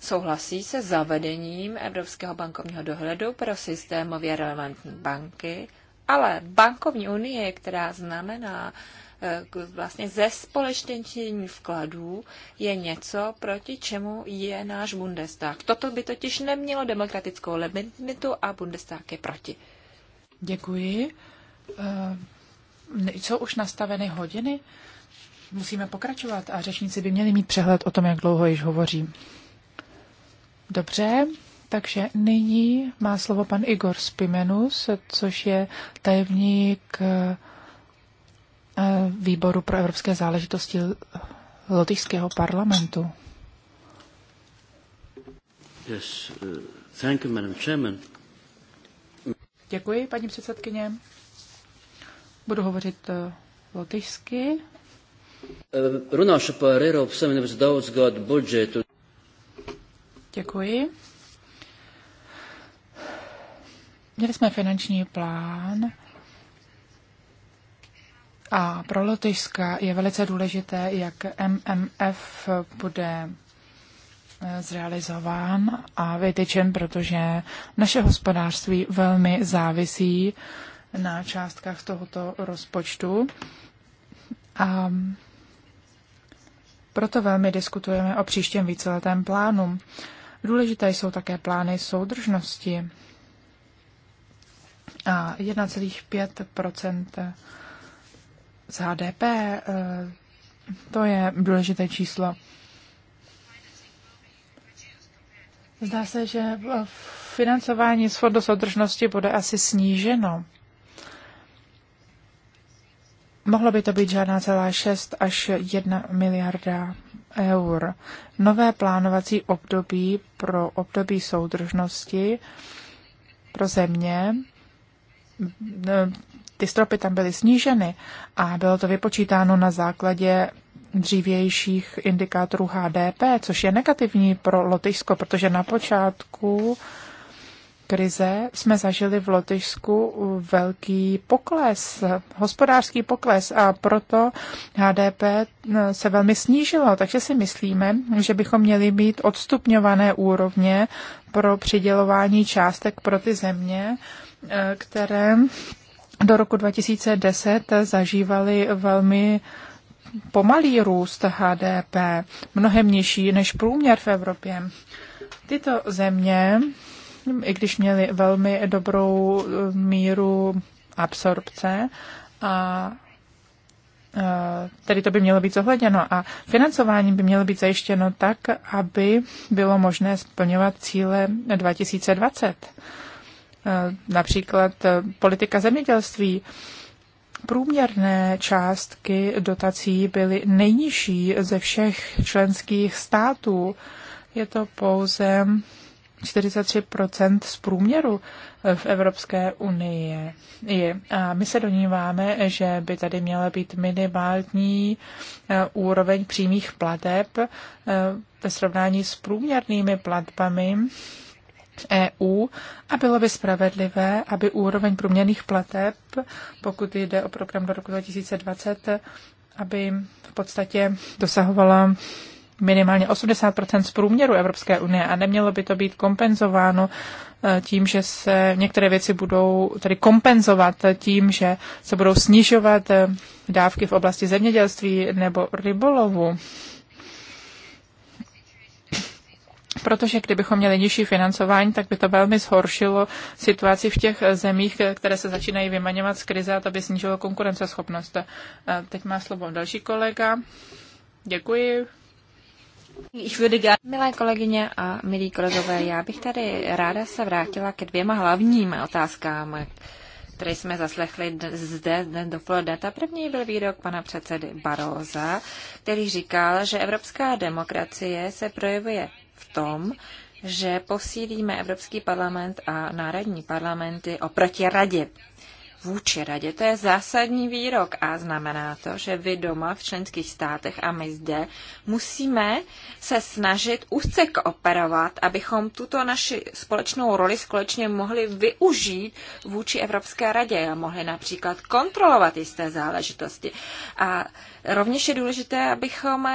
souhlasí se zavedením Evropského bankovního dohledu pro systémově relevantní banky, ale bankovní unie, která znamená eh, vlastně ze společnění vkladů je něco, proti čemu je náš Bundestag. Toto by totiž nemělo demokratickou limitu a Bundestag je proti. Děkuji. Eh, jsou už nastaveny hodiny? Musíme pokračovat a řečníci by měli mít přehled o tom, jak dlouho již hovořím. Dobře, takže nyní má slovo pan Igor Spimenus, což je tajemník eh, výboru pro evropské záležitosti lotyšského parlamentu. Yes, eh, thank you, madam chairman. Děkuji, paní předsedkyně. Budu hovořit eh, lotyšsky. Runāšu par Eiropas Savienības daudzgadu budžetu. Děkuji. Měli jsme finanční plán a pro Lotyšska je velice důležité, jak MMF bude eh, zrealizován a vytyčen, protože naše hospodářství velmi závisí na částkách tohoto rozpočtu. A proto velmi diskutujeme o příštím víceletém plánu. Důležité jsou také plány soudržnosti. A 1,5 z HDP, eh, to je důležité číslo. Zdá se, že eh, financování z fondu soudržnosti bude asi sníženo Mohlo by to být žádná celá 6 až 1 miliarda eur. Nové plánovací období pro období soudržnosti pro země, eh, ty stropy tam byly sníženy a bylo to vypočítáno na základě dřívějších indikátorů HDP, což je negativní pro Lotyšsko, protože na počátku krize jsme zažili v Lotyšsku velký pokles, hospodářský pokles a proto HDP eh, se velmi snížilo. Takže si myslíme, že bychom měli mít odstupňované úrovně pro přidělování částek pro ty země, eh, které do roku 2010 zažívaly velmi pomalý růst HDP, mnohem nižší než průměr v Evropě. Tyto země i když měli velmi dobrou eh, míru absorpce a eh, tedy to by mělo být zohledněno a financování by mělo být zajištěno tak, aby bylo možné splňovat cíle 2020. Eh, například politika zemědělství. Průměrné částky dotací byly nejnižší ze všech členských států. Je to pouze 43% z průměru eh, v Evropské unii. A my se domníváme, že by tady měla být minimální eh, úroveň přímých plateb eh, ve srovnání s průměrnými platbami EU a bylo by spravedlivé, aby úroveň průměrných plateb, pokud jde o program do roku 2020, aby v podstatě dosahovala minimálně 80 z průměru Evropské unie a nemělo by to být kompenzováno eh, tím, že se některé věci budou tedy kompenzovat tím, že se budou snižovat eh, dávky v oblasti zemědělství nebo rybolovu. Protože kdybychom měli nižší financování, tak by to velmi zhoršilo situaci v těch eh, zemích, které se začínají vymaňovat z krize a to by snížilo konkurenceschopnost. Teď má slovo další kolega. Děkuji. Milé kolegyně a milí kolegové, já bych tady ráda se vrátila ke dvěma hlavním otázkám, které jsme zaslechli zde dnes dopoledne. Ta první byl výrok pana předsedy Baróza, který říkal, že evropská demokracie se projevuje v tom, že posílíme Evropský parlament a národní parlamenty oproti radě vůči radě. To je zásadní výrok a znamená to, že vy doma v členských státech a my zde musíme se snažit úzce kooperovat, abychom tuto naši společnou roli společně mohli využít vůči Evropské radě a mohli například kontrolovat jisté záležitosti. A rovněž je důležité, abychom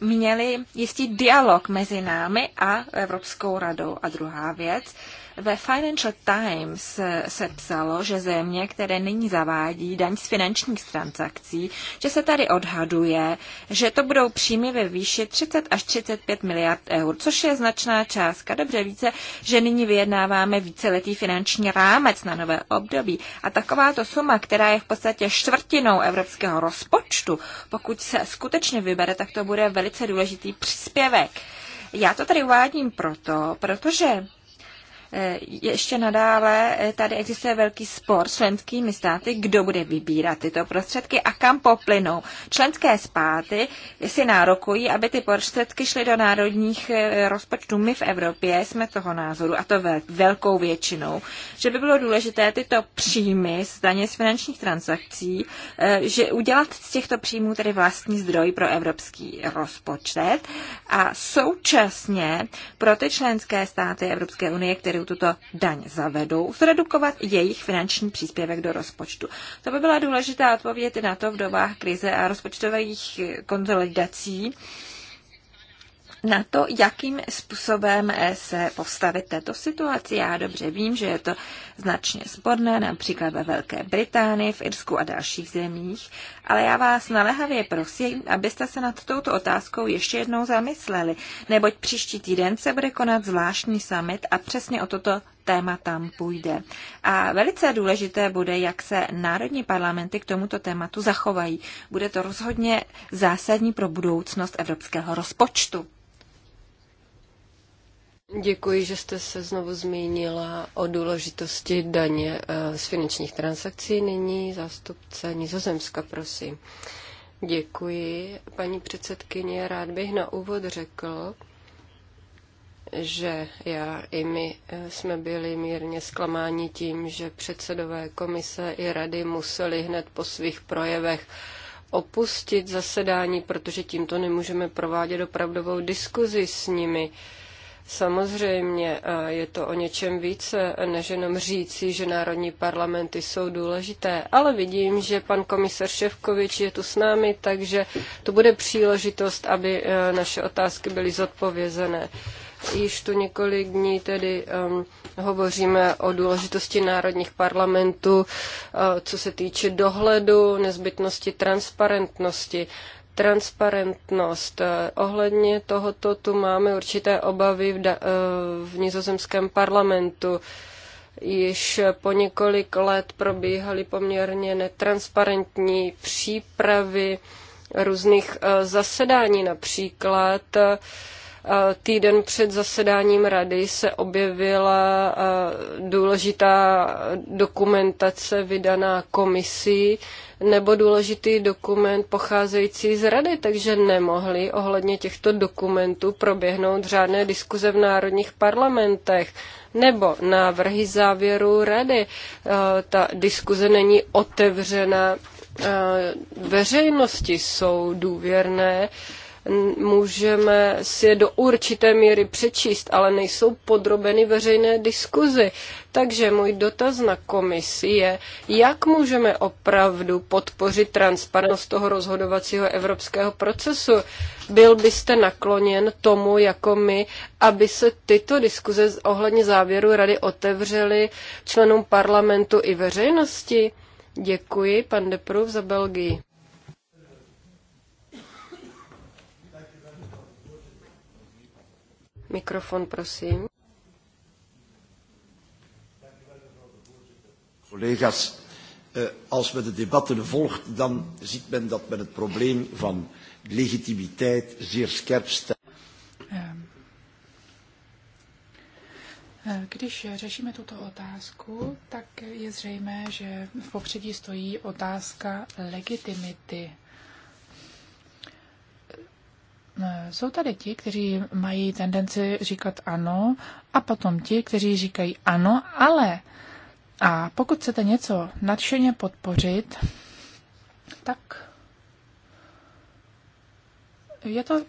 měli jistý dialog mezi námi a Evropskou radou. A druhá věc, ve Financial Times se psalo, že země, které nyní zavádí daň z finančních transakcí, že se tady odhaduje, že to budou příjmy ve výši 30 až 35 miliard eur, což je značná částka. Dobře více, že nyní vyjednáváme víceletý finanční rámec na nové období. A takováto suma, která je v podstatě čtvrtinou evropského rozpočtu, pokud se skutečně vybere, tak to bude velice důležitý příspěvek. Já to tady uvádím proto, protože Eh, ještě nadále eh, tady existuje velký spor s členskými státy, kdo bude vybírat tyto prostředky a kam poplynou. Členské státy si nárokují, aby ty prostředky šly do národních eh, rozpočtů. My v Evropě jsme toho názoru, a to velkou většinou, že by bylo důležité tyto příjmy z daně z finančních transakcí, že udělat z těchto příjmů tedy vlastní zdroj pro evropský rozpočet a současně pro ty členské státy Evropské unie, které kterou tuto daň zavedou, zredukovat jejich finanční příspěvek do rozpočtu. To by byla důležitá odpověď na to v dobách krize a rozpočtových konzolidací, na to, jakým způsobem se postavit této situaci. Já dobře vím, že je to značně sporné, například ve Velké Británii, v Irsku a dalších zemích, ale já vás naléhavě prosím, abyste se nad touto otázkou ještě jednou zamysleli, neboť příští týden se bude konat zvláštní summit a přesně o toto téma tam půjde. A velice důležité bude, jak se národní parlamenty k tomuto tématu zachovají. Bude to rozhodně zásadní pro budoucnost evropského rozpočtu. Děkuji, že jste se znovu zmínila o důležitosti daně eh, z finančních transakcí. Nyní zástupce Nizozemska, prosím. Děkuji, paní předsedkyně. Rád bych na úvod řekl, že já i my eh, jsme byli mírně zklamáni tím, že předsedové komise i rady museli hned po svých projevech opustit zasedání, protože tímto nemůžeme provádět opravdovou diskuzi s nimi. Uh, Samozřejmě je to o něčem více, než jenom říci, že národní parlamenty jsou důležité, ale vidím, že pan komisař Ševkovič je tu s námi, takže to bude příležitost, aby e, naše otázky byly zodpovězené. Již tu několik dní tedy um, hovoříme o důležitosti národních parlamentů, uh, co se týče dohledu, nezbytnosti transparentnosti. Uh, Transparentnost. Ohledně tohoto tu máme určité obavy v, da- v nizozemském parlamentu. Již po několik let probíhaly poměrně netransparentní přípravy různých eh, zasedání, například eh, Týden před zasedáním rady se objevila eh, důležitá dokumentace vydaná komisí nebo důležitý dokument pocházející z rady, takže nemohli ohledně těchto dokumentů proběhnout řádné diskuze v národních parlamentech nebo návrhy závěru rady. Eh, ta diskuze není otevřena eh, veřejnosti, jsou důvěrné můžeme si je do určité míry přečíst, ale nejsou podrobeny veřejné diskuzi. Takže můj dotaz na komisi je, jak můžeme opravdu podpořit transparentnost toho rozhodovacího evropského procesu. Byl byste nakloněn tomu, jako my, aby se tyto diskuze ohledně závěru rady otevřely členům parlamentu i veřejnosti? Děkuji, pan Deprův za Belgii. Mikrofon, prosím. Collega's, eh, als men de debatten volgt, dan ziet men dat men het probleem van legitimiteit zeer scherp stelt. Ehm. Eh, když řešíme tuto otázku, tak je zřejmé, že v popředí stojí otázka legitimity Eh, jsou tady ti, kteří mají tendenci říkat ano a potom ti, kteří říkají ano, ale. A pokud chcete něco nadšeně podpořit, tak je to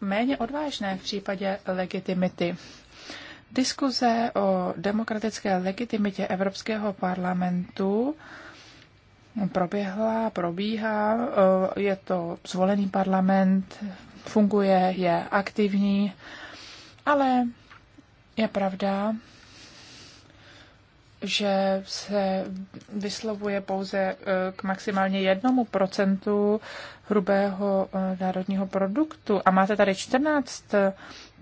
méně odvážné v případě legitimity. Diskuze o demokratické legitimitě Evropského parlamentu proběhla, probíhá. Eh, je to zvolený parlament, funguje, je aktivní, ale je pravda, že se vyslovuje pouze eh, k maximálně jednomu procentu hrubého eh, národního produktu. A máte tady 14 eh,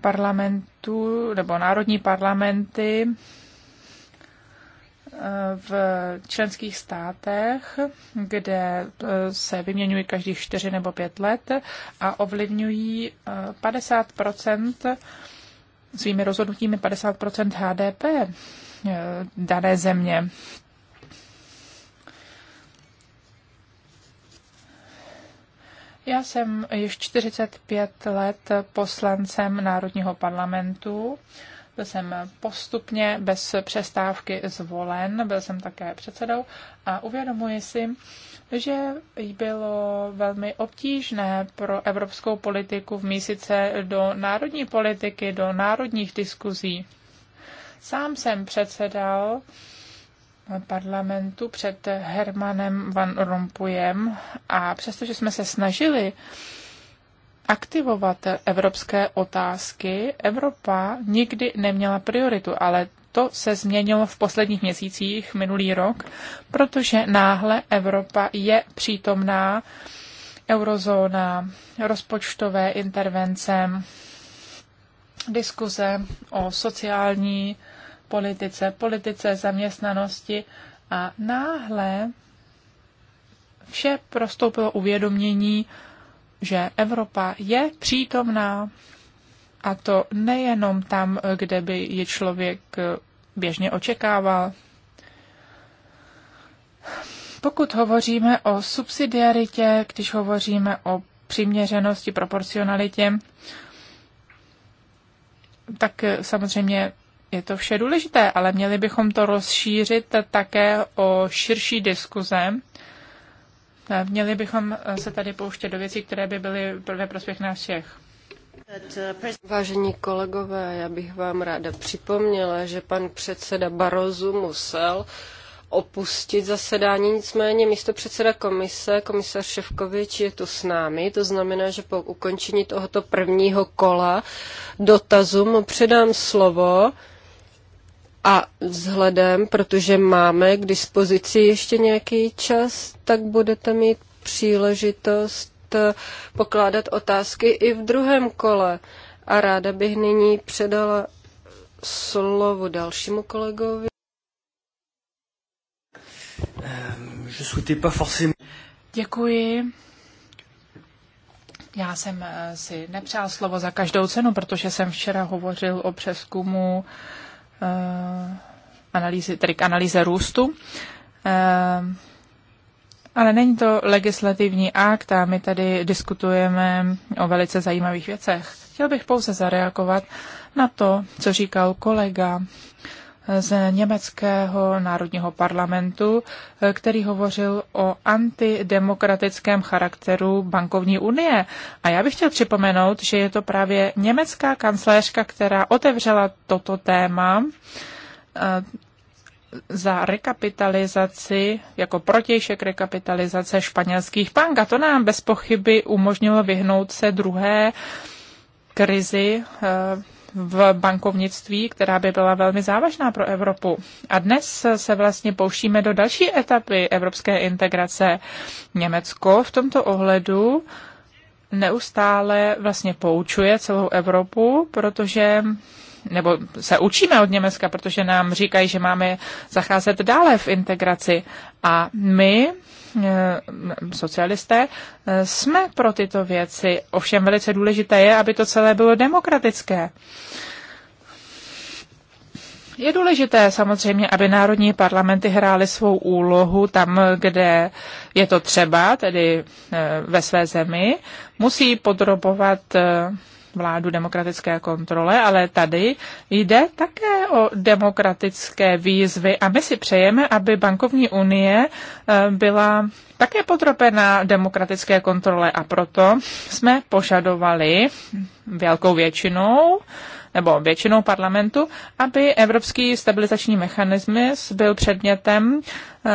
parlamentů nebo národní parlamenty, v členských státech, kde e, se vyměňují každých 4 nebo 5 let a ovlivňují 50 e, svými rozhodnutími 50 HDP e, dané země. Já jsem již 45 let poslancem Národního parlamentu byl jsem postupně bez přestávky zvolen, byl jsem také předsedou a uvědomuji si, že bylo velmi obtížné pro evropskou politiku vmísit se do národní politiky, do národních diskuzí. Sám jsem předsedal parlamentu před Hermanem Van Rompuyem a přestože jsme se snažili aktivovat evropské otázky, Evropa nikdy neměla prioritu, ale to se změnilo v posledních měsících minulý rok, protože náhle Evropa je přítomná eurozóna, rozpočtové intervence, diskuze o sociální politice, politice zaměstnanosti a náhle vše prostoupilo uvědomění že Evropa je přítomná a to nejenom tam, kde by je člověk běžně očekával. Pokud hovoříme o subsidiaritě, když hovoříme o přiměřenosti, proporcionalitě, tak samozřejmě je to vše důležité, ale měli bychom to rozšířit také o širší diskuze Měli bychom eh, se tady pouštět do věcí, které by byly ve prospěch nás všech. Vážení kolegové, já bych vám ráda připomněla, že pan předseda Barozu musel opustit zasedání, nicméně místo předseda komise, komisař Ševkovič je tu s námi, to znamená, že po ukončení tohoto prvního kola dotazům předám slovo a vzhledem, protože máme k dispozici ještě nějaký čas, tak budete mít příležitost eh, pokládat otázky i v druhém kole. A ráda bych nyní předala slovo dalšímu kolegovi. Euh, Děkuji. Já jsem eh, si nepřál slovo za každou cenu, protože jsem včera hovořil o přeskumu uh, Eh, analýzy, tedy k analýze růstu. Eh, ale není to legislativní akt a my tady diskutujeme o velice zajímavých věcech. Chtěl bych pouze zareagovat na to, co říkal kolega z německého národního parlamentu, eh, který hovořil o antidemokratickém charakteru bankovní unie. A já bych chtěl připomenout, že je to právě německá kancléřka, která otevřela toto téma eh, za rekapitalizaci, jako protějšek rekapitalizace španělských bank. A to nám bez pochyby umožnilo vyhnout se druhé krizi eh, v bankovnictví, která by byla velmi závažná pro Evropu. A dnes se vlastně pouštíme do další etapy evropské integrace. Německo v tomto ohledu neustále vlastně poučuje celou Evropu, protože nebo se učíme od Německa, protože nám říkají, že máme zacházet dále v integraci. A my, eh, socialisté, eh, jsme pro tyto věci. Ovšem velice důležité je, aby to celé bylo demokratické. Je důležité samozřejmě, aby národní parlamenty hrály svou úlohu tam, kde je to třeba, tedy eh, ve své zemi. Musí podrobovat vládu demokratické kontrole, ale tady jde také o demokratické výzvy a my si přejeme, aby bankovní unie eh, byla také podrobená demokratické kontrole a proto jsme požadovali velkou většinou nebo většinou parlamentu, aby evropský stabilizační mechanismus byl předmětem e,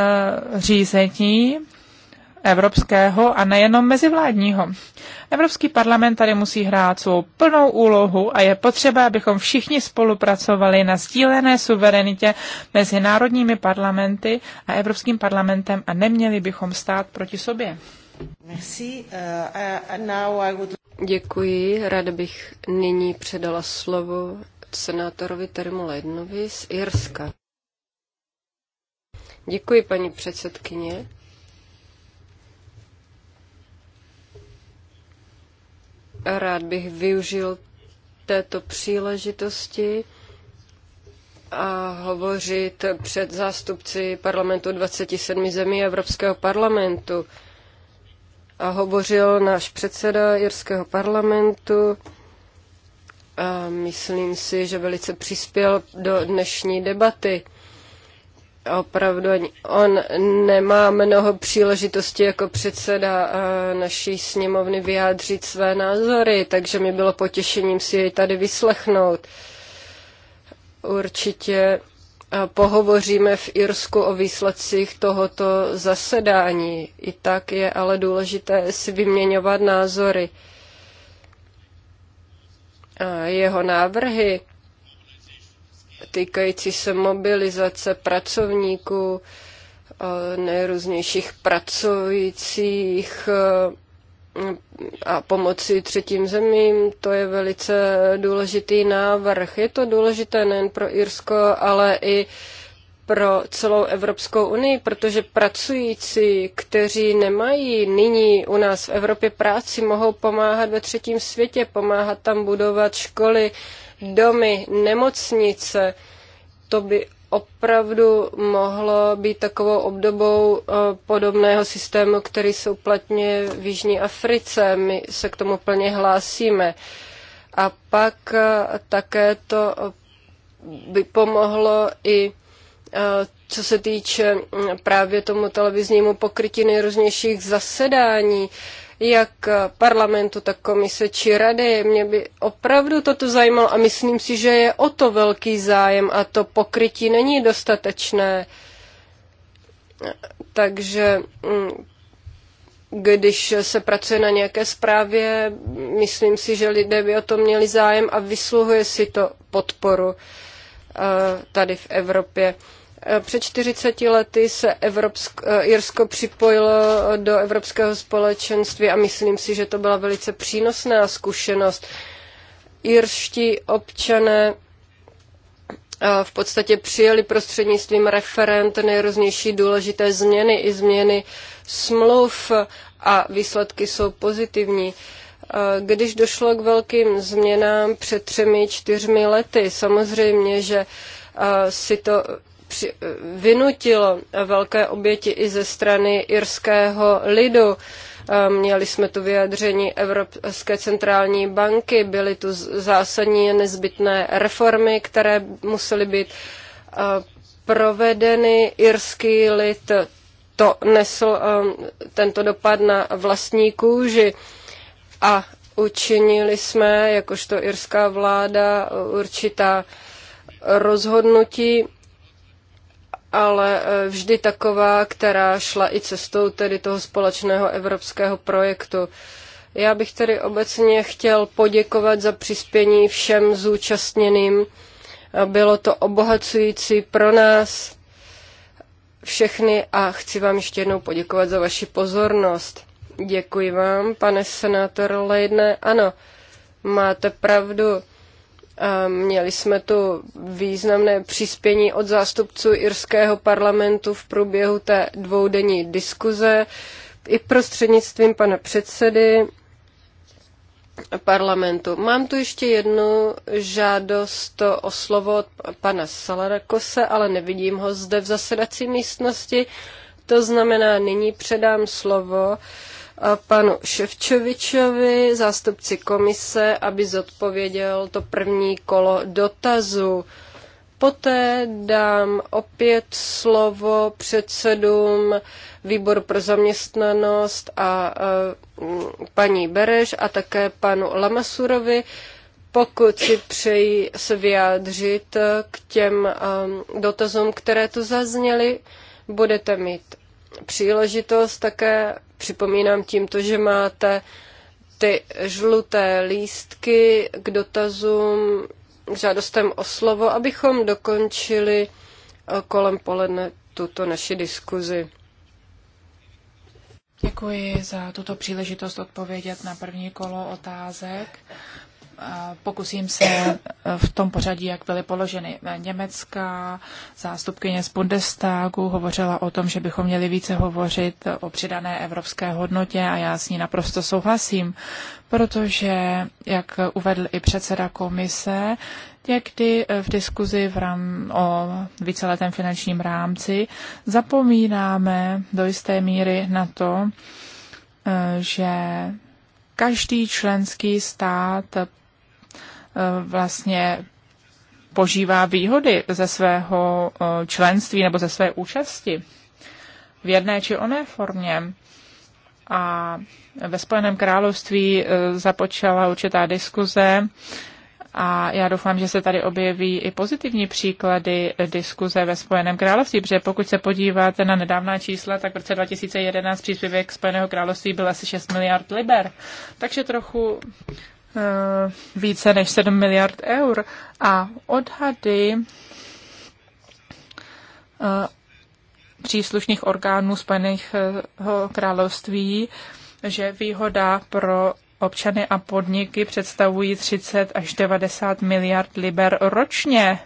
řízení evropského a nejenom mezivládního. Evropský parlament tady musí hrát svou plnou úlohu a je potřeba, abychom všichni spolupracovali na sdílené suverenitě mezi národními parlamenty a Evropským parlamentem a neměli bychom stát proti sobě. Uh, uh, Děkuji. Ráda bych nyní předala slovo senátorovi Terimu Leidnovi z Irska. Děkuji, paní předsedkyně. Rád bych využil této příležitosti a hovořit před zástupci parlamentu 27 zemí Evropského parlamentu. A hovořil náš předseda Jirského parlamentu a myslím si, že velice přispěl do dnešní debaty opravdu on nemá mnoho příležitostí jako předseda eh, naší sněmovny vyjádřit své názory, takže mi bylo potěšením si jej tady vyslechnout. Určitě eh, pohovoříme v Irsku o výsledcích tohoto zasedání. I tak je ale důležité si vyměňovat názory. jeho návrhy týkající se mobilizace pracovníků, eh, nejrůznějších pracujících eh, a pomoci třetím zemím, to je velice důležitý návrh. Je to důležité nejen pro Irsko, ale i pro celou Evropskou unii, protože pracující, kteří nemají nyní u nás v Evropě práci, mohou pomáhat ve třetím světě, pomáhat tam budovat školy, domy, nemocnice. To by opravdu mohlo být takovou obdobou eh, podobného systému, který se uplatňuje v Jižní Africe. My se k tomu plně hlásíme. A pak eh, také to eh, by pomohlo i co se týče mm, právě tomu televiznímu pokrytí nejrůznějších zasedání, jak parlamentu, tak komise či rady. Mě by opravdu toto zajímalo a myslím si, že je o to velký zájem a to pokrytí není dostatečné. Takže mm, když se pracuje na nějaké zprávě, myslím si, že lidé by o to měli zájem a vysluhuje si to podporu eh, tady v Evropě. Před 40 lety se Evropsk- eh, připojilo do Evropského společenství a myslím si, že to byla velice přínosná zkušenost. Irští občané eh, v podstatě přijeli prostřednictvím referent nejrůznější důležité změny i změny smluv a výsledky jsou pozitivní. Eh, když došlo k velkým změnám před třemi, čtyřmi lety, samozřejmě, že si to při, vynutilo velké oběti i ze strany irského lidu. Měli jsme tu vyjádření Evropské centrální banky, byly tu zásadní nezbytné reformy, které musely být provedeny. Irský lid to nesl tento dopad na vlastní kůži a učinili jsme, jakožto irská vláda, určitá rozhodnutí ale e, vždy taková, která šla i cestou tedy toho společného evropského projektu. Já bych tedy obecně chtěl poděkovat za přispění všem zúčastněným. E, bylo to obohacující pro nás všechny a chci vám ještě jednou poděkovat za vaši pozornost. Děkuji vám, pane senátor Lejdne. Ano, máte pravdu Měli jsme tu významné přispění od zástupců irského parlamentu v průběhu té dvoudenní diskuze i prostřednictvím pana předsedy parlamentu. Mám tu ještě jednu žádost o slovo od pana Salarakose, ale nevidím ho zde v zasedací místnosti. To znamená, nyní předám slovo uh, panu Ševčovičovi, zástupci komise, aby zodpověděl to první kolo dotazu. Poté dám opět slovo předsedům výboru pro zaměstnanost a mm, paní Bereš a také panu Lamasurovi, pokud si přejí se vyjádřit k těm dotazům, které tu zazněly, budete mít příležitost. Také připomínám tímto, že máte ty žluté lístky k dotazům, k žádostem o slovo, abychom dokončili eh, kolem poledne tuto naši diskuzi. Děkuji za tuto příležitost odpovědět na první kolo otázek pokusím se eh, v tom pořadí, jak byly položeny. Eh, německá zástupkyně z Bundestagu hovořila o tom, že bychom měli více hovořit eh, o přidané evropské hodnotě a já s ní naprosto souhlasím, protože, jak uvedl i předseda komise, někdy v diskuzi v rám, o víceletém finančním rámci zapomínáme do jisté míry na to, že každý členský stát Eh, vlastně požívá výhody ze svého eh, členství nebo ze své účasti v jedné či oné formě. A ve Spojeném království eh, započala určitá diskuze a já doufám, že se tady objeví i pozitivní příklady diskuze ve Spojeném království, protože pokud se podíváte na nedávná čísla, tak v roce 2011 příspěvek Spojeného království byl asi 6 miliard liber. Takže trochu Eh, více než 7 miliard eur a odhady eh, příslušných orgánů Spojeného království, že výhoda pro občany a podniky představují 30 až 90 miliard liber ročně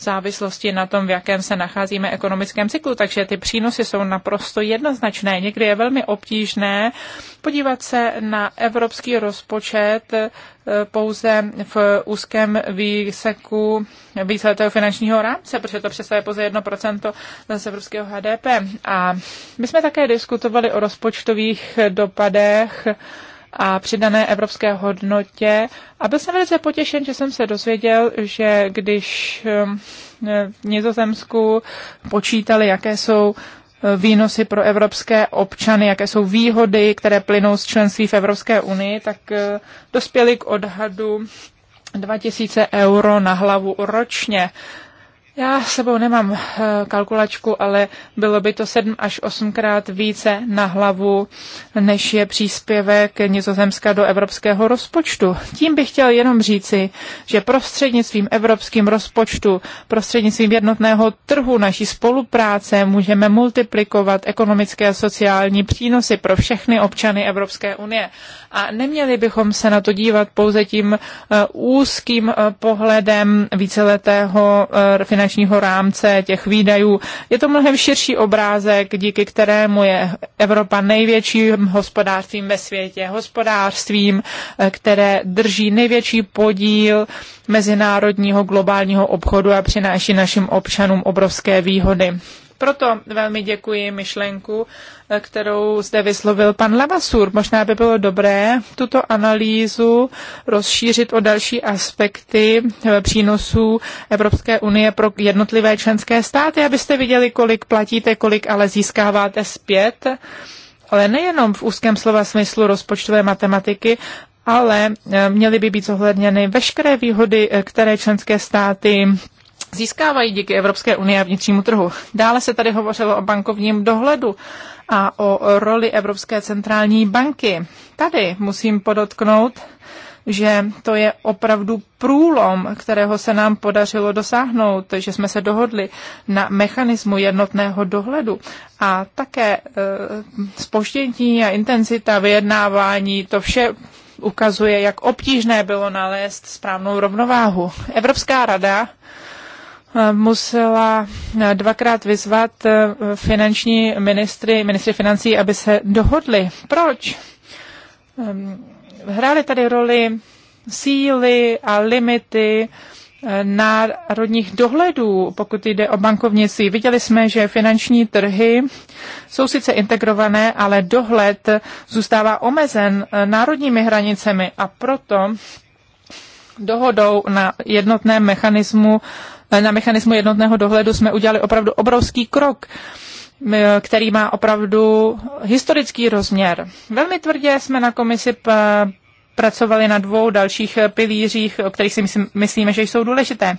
závislosti na tom, v jakém se nacházíme ekonomickém cyklu. Takže ty přínosy jsou naprosto jednoznačné. Někdy je velmi obtížné podívat se na evropský rozpočet eh, pouze v úzkém výseku výsledného finančního rámce, protože to představuje pouze 1% z evropského HDP. A my jsme také diskutovali o rozpočtových dopadech a přidané evropské hodnotě. A byl jsem velice potěšen, že jsem se dozvěděl, že když um, v Nizozemsku počítali, jaké jsou uh, výnosy pro evropské občany, jaké jsou výhody, které plynou z členství v Evropské unii, tak uh, dospěli k odhadu 2000 euro na hlavu ročně. Já s sebou nemám eh, kalkulačku, ale bylo by to 7 až 8 krát více na hlavu, než je příspěvek Nizozemska do evropského rozpočtu. Tím bych chtěl jenom říci, že prostřednictvím evropským rozpočtu, prostřednictvím jednotného trhu naší spolupráce můžeme multiplikovat ekonomické a sociální přínosy pro všechny občany Evropské unie. A neměli bychom se na to dívat pouze tím eh, úzkým eh, pohledem víceletého finančního finančního rámce, těch výdajů. Je to mnohem širší obrázek, díky kterému je Evropa největším hospodářstvím ve světě, hospodářstvím, eh, které drží největší podíl mezinárodního globálního obchodu a přináší našim občanům obrovské výhody. Proto velmi děkuji myšlenku, eh, kterou zde vyslovil pan Lavasur. Možná by bylo dobré tuto analýzu rozšířit o další aspekty eh, přínosů Evropské unie pro jednotlivé členské státy, abyste viděli, kolik platíte, kolik ale získáváte zpět. Ale nejenom v úzkém slova smyslu rozpočtové matematiky, ale eh, měly by být zohledněny veškeré výhody, které členské státy získávají díky Evropské unii a vnitřnímu trhu. Dále se tady hovořilo o bankovním dohledu a o roli Evropské centrální banky. Tady musím podotknout, že to je opravdu průlom, kterého se nám podařilo dosáhnout, že jsme se dohodli na mechanismu jednotného dohledu. A také e, spoštění a intenzita vyjednávání, to vše ukazuje, jak obtížné bylo nalézt správnou rovnováhu. Evropská rada musela dvakrát vyzvat eh, finanční ministry, ministry financí, aby se dohodli. Proč? Ehm, hrály tady roli síly a limity eh, národních dohledů, pokud jde o bankovnictví. Viděli jsme, že finanční trhy jsou sice integrované, ale dohled zůstává omezen eh, národními hranicemi a proto dohodou na jednotném mechanismu na mechanismu jednotného dohledu jsme udělali opravdu obrovský krok který má opravdu historický rozměr. Velmi tvrdě jsme na komisi pracovali na dvou dalších pilířích, o kterých si myslím, myslíme, že jsou důležité.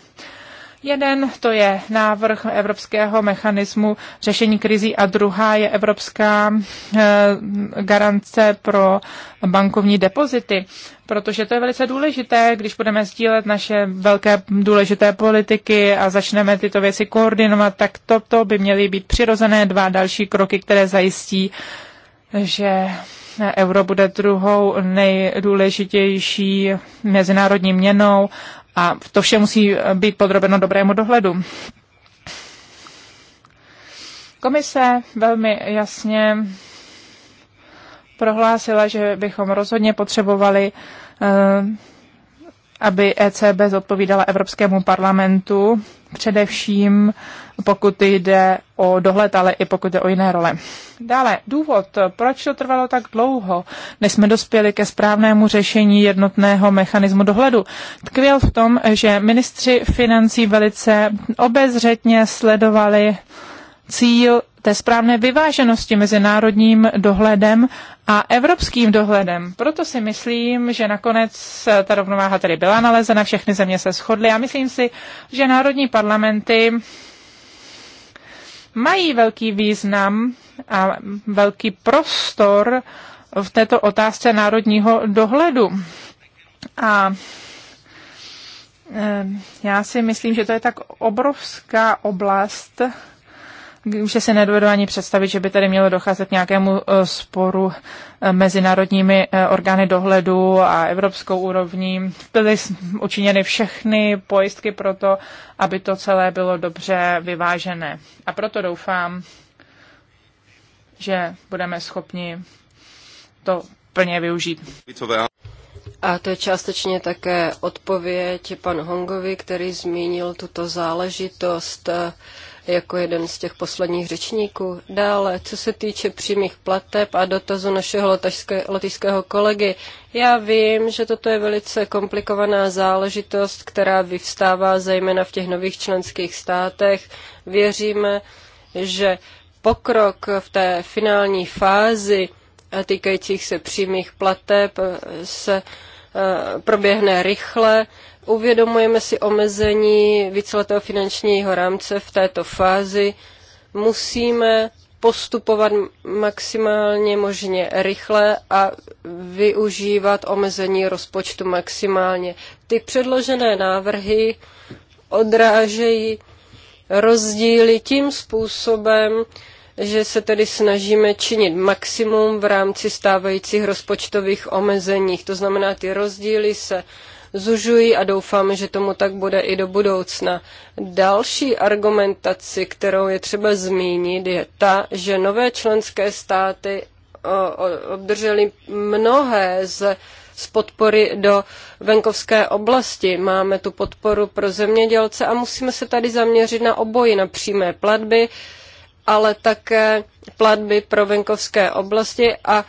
Jeden to je návrh evropského mechanismu řešení krizí a druhá je evropská eh, garance pro bankovní depozity, protože to je velice důležité, když budeme sdílet naše velké důležité politiky a začneme tyto věci koordinovat, tak toto by měly být přirozené dva další kroky, které zajistí, že euro bude druhou nejdůležitější mezinárodní měnou a to vše musí být podrobeno dobrému dohledu. Komise velmi jasně prohlásila, že bychom rozhodně potřebovali, eh, aby ECB zodpovídala Evropskému parlamentu, především pokud jde o dohled, ale i pokud jde o jiné role. Dále, důvod, proč to trvalo tak dlouho, než jsme dospěli ke správnému řešení jednotného mechanismu dohledu, tkvěl v tom, že ministři financí velice obezřetně sledovali cíl té správné vyváženosti mezi národním dohledem a evropským dohledem. Proto si myslím, že nakonec ta rovnováha tedy byla nalezena, všechny země se shodly a myslím si, že národní parlamenty mají velký význam a velký prostor v této otázce národního dohledu. A eh, já si myslím, že to je tak obrovská oblast, už si nedovedu ani představit, že by tady mělo docházet nějakému e, sporu e, mezinárodními e, orgány dohledu a evropskou úrovní. Byly učiněny všechny pojistky pro to, aby to celé bylo dobře vyvážené. A proto doufám, že budeme schopni to plně využít. A to je částečně také odpověď panu Hongovi, který zmínil tuto záležitost jako jeden z těch posledních řečníků. Dále, co se týče přímých plateb a dotazu našeho lotyšského kolegy, já vím, že toto je velice komplikovaná záležitost, která vyvstává zejména v těch nových členských státech. Věříme, že pokrok v té finální fázi eh, týkajících se přímých plateb eh, se eh, proběhne rychle Uvědomujeme si omezení víceletého finančního rámce v této fázi. Musíme postupovat maximálně možně rychle a využívat omezení rozpočtu maximálně. Ty předložené návrhy odrážejí rozdíly tím způsobem, že se tedy snažíme činit maximum v rámci stávajících rozpočtových omezeních. To znamená, ty rozdíly se zužují a doufám, že tomu tak bude i do budoucna. Další argumentaci, kterou je třeba zmínit, je ta, že nové členské státy obdrželi mnohé z z podpory do venkovské oblasti. Máme tu podporu pro zemědělce a musíme se tady zaměřit na oboji, na přímé platby, ale také platby pro venkovské oblasti a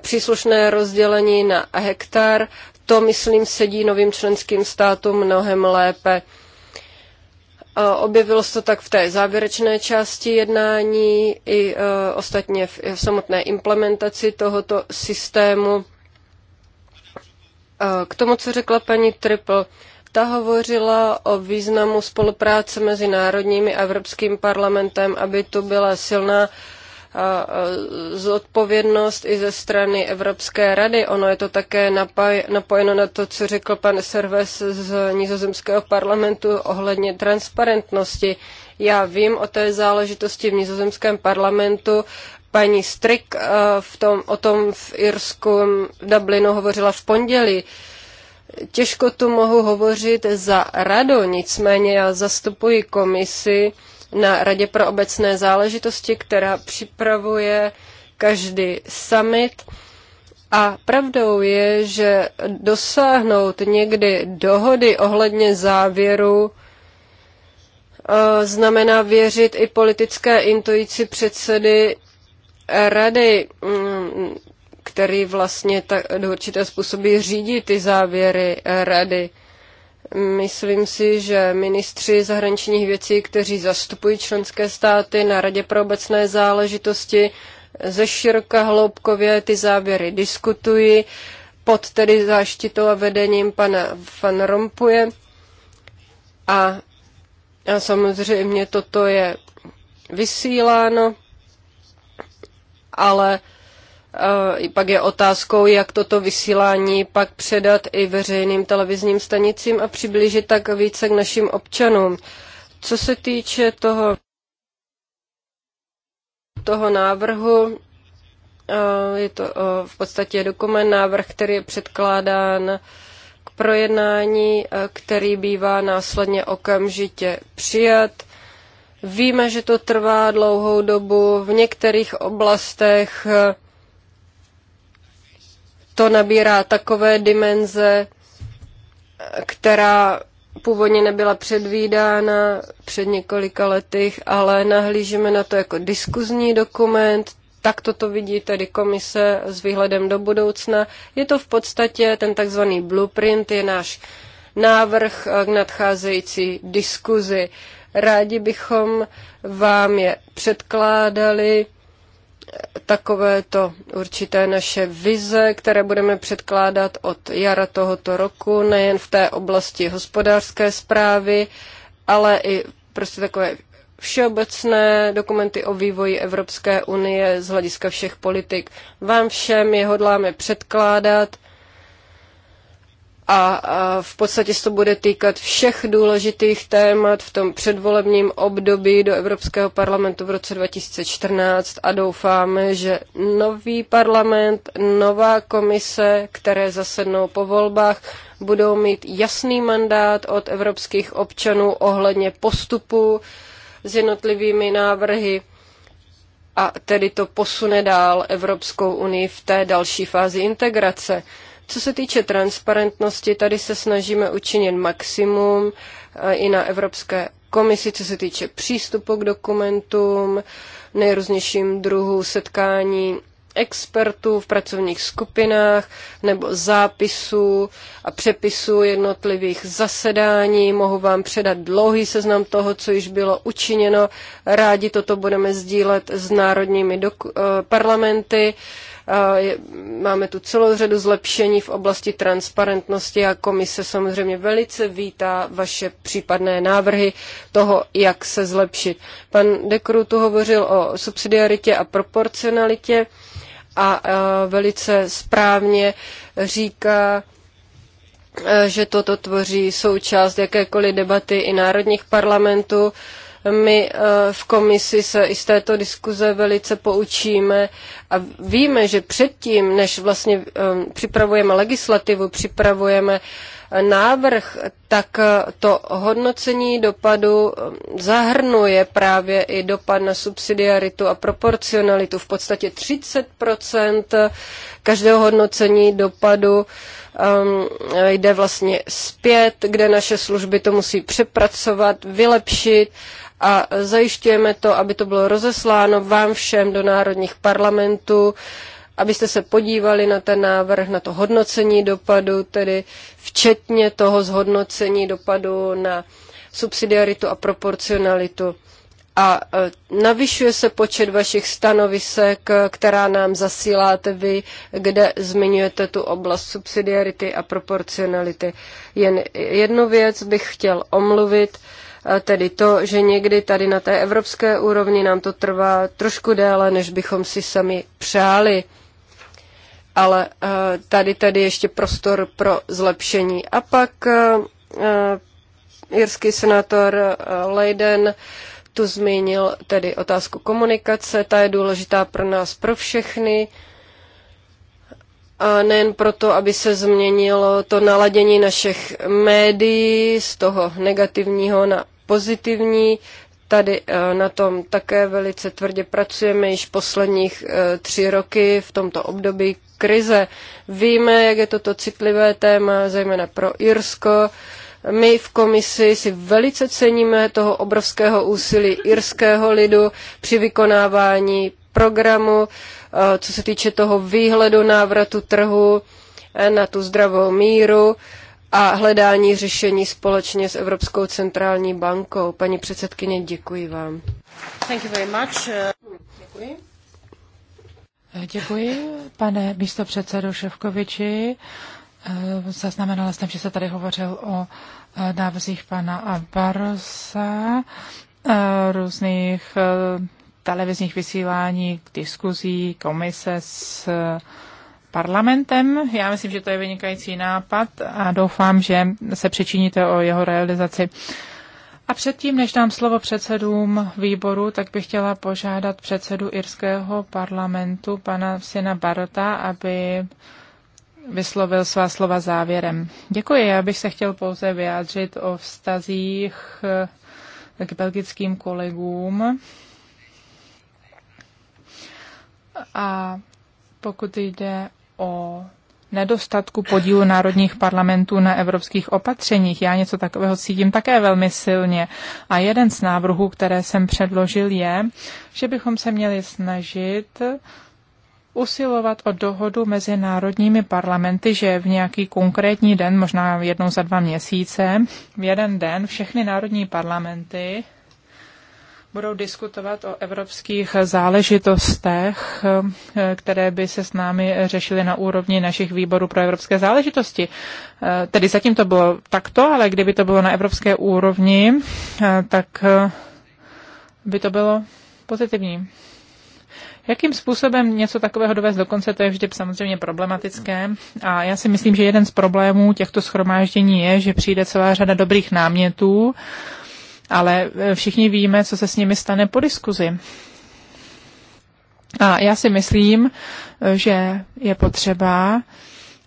příslušné rozdělení na hektar, to, myslím, sedí novým členským státům mnohem lépe. Objevilo se to tak v té závěrečné části jednání i e, ostatně v samotné implementaci tohoto systému. E, k tomu, co řekla paní Triple, ta hovořila o významu spolupráce mezi národními a Evropským parlamentem, aby tu byla silná zodpovědnost i ze strany Evropské rady. Ono je to také napojeno na to, co řekl pan Serves z nizozemského parlamentu ohledně transparentnosti. Já vím o té záležitosti v nizozemském parlamentu. Paní Strik v tom, o tom v Irsku v Dublinu hovořila v pondělí. Těžko tu mohu hovořit za radu, nicméně já zastupuji komisi na Radě pro obecné záležitosti, která připravuje každý summit. A pravdou je, že dosáhnout někdy dohody ohledně závěru eh, znamená věřit i politické intuici předsedy rady, mm, který vlastně tak, do určité způsoby řídí ty závěry rady. Myslím si, že ministři zahraničních věcí, kteří zastupují členské státy na Radě pro obecné záležitosti, ze široka hloubkově ty závěry diskutují pod tedy záštitou a vedením pana Van Rompuje. A, a samozřejmě toto je vysíláno, ale pak je otázkou, jak toto vysílání pak předat i veřejným televizním stanicím a přiblížit tak více k našim občanům. Co se týče toho, toho návrhu, je to v podstatě dokument, návrh, který je předkládán k projednání, který bývá následně okamžitě přijat. Víme, že to trvá dlouhou dobu. V některých oblastech to nabírá takové dimenze, která původně nebyla předvídána před několika lety, ale nahlížíme na to jako diskuzní dokument, tak toto vidí tedy komise s výhledem do budoucna. Je to v podstatě ten takzvaný blueprint, je náš návrh k nadcházející diskuzi. Rádi bychom vám je předkládali takové to určité naše vize, které budeme předkládat od jara tohoto roku, nejen v té oblasti hospodářské zprávy, ale i prostě takové všeobecné dokumenty o vývoji Evropské unie z hlediska všech politik. Vám všem je hodláme předkládat a v podstatě se to bude týkat všech důležitých témat v tom předvolebním období do Evropského parlamentu v roce 2014 a doufáme, že nový parlament, nová komise, které zasednou po volbách, budou mít jasný mandát od evropských občanů ohledně postupu s jednotlivými návrhy a tedy to posune dál Evropskou unii v té další fázi integrace. Co se týče transparentnosti, tady se snažíme učinit maximum e, i na Evropské komisi, co se týče přístupu k dokumentům, nejrůznějším druhů setkání expertů v pracovních skupinách nebo zápisů a přepisů jednotlivých zasedání. Mohu vám předat dlouhý seznam toho, co již bylo učiněno. Rádi toto budeme sdílet s národními eh, parlamenty. Máme tu celou řadu zlepšení v oblasti transparentnosti a komise samozřejmě velice vítá vaše případné návrhy toho, jak se zlepšit. Pan Dekru tu hovořil o subsidiaritě a proporcionalitě a e, velice správně říká, e, že toto tvoří součást jakékoliv debaty i národních parlamentů. My e, v komisi se i z této diskuze velice poučíme a víme, že předtím, než vlastně připravujeme legislativu, připravujeme uh, návrh, tak to hodnocení dopadu zahrnuje právě i dopad na subsidiaritu a proporcionalitu. V podstatě 30 každého hodnocení dopadu um, jde vlastně zpět, kde naše služby to musí přepracovat, vylepšit a zajišťujeme to, aby to bylo rozesláno vám všem do národních parlamentů. Uh, abyste se podívali na ten návrh, na to hodnocení dopadu, tedy včetně toho zhodnocení dopadu na subsidiaritu a proporcionalitu. A e, navyšuje se počet vašich stanovisek, e, která nám zasíláte vy, kde zmiňujete tu oblast subsidiarity a proporcionality. Jen jednu věc bych chtěl omluvit e, tedy to, že někdy tady na té evropské úrovni nám to trvá trošku déle, než bychom si sami přáli ale eh, tady tady ještě prostor pro zlepšení. A pak jirský eh, eh, senátor Leiden tu zmínil tedy otázku komunikace, ta je důležitá pro nás, pro všechny. A nejen proto, aby se změnilo to naladění našich médií z toho negativního na pozitivní. Tady na tom také velice tvrdě pracujeme již posledních tři roky v tomto období krize. Víme, jak je toto citlivé téma, zejména pro Irsko. My v komisi si velice ceníme toho obrovského úsilí irského lidu při vykonávání programu, eh, co se týče toho výhledu návratu trhu eh, na tu zdravou míru a hledání řešení společně s Evropskou centrální bankou. Paní předsedkyně, děkuji vám. Thank you very much. Děkuji. Děkuji, pane místopředsedo Ševkoviči. Eh, zaznamenala jsem, že se tady hovořil o eh, návzích pana Abarosa, eh, různých televizních vysílání, diskuzí, komise s parlamentem. Já myslím, že to je vynikající nápad a doufám, že se přičiníte o jeho realizaci. A předtím, než dám slovo předsedům výboru, tak bych chtěla požádat předsedu irského parlamentu, pana Sina Barota, aby vyslovil svá slova závěrem. Děkuji, já bych se chtěl pouze vyjádřit o vztazích eh, k belgickým kolegům. A pokud jde o nedostatku podílu národních parlamentů na evropských opatřeních. Já něco takového cítím také velmi silně. A jeden z návrhů, které jsem předložil, je, že bychom se měli snažit usilovat o dohodu mezi národními parlamenty, že v nějaký konkrétní den, možná jednou za dva měsíce, v jeden den všechny národní parlamenty budou diskutovat o evropských záležitostech, které by se s námi řešily na úrovni našich výborů pro evropské záležitosti. Tedy zatím to bylo takto, ale kdyby to bylo na evropské úrovni, tak by to bylo pozitivní. Jakým způsobem něco takového dovést do konce, to je vždy samozřejmě problematické. A já si myslím, že jeden z problémů těchto schromáždění je, že přijde celá řada dobrých námětů, ale e, všichni víme, co se s nimi stane po diskuzi. A já si myslím, e, že je potřeba,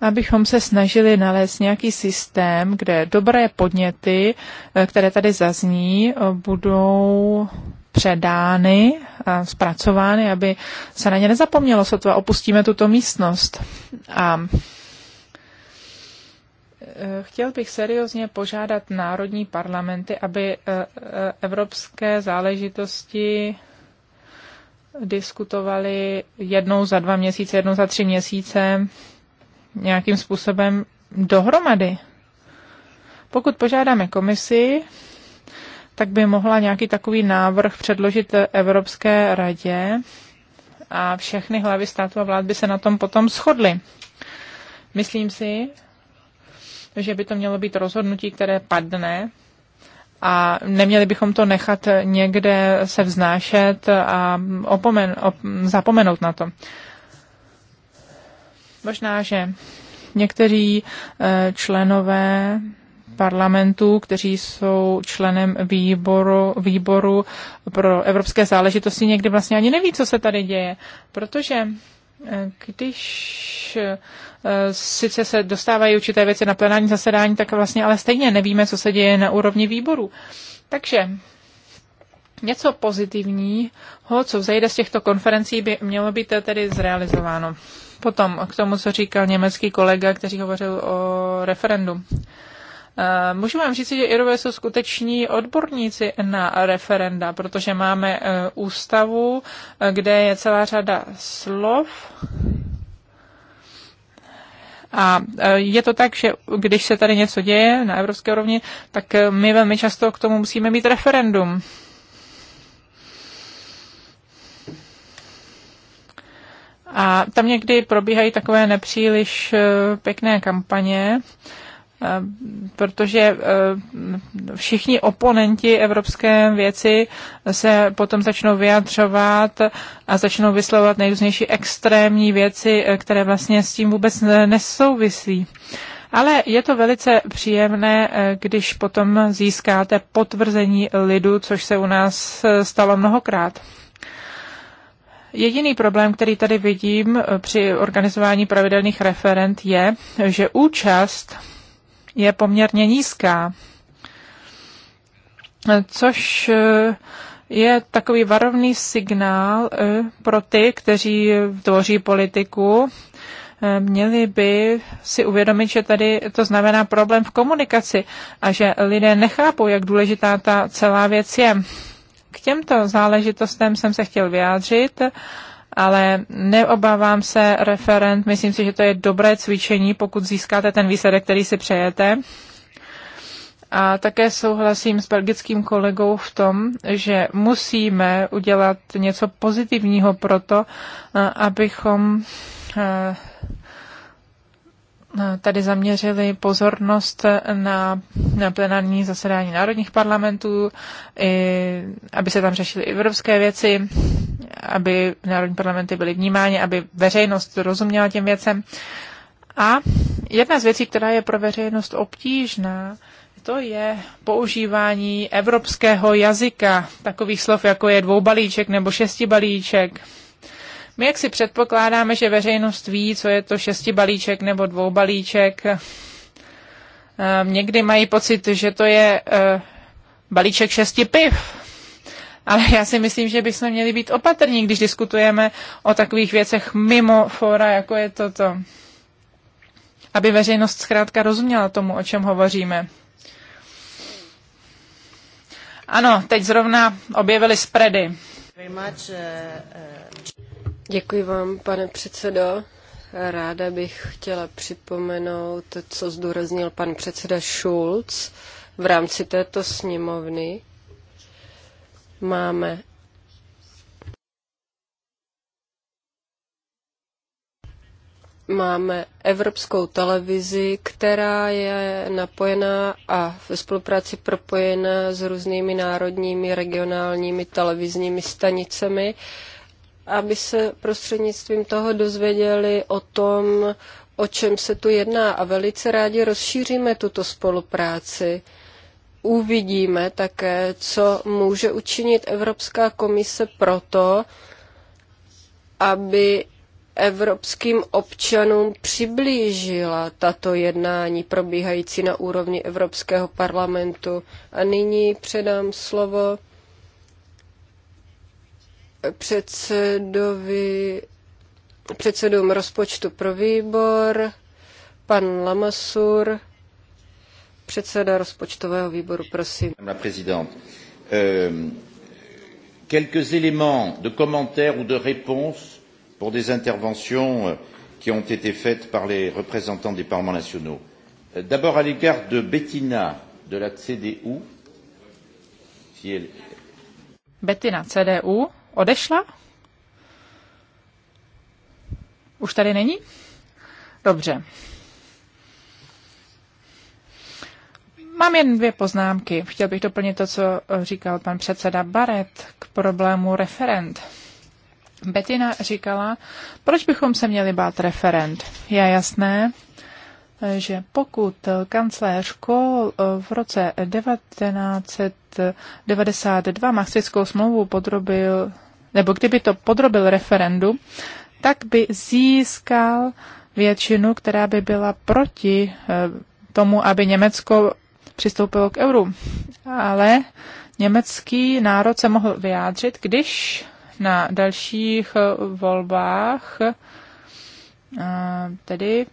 abychom se snažili nalézt nějaký systém, kde dobré podněty, e, které tady zazní, budou předány a zpracovány, aby se na ně nezapomnělo, sotva opustíme tuto místnost. A Eh, chtěl bych seriózně požádat národní parlamenty, aby eh, eh, evropské záležitosti diskutovali jednou za dva měsíce, jednou za tři měsíce nějakým způsobem dohromady. Pokud požádáme komisi, tak by mohla nějaký takový návrh předložit Evropské radě a všechny hlavy států a vlád by se na tom potom shodly. Myslím si, že by to mělo být rozhodnutí, které padne a neměli bychom to nechat někde se vznášet a opomen, op, zapomenout na to. Možná, že někteří eh, členové parlamentu, kteří jsou členem výboru, výboru pro evropské záležitosti, někdy vlastně ani neví, co se tady děje, protože když eh, sice se dostávají určité věci na plenární zasedání, tak vlastně ale stejně nevíme, co se děje na úrovni výboru. Takže něco pozitivního, co vzejde z těchto konferencí, by mělo být tedy zrealizováno. Potom k tomu, co říkal německý kolega, který hovořil o referendum. Eh, můžu vám říct, že Irové jsou skuteční odborníci na referenda, protože máme eh, ústavu, eh, kde je celá řada slov, a je to tak, že když se tady něco děje na evropské úrovni, tak my velmi často k tomu musíme mít referendum. A tam někdy probíhají takové nepříliš pěkné kampaně, Eh, protože eh, všichni oponenti evropské věci se potom začnou vyjadřovat a začnou vyslovovat nejrůznější extrémní věci, eh, které vlastně s tím vůbec nesouvisí. Ale je to velice příjemné, když potom získáte potvrzení lidu, což se u nás stalo mnohokrát. Jediný problém, který tady vidím při organizování pravidelných referent, je, že účast je poměrně nízká. Což eh, je takový varovný signál eh, pro ty, kteří tvoří politiku. Eh, měli by si uvědomit, že tady to znamená problém v komunikaci a že lidé nechápou, jak důležitá ta celá věc je. K těmto záležitostem jsem se chtěl vyjádřit ale neobávám se referent. Myslím si, že to je dobré cvičení, pokud získáte ten výsledek, který si přejete. A také souhlasím s belgickým kolegou v tom, že musíme udělat něco pozitivního pro to, eh, abychom eh, tady zaměřili pozornost na, na plenární zasedání národních parlamentů, i, aby se tam řešily evropské věci, aby národní parlamenty byly vnímány, aby veřejnost rozuměla těm věcem. A jedna z věcí, která je pro veřejnost obtížná, to je používání evropského jazyka, takových slov jako je dvoubalíček nebo šestibalíček. balíček my jak si předpokládáme, že veřejnost ví, co je to šesti balíček nebo dvou balíček. Eh, někdy mají pocit, že to je eh, balíček šesti piv. Ale já si myslím, že bychom měli být opatrní, když diskutujeme o takových věcech mimo fora, jako je toto. Aby veřejnost zkrátka rozuměla tomu, o čem hovoříme. Ano, teď zrovna objevili spready. Eh, Děkuji vám, pane předsedo. Ráda bych chtěla připomenout, co zdůraznil pan předseda Schulz v rámci této sněmovny. Máme máme evropskou televizi, která je napojená a ve spolupráci propojená s různými národními, regionálními televizními stanicemi aby se prostřednictvím toho dozvěděli o tom, o čem se tu jedná a velice rádi rozšíříme tuto spolupráci. Uvidíme také, co může učinit Evropská komise proto, aby evropským občanům přiblížila tato jednání probíhající na úrovni Evropského parlamentu. A nyní předám slovo předsedovi, předsedům rozpočtu pro výbor, pan Lamasur, předseda rozpočtového výboru, prosím. Madame la euh, quelques éléments de commentaires ou de réponses pour des interventions euh, qui ont été faites par les représentants des parlements nationaux. Euh, d'abord à l'égard de Bettina de la CDU. Si elle... Bettina, CDU odešla? Už tady není? Dobře. Mám jen dvě poznámky. Chtěl bych doplnit to, co říkal pan předseda Baret k problému referent. Betina říkala, proč bychom se měli bát referent? Je jasné, že pokud kancléř Kohl v roce 1992 Maastrichtskou smlouvu podrobil, nebo kdyby to podrobil referendu, tak by získal většinu, která by byla proti eh, tomu, aby Německo přistoupilo k euru. Ale německý národ se mohl vyjádřit, když na dalších eh, volbách eh, tedy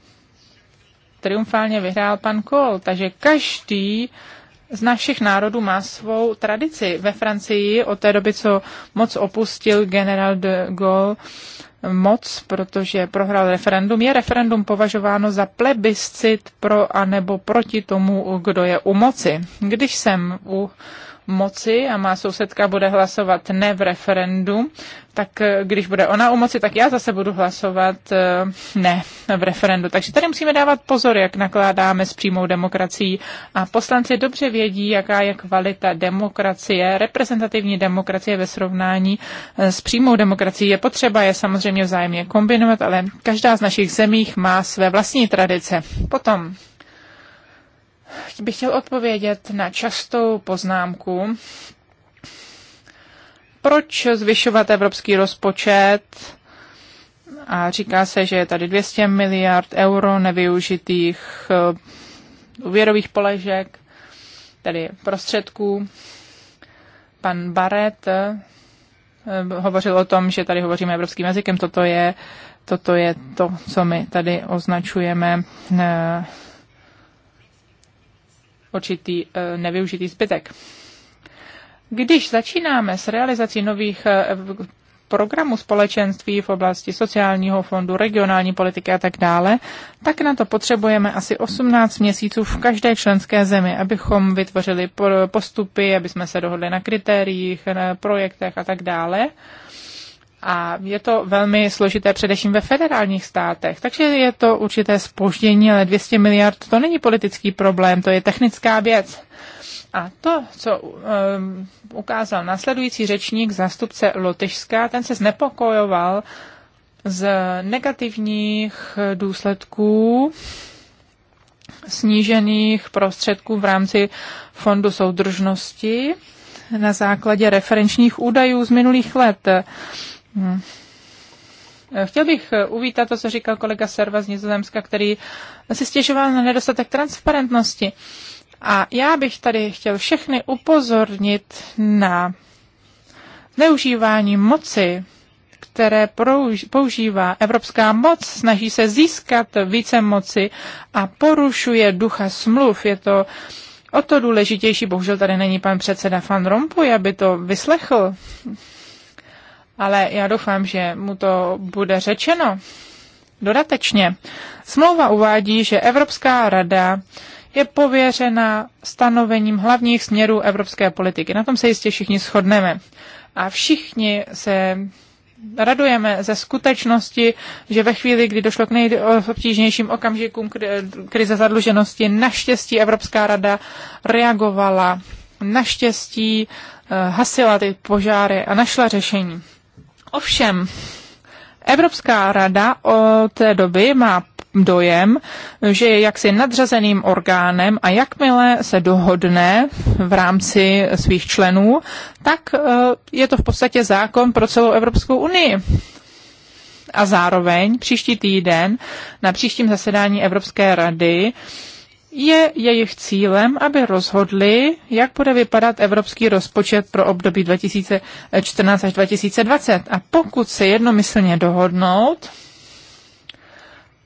triumfálně vyhrál pan Kohl. Takže každý z našich národů má svou tradici. Ve Francii od té doby, co moc opustil generál de Gaulle, moc, protože prohrál referendum, je referendum považováno za plebiscit pro anebo proti tomu, kdo je u moci. Když jsem u moci a má sousedka bude hlasovat ne v referendum, tak eh, když bude ona u moci, tak já zase budu hlasovat eh, ne v referendu. Takže tady musíme dávat pozor, jak nakládáme s přímou demokracií. A poslanci dobře vědí, jaká je kvalita demokracie, reprezentativní demokracie ve srovnání eh, s přímou demokracií. Je potřeba je samozřejmě vzájemně kombinovat, ale každá z našich zemích má své vlastní tradice. Potom bych chtěl odpovědět na častou poznámku, proč zvyšovat evropský rozpočet a říká se, že je tady 200 miliard euro nevyužitých eh, úvěrových položek, tedy prostředků. Pan Barrett eh, hovořil o tom, že tady hovoříme evropským jazykem, toto je, toto je to, co my tady označujeme eh, určitý eh, nevyužitý zbytek. Když začínáme s realizací nových eh, programů společenství v oblasti sociálního fondu, regionální politiky a tak dále, tak na to potřebujeme asi 18 měsíců v každé členské zemi, abychom vytvořili postupy, aby jsme se dohodli na kritériích, na projektech a tak dále. A je to velmi složité především ve federálních státech. Takže je to určité spoždění, ale 200 miliard to není politický problém, to je technická věc. A to, co um, ukázal následující řečník, zástupce Lotyšská, ten se znepokojoval z negativních důsledků snížených prostředků v rámci Fondu soudržnosti na základě referenčních údajů z minulých let. Hmm. Chtěl bych uvítat to, co říkal kolega Serva z Nizozemska, který si stěžoval na nedostatek transparentnosti. A já bych tady chtěl všechny upozornit na neužívání moci, které používá evropská moc, snaží se získat více moci a porušuje ducha smluv. Je to o to důležitější, bohužel tady není pan předseda Van Rompuy, aby to vyslechl ale já doufám, že mu to bude řečeno. Dodatečně, smlouva uvádí, že Evropská rada je pověřena stanovením hlavních směrů evropské politiky. Na tom se jistě všichni shodneme. A všichni se radujeme ze skutečnosti, že ve chvíli, kdy došlo k nejobtížnějším okamžikům krize zadluženosti, naštěstí Evropská rada reagovala, naštěstí eh, hasila ty požáry a našla řešení. Ovšem, Evropská rada od té doby má dojem, že je jaksi nadřazeným orgánem a jakmile se dohodne v rámci svých členů, tak eh, je to v podstatě zákon pro celou Evropskou unii. A zároveň příští týden na příštím zasedání Evropské rady uh, je jejich cílem, aby rozhodli, jak bude vypadat evropský rozpočet pro období 2014 až 2020. A pokud se jednomyslně dohodnout,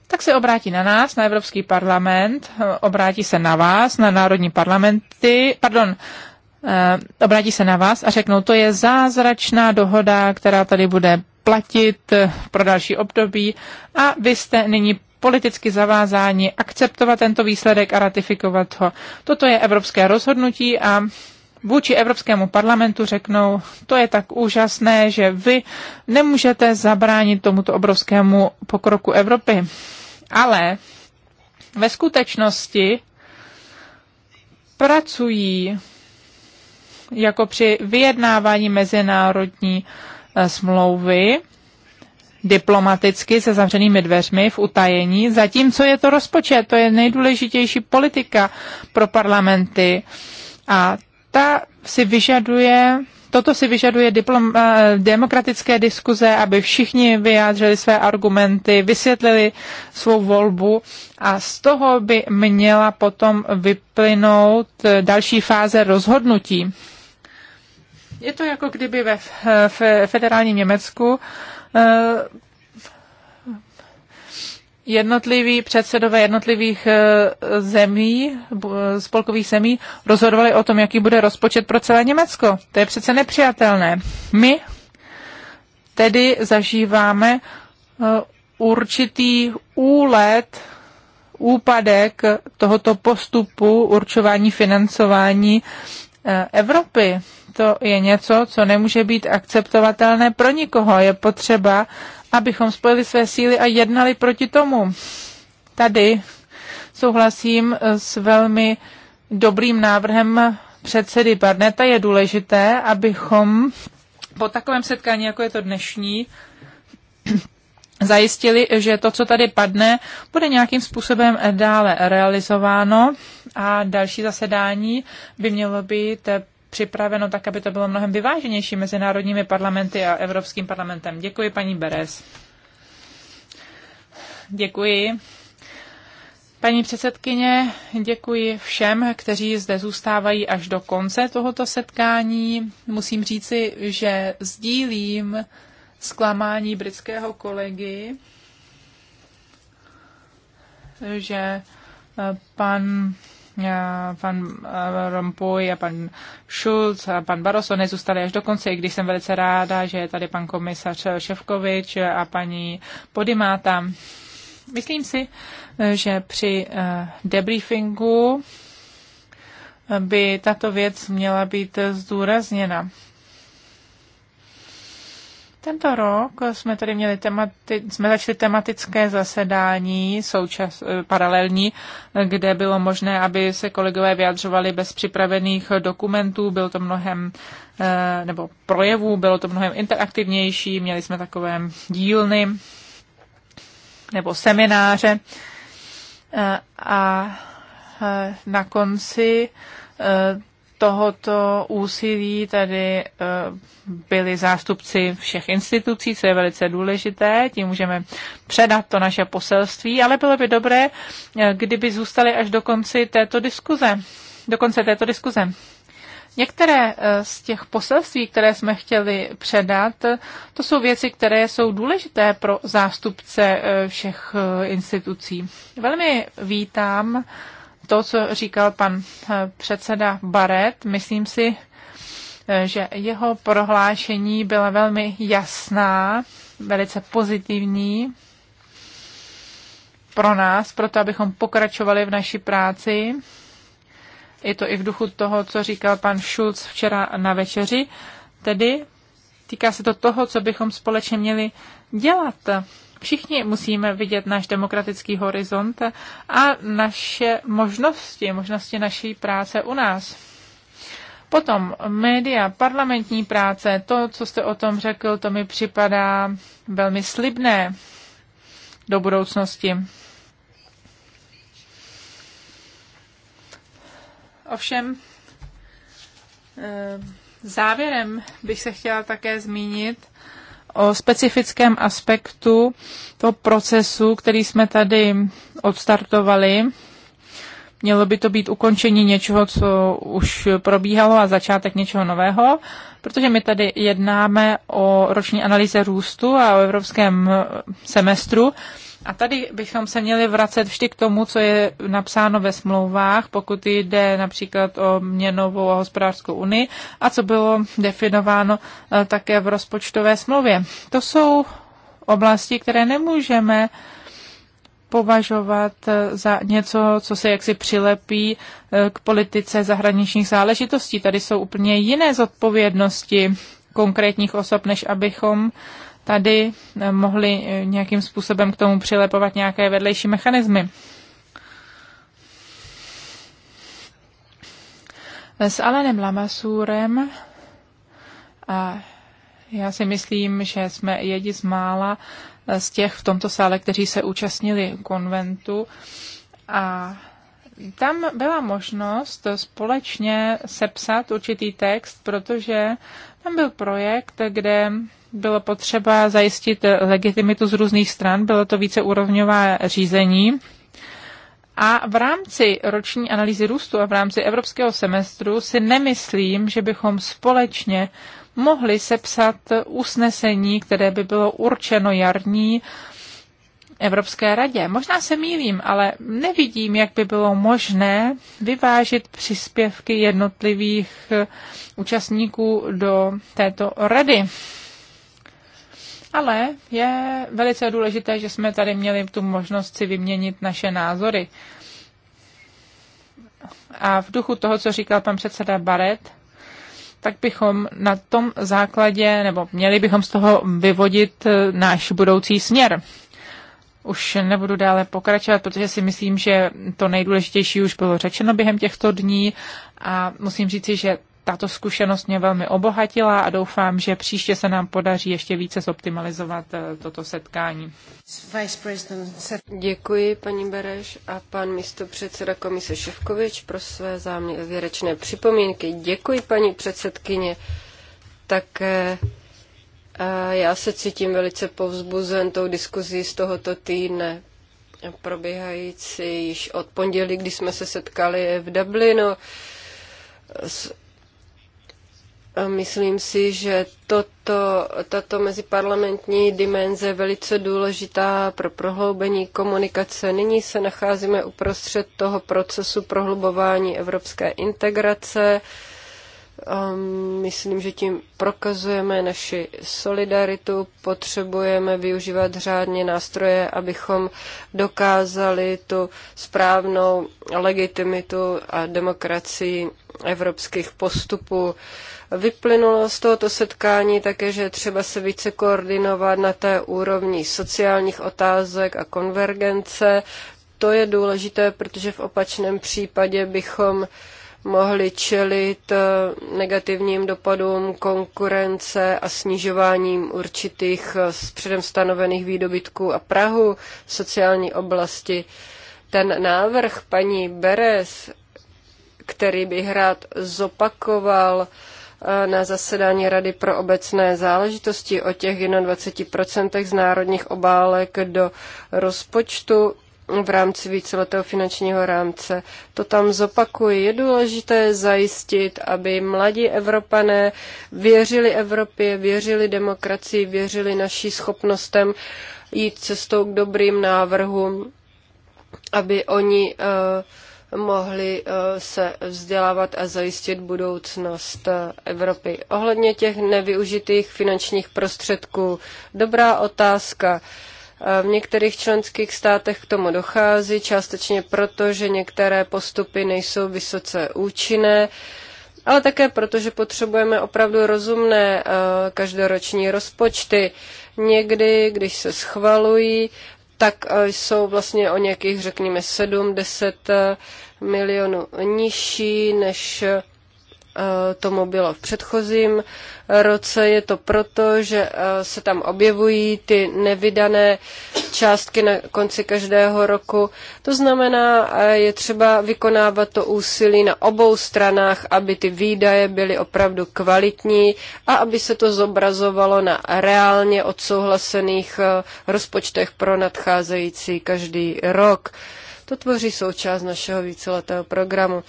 tak se obrátí na nás, na Evropský parlament, obrátí se na vás, na národní parlamenty, pardon, eh, obrátí se na vás a řeknou, to je zázračná dohoda, která tady bude platit pro další období a vy jste nyní politicky zavázáni akceptovat tento výsledek a ratifikovat ho. Toto je evropské rozhodnutí a vůči Evropskému parlamentu řeknou, to je tak úžasné, že vy nemůžete zabránit tomuto obrovskému pokroku Evropy. Ale ve skutečnosti pracují jako při vyjednávání mezinárodní eh, smlouvy diplomaticky se zavřenými dveřmi v utajení, zatímco je to rozpočet, to je nejdůležitější politika pro parlamenty a ta si vyžaduje Toto si vyžaduje diplom, eh, demokratické diskuze, aby všichni vyjádřili své argumenty, vysvětlili svou volbu a z toho by měla potom vyplynout eh, další fáze rozhodnutí. Je to jako kdyby ve eh, federálním Německu Eh, jednotliví předsedové jednotlivých eh, zemí, eh, spolkových zemí, rozhodovali o tom, jaký bude rozpočet pro celé Německo. To je přece nepřijatelné. My tedy zažíváme určitý úlet, úpadek tohoto postupu určování financování Evropy to je něco, co nemůže být akceptovatelné pro nikoho. Je potřeba, abychom spojili své síly a jednali proti tomu. Tady souhlasím s velmi dobrým návrhem předsedy Barneta. Je důležité, abychom po takovém setkání, jako je to dnešní, zajistili, že to, co tady padne, bude nějakým způsobem dále realizováno a další zasedání by mělo být připraveno tak, aby to bylo mnohem vyváženější mezi národními parlamenty a Evropským parlamentem. Děkuji, paní Beres. Děkuji. Paní předsedkyně, děkuji všem, kteří zde zůstávají až do konce tohoto setkání. Musím říci, že sdílím zklamání britského kolegy, že eh, pan Eh, pan eh, Rompuy a pan Schulz a pan Barroso nezůstali až do konce, i když jsem velice ráda, že je tady pan komisař Ševkovič a paní Podimáta. Myslím si, eh, že při debriefingu by tato věc měla být zdůrazněna. Tento rok jsme tady měli temati- jsme začali tematické zasedání součas- eh, paralelní, kde bylo možné, aby se kolegové vyjadřovali bez připravených dokumentů. Bylo to mnohem eh, nebo projevů, bylo to mnohem interaktivnější, měli jsme takové dílny nebo semináře eh, a na konci tohoto úsilí tady eh, byli zástupci všech institucí, co je velice důležité, tím můžeme předat to naše poselství, ale bylo by dobré, eh, kdyby zůstali až do konce této diskuze. Do konce této diskuze. Některé eh, z těch poselství, které jsme chtěli předat, to jsou věci, které jsou důležité pro zástupce všech institucí. Velmi vítám to, co říkal pan eh, předseda Baret, myslím si, eh, že jeho prohlášení byla velmi jasná, velice pozitivní pro nás, proto abychom pokračovali v naší práci. Je to i v duchu toho, co říkal pan Schulz včera na večeři, tedy týká se to toho, co bychom společně měli dělat Všichni musíme vidět náš demokratický horizont a naše možnosti, možnosti naší práce u nás. Potom média, parlamentní práce, to, co jste o tom řekl, to mi připadá velmi slibné do budoucnosti. Ovšem, eh, závěrem bych se chtěla také zmínit o specifickém aspektu toho procesu, který jsme tady odstartovali. Mělo by to být ukončení něčeho, co už probíhalo a začátek něčeho nového, protože my tady jednáme o roční analýze růstu a o evropském semestru. A tady bychom se měli vracet vždy k tomu, co je napsáno ve smlouvách, pokud jde například o měnovou a hospodářskou unii a co bylo definováno eh, také v rozpočtové smlouvě. To jsou oblasti, které nemůžeme považovat eh, za něco, co se jaksi přilepí eh, k politice zahraničních záležitostí. Tady jsou úplně jiné zodpovědnosti konkrétních osob, než abychom uh, tady eh, mohli eh, nějakým způsobem k tomu přilepovat nějaké vedlejší mechanismy. S Alenem Lamasurem a já si myslím, že jsme jedi z mála eh, z těch v tomto sále, kteří se účastnili konventu a tam byla možnost společně sepsat určitý text, protože tam byl projekt, kde bylo potřeba zajistit legitimitu z různých stran, bylo to více úrovňová řízení. A v rámci roční analýzy růstu a v rámci evropského semestru si nemyslím, že bychom společně mohli sepsat usnesení, které by bylo určeno jarní Evropské radě. Možná se mýlím, ale nevidím, jak by bylo možné vyvážit příspěvky jednotlivých účastníků do této rady. Ale je velice důležité, že jsme tady měli tu možnost si vyměnit naše názory. A v duchu toho, co říkal pan předseda Baret, tak bychom na tom základě, nebo měli bychom z toho vyvodit eh, náš budoucí směr. Už nebudu dále pokračovat, protože si myslím, že to nejdůležitější už bylo řečeno během těchto dní a musím říci, že tato zkušenost mě velmi obohatila a doufám, že příště se nám podaří ještě více zoptimalizovat eh, toto setkání. Děkuji, paní Bereš a pan místopředseda komise Ševkovič pro své závěrečné připomínky. Děkuji, paní předsedkyně. Tak eh, já se cítím velice povzbuzen tou diskuzí z tohoto týdne probíhající již od pondělí, kdy jsme se setkali v Dublinu s Myslím si, že toto, tato meziparlamentní dimenze je velice důležitá pro prohloubení komunikace. Nyní se nacházíme uprostřed toho procesu prohlubování evropské integrace. Ehm, myslím, že tím prokazujeme naši solidaritu, potřebujeme využívat řádně nástroje, abychom dokázali tu správnou legitimitu a demokracii evropských postupů Vyplynulo z tohoto setkání také, že je třeba se více koordinovat na té úrovni sociálních otázek a konvergence. To je důležité, protože v opačném případě bychom mohli čelit eh, negativním dopadům konkurence a snižováním určitých eh, předem stanovených výdobytků a Prahu v sociální oblasti. Ten návrh paní Beres, který bych rád zopakoval, Eh, na zasedání Rady pro obecné záležitosti o těch 21% z národních obálek do rozpočtu v rámci víceletého finančního rámce. To tam zopakuji. Je důležité zajistit, aby mladí Evropané věřili Evropě, věřili demokracii, věřili naší schopnostem jít cestou k dobrým návrhům, aby oni uh, mohli eh, se vzdělávat a zajistit budoucnost eh, Evropy. Ohledně těch nevyužitých finančních prostředků, dobrá otázka. Eh, v některých členských státech k tomu dochází, částečně proto, že některé postupy nejsou vysoce účinné, ale také proto, že potřebujeme opravdu rozumné každoroční rozpočty. Někdy, když se schvalují, tak e, jsou vlastně o nějakých, řekněme, 7-10 e, milionů nižší než Eh, tomu bylo v předchozím roce. Je to proto, že eh, se tam objevují ty nevydané částky na konci každého roku. To znamená, eh, je třeba vykonávat to úsilí na obou stranách, aby ty výdaje byly opravdu kvalitní a aby se to zobrazovalo na reálně odsouhlasených rozpočtech pro nadcházející každý rok. To tvoří součást našeho víceletého programu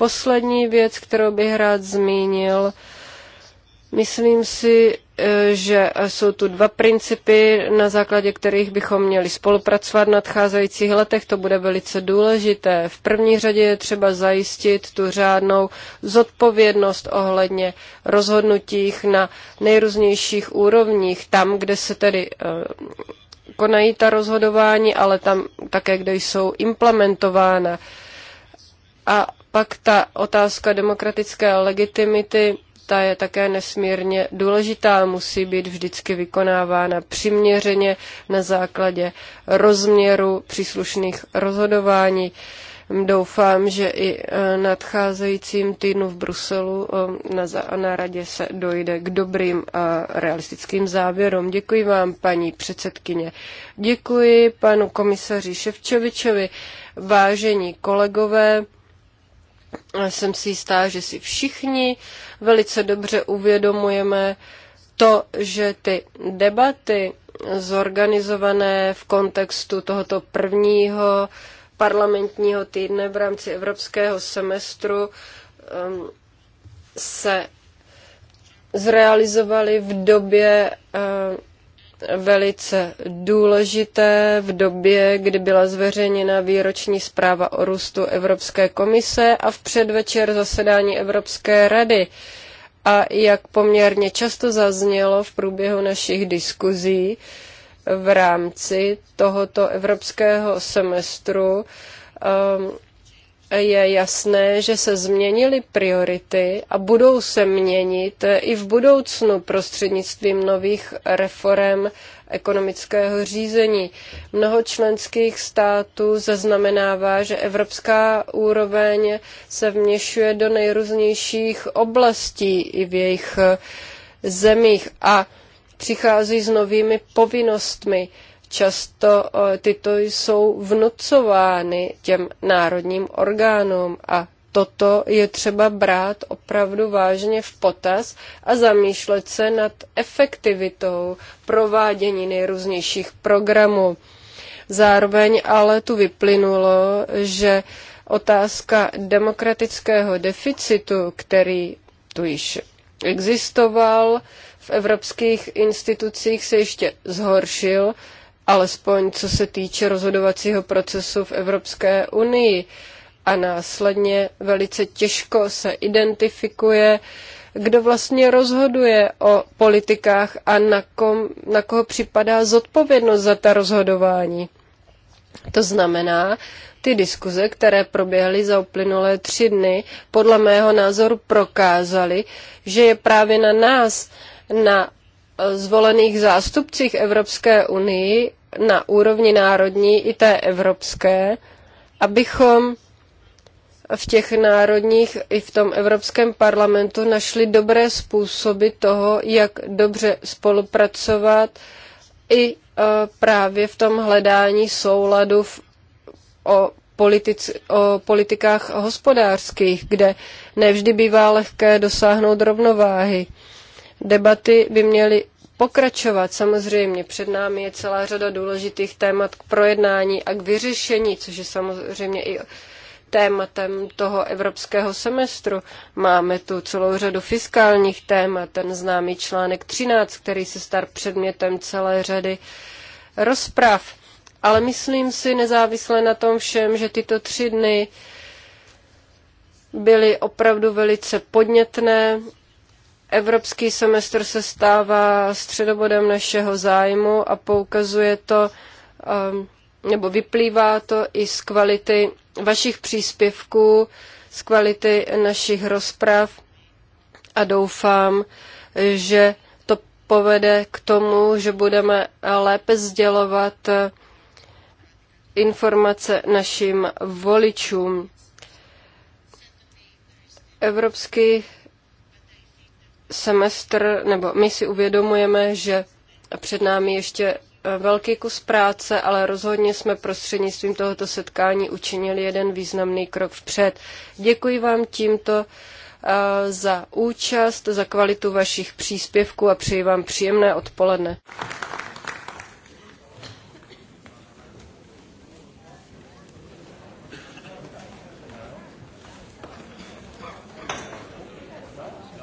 poslední věc, kterou bych rád zmínil, myslím si, eh, že jsou tu dva principy, na základě kterých bychom měli spolupracovat v nadcházejících letech. To bude velice důležité. V první řadě je třeba zajistit tu řádnou zodpovědnost ohledně rozhodnutích na nejrůznějších úrovních, tam, kde se tedy eh, konají ta rozhodování, ale tam také, kde jsou implementována. A pak ta otázka demokratické legitimity, ta je také nesmírně důležitá, musí být vždycky vykonávána přiměřeně na základě rozměru příslušných rozhodování. Doufám, že i e, nadcházejícím týdnu v Bruselu e, na, na radě se dojde k dobrým a realistickým závěrům. Děkuji vám, paní předsedkyně. Děkuji panu komisaři Ševčovičovi, vážení kolegové. Jsem si jistá, že si všichni velice dobře uvědomujeme to, že ty debaty zorganizované v kontextu tohoto prvního parlamentního týdne v rámci evropského semestru um, se zrealizovaly v době uh, velice důležité v době, kdy byla zveřejněna výroční zpráva o růstu Evropské komise a v předvečer zasedání Evropské rady. A jak poměrně často zaznělo v průběhu našich diskuzí v rámci tohoto evropského semestru, um, je jasné, že se změnily priority a budou se měnit i v budoucnu prostřednictvím nových reform ekonomického řízení. Mnoho členských států zaznamenává, že evropská úroveň se vměšuje do nejrůznějších oblastí i v jejich zemích a přichází s novými povinnostmi často tyto jsou vnucovány těm národním orgánům a toto je třeba brát opravdu vážně v potaz a zamýšlet se nad efektivitou provádění nejrůznějších programů. Zároveň ale tu vyplynulo, že otázka demokratického deficitu, který tu již existoval, v evropských institucích se ještě zhoršil alespoň co se týče rozhodovacího procesu v Evropské unii. A následně velice těžko se identifikuje, kdo vlastně rozhoduje o politikách a na, kom, na koho připadá zodpovědnost za ta rozhodování. To znamená, ty diskuze, které proběhly za uplynulé tři dny, podle mého názoru prokázaly, že je právě na nás, na zvolených zástupcích Evropské unii, na úrovni národní i té evropské, abychom v těch národních i v tom Evropském parlamentu našli dobré způsoby toho, jak dobře spolupracovat i e, právě v tom hledání souladu v, o, politic, o politikách hospodářských, kde nevždy bývá lehké dosáhnout rovnováhy. Debaty by měly pokračovat. Samozřejmě před námi je celá řada důležitých témat k projednání a k vyřešení, což je samozřejmě i tématem toho evropského semestru. Máme tu celou řadu fiskálních témat, ten známý článek 13, který se star předmětem celé řady rozprav. Ale myslím si nezávisle na tom všem, že tyto tři dny byly opravdu velice podnětné Evropský semestr se stává středobodem našeho zájmu a poukazuje to, um, nebo vyplývá to i z kvality vašich příspěvků, z kvality našich rozprav a doufám, že to povede k tomu, že budeme lépe sdělovat uh, informace našim voličům. Evropský semestr, nebo my si uvědomujeme, že před námi ještě e, velký kus práce, ale rozhodně jsme prostřednictvím tohoto setkání učinili jeden významný krok vpřed. Děkuji vám tímto e, za účast, za kvalitu vašich příspěvků a přeji vám příjemné odpoledne.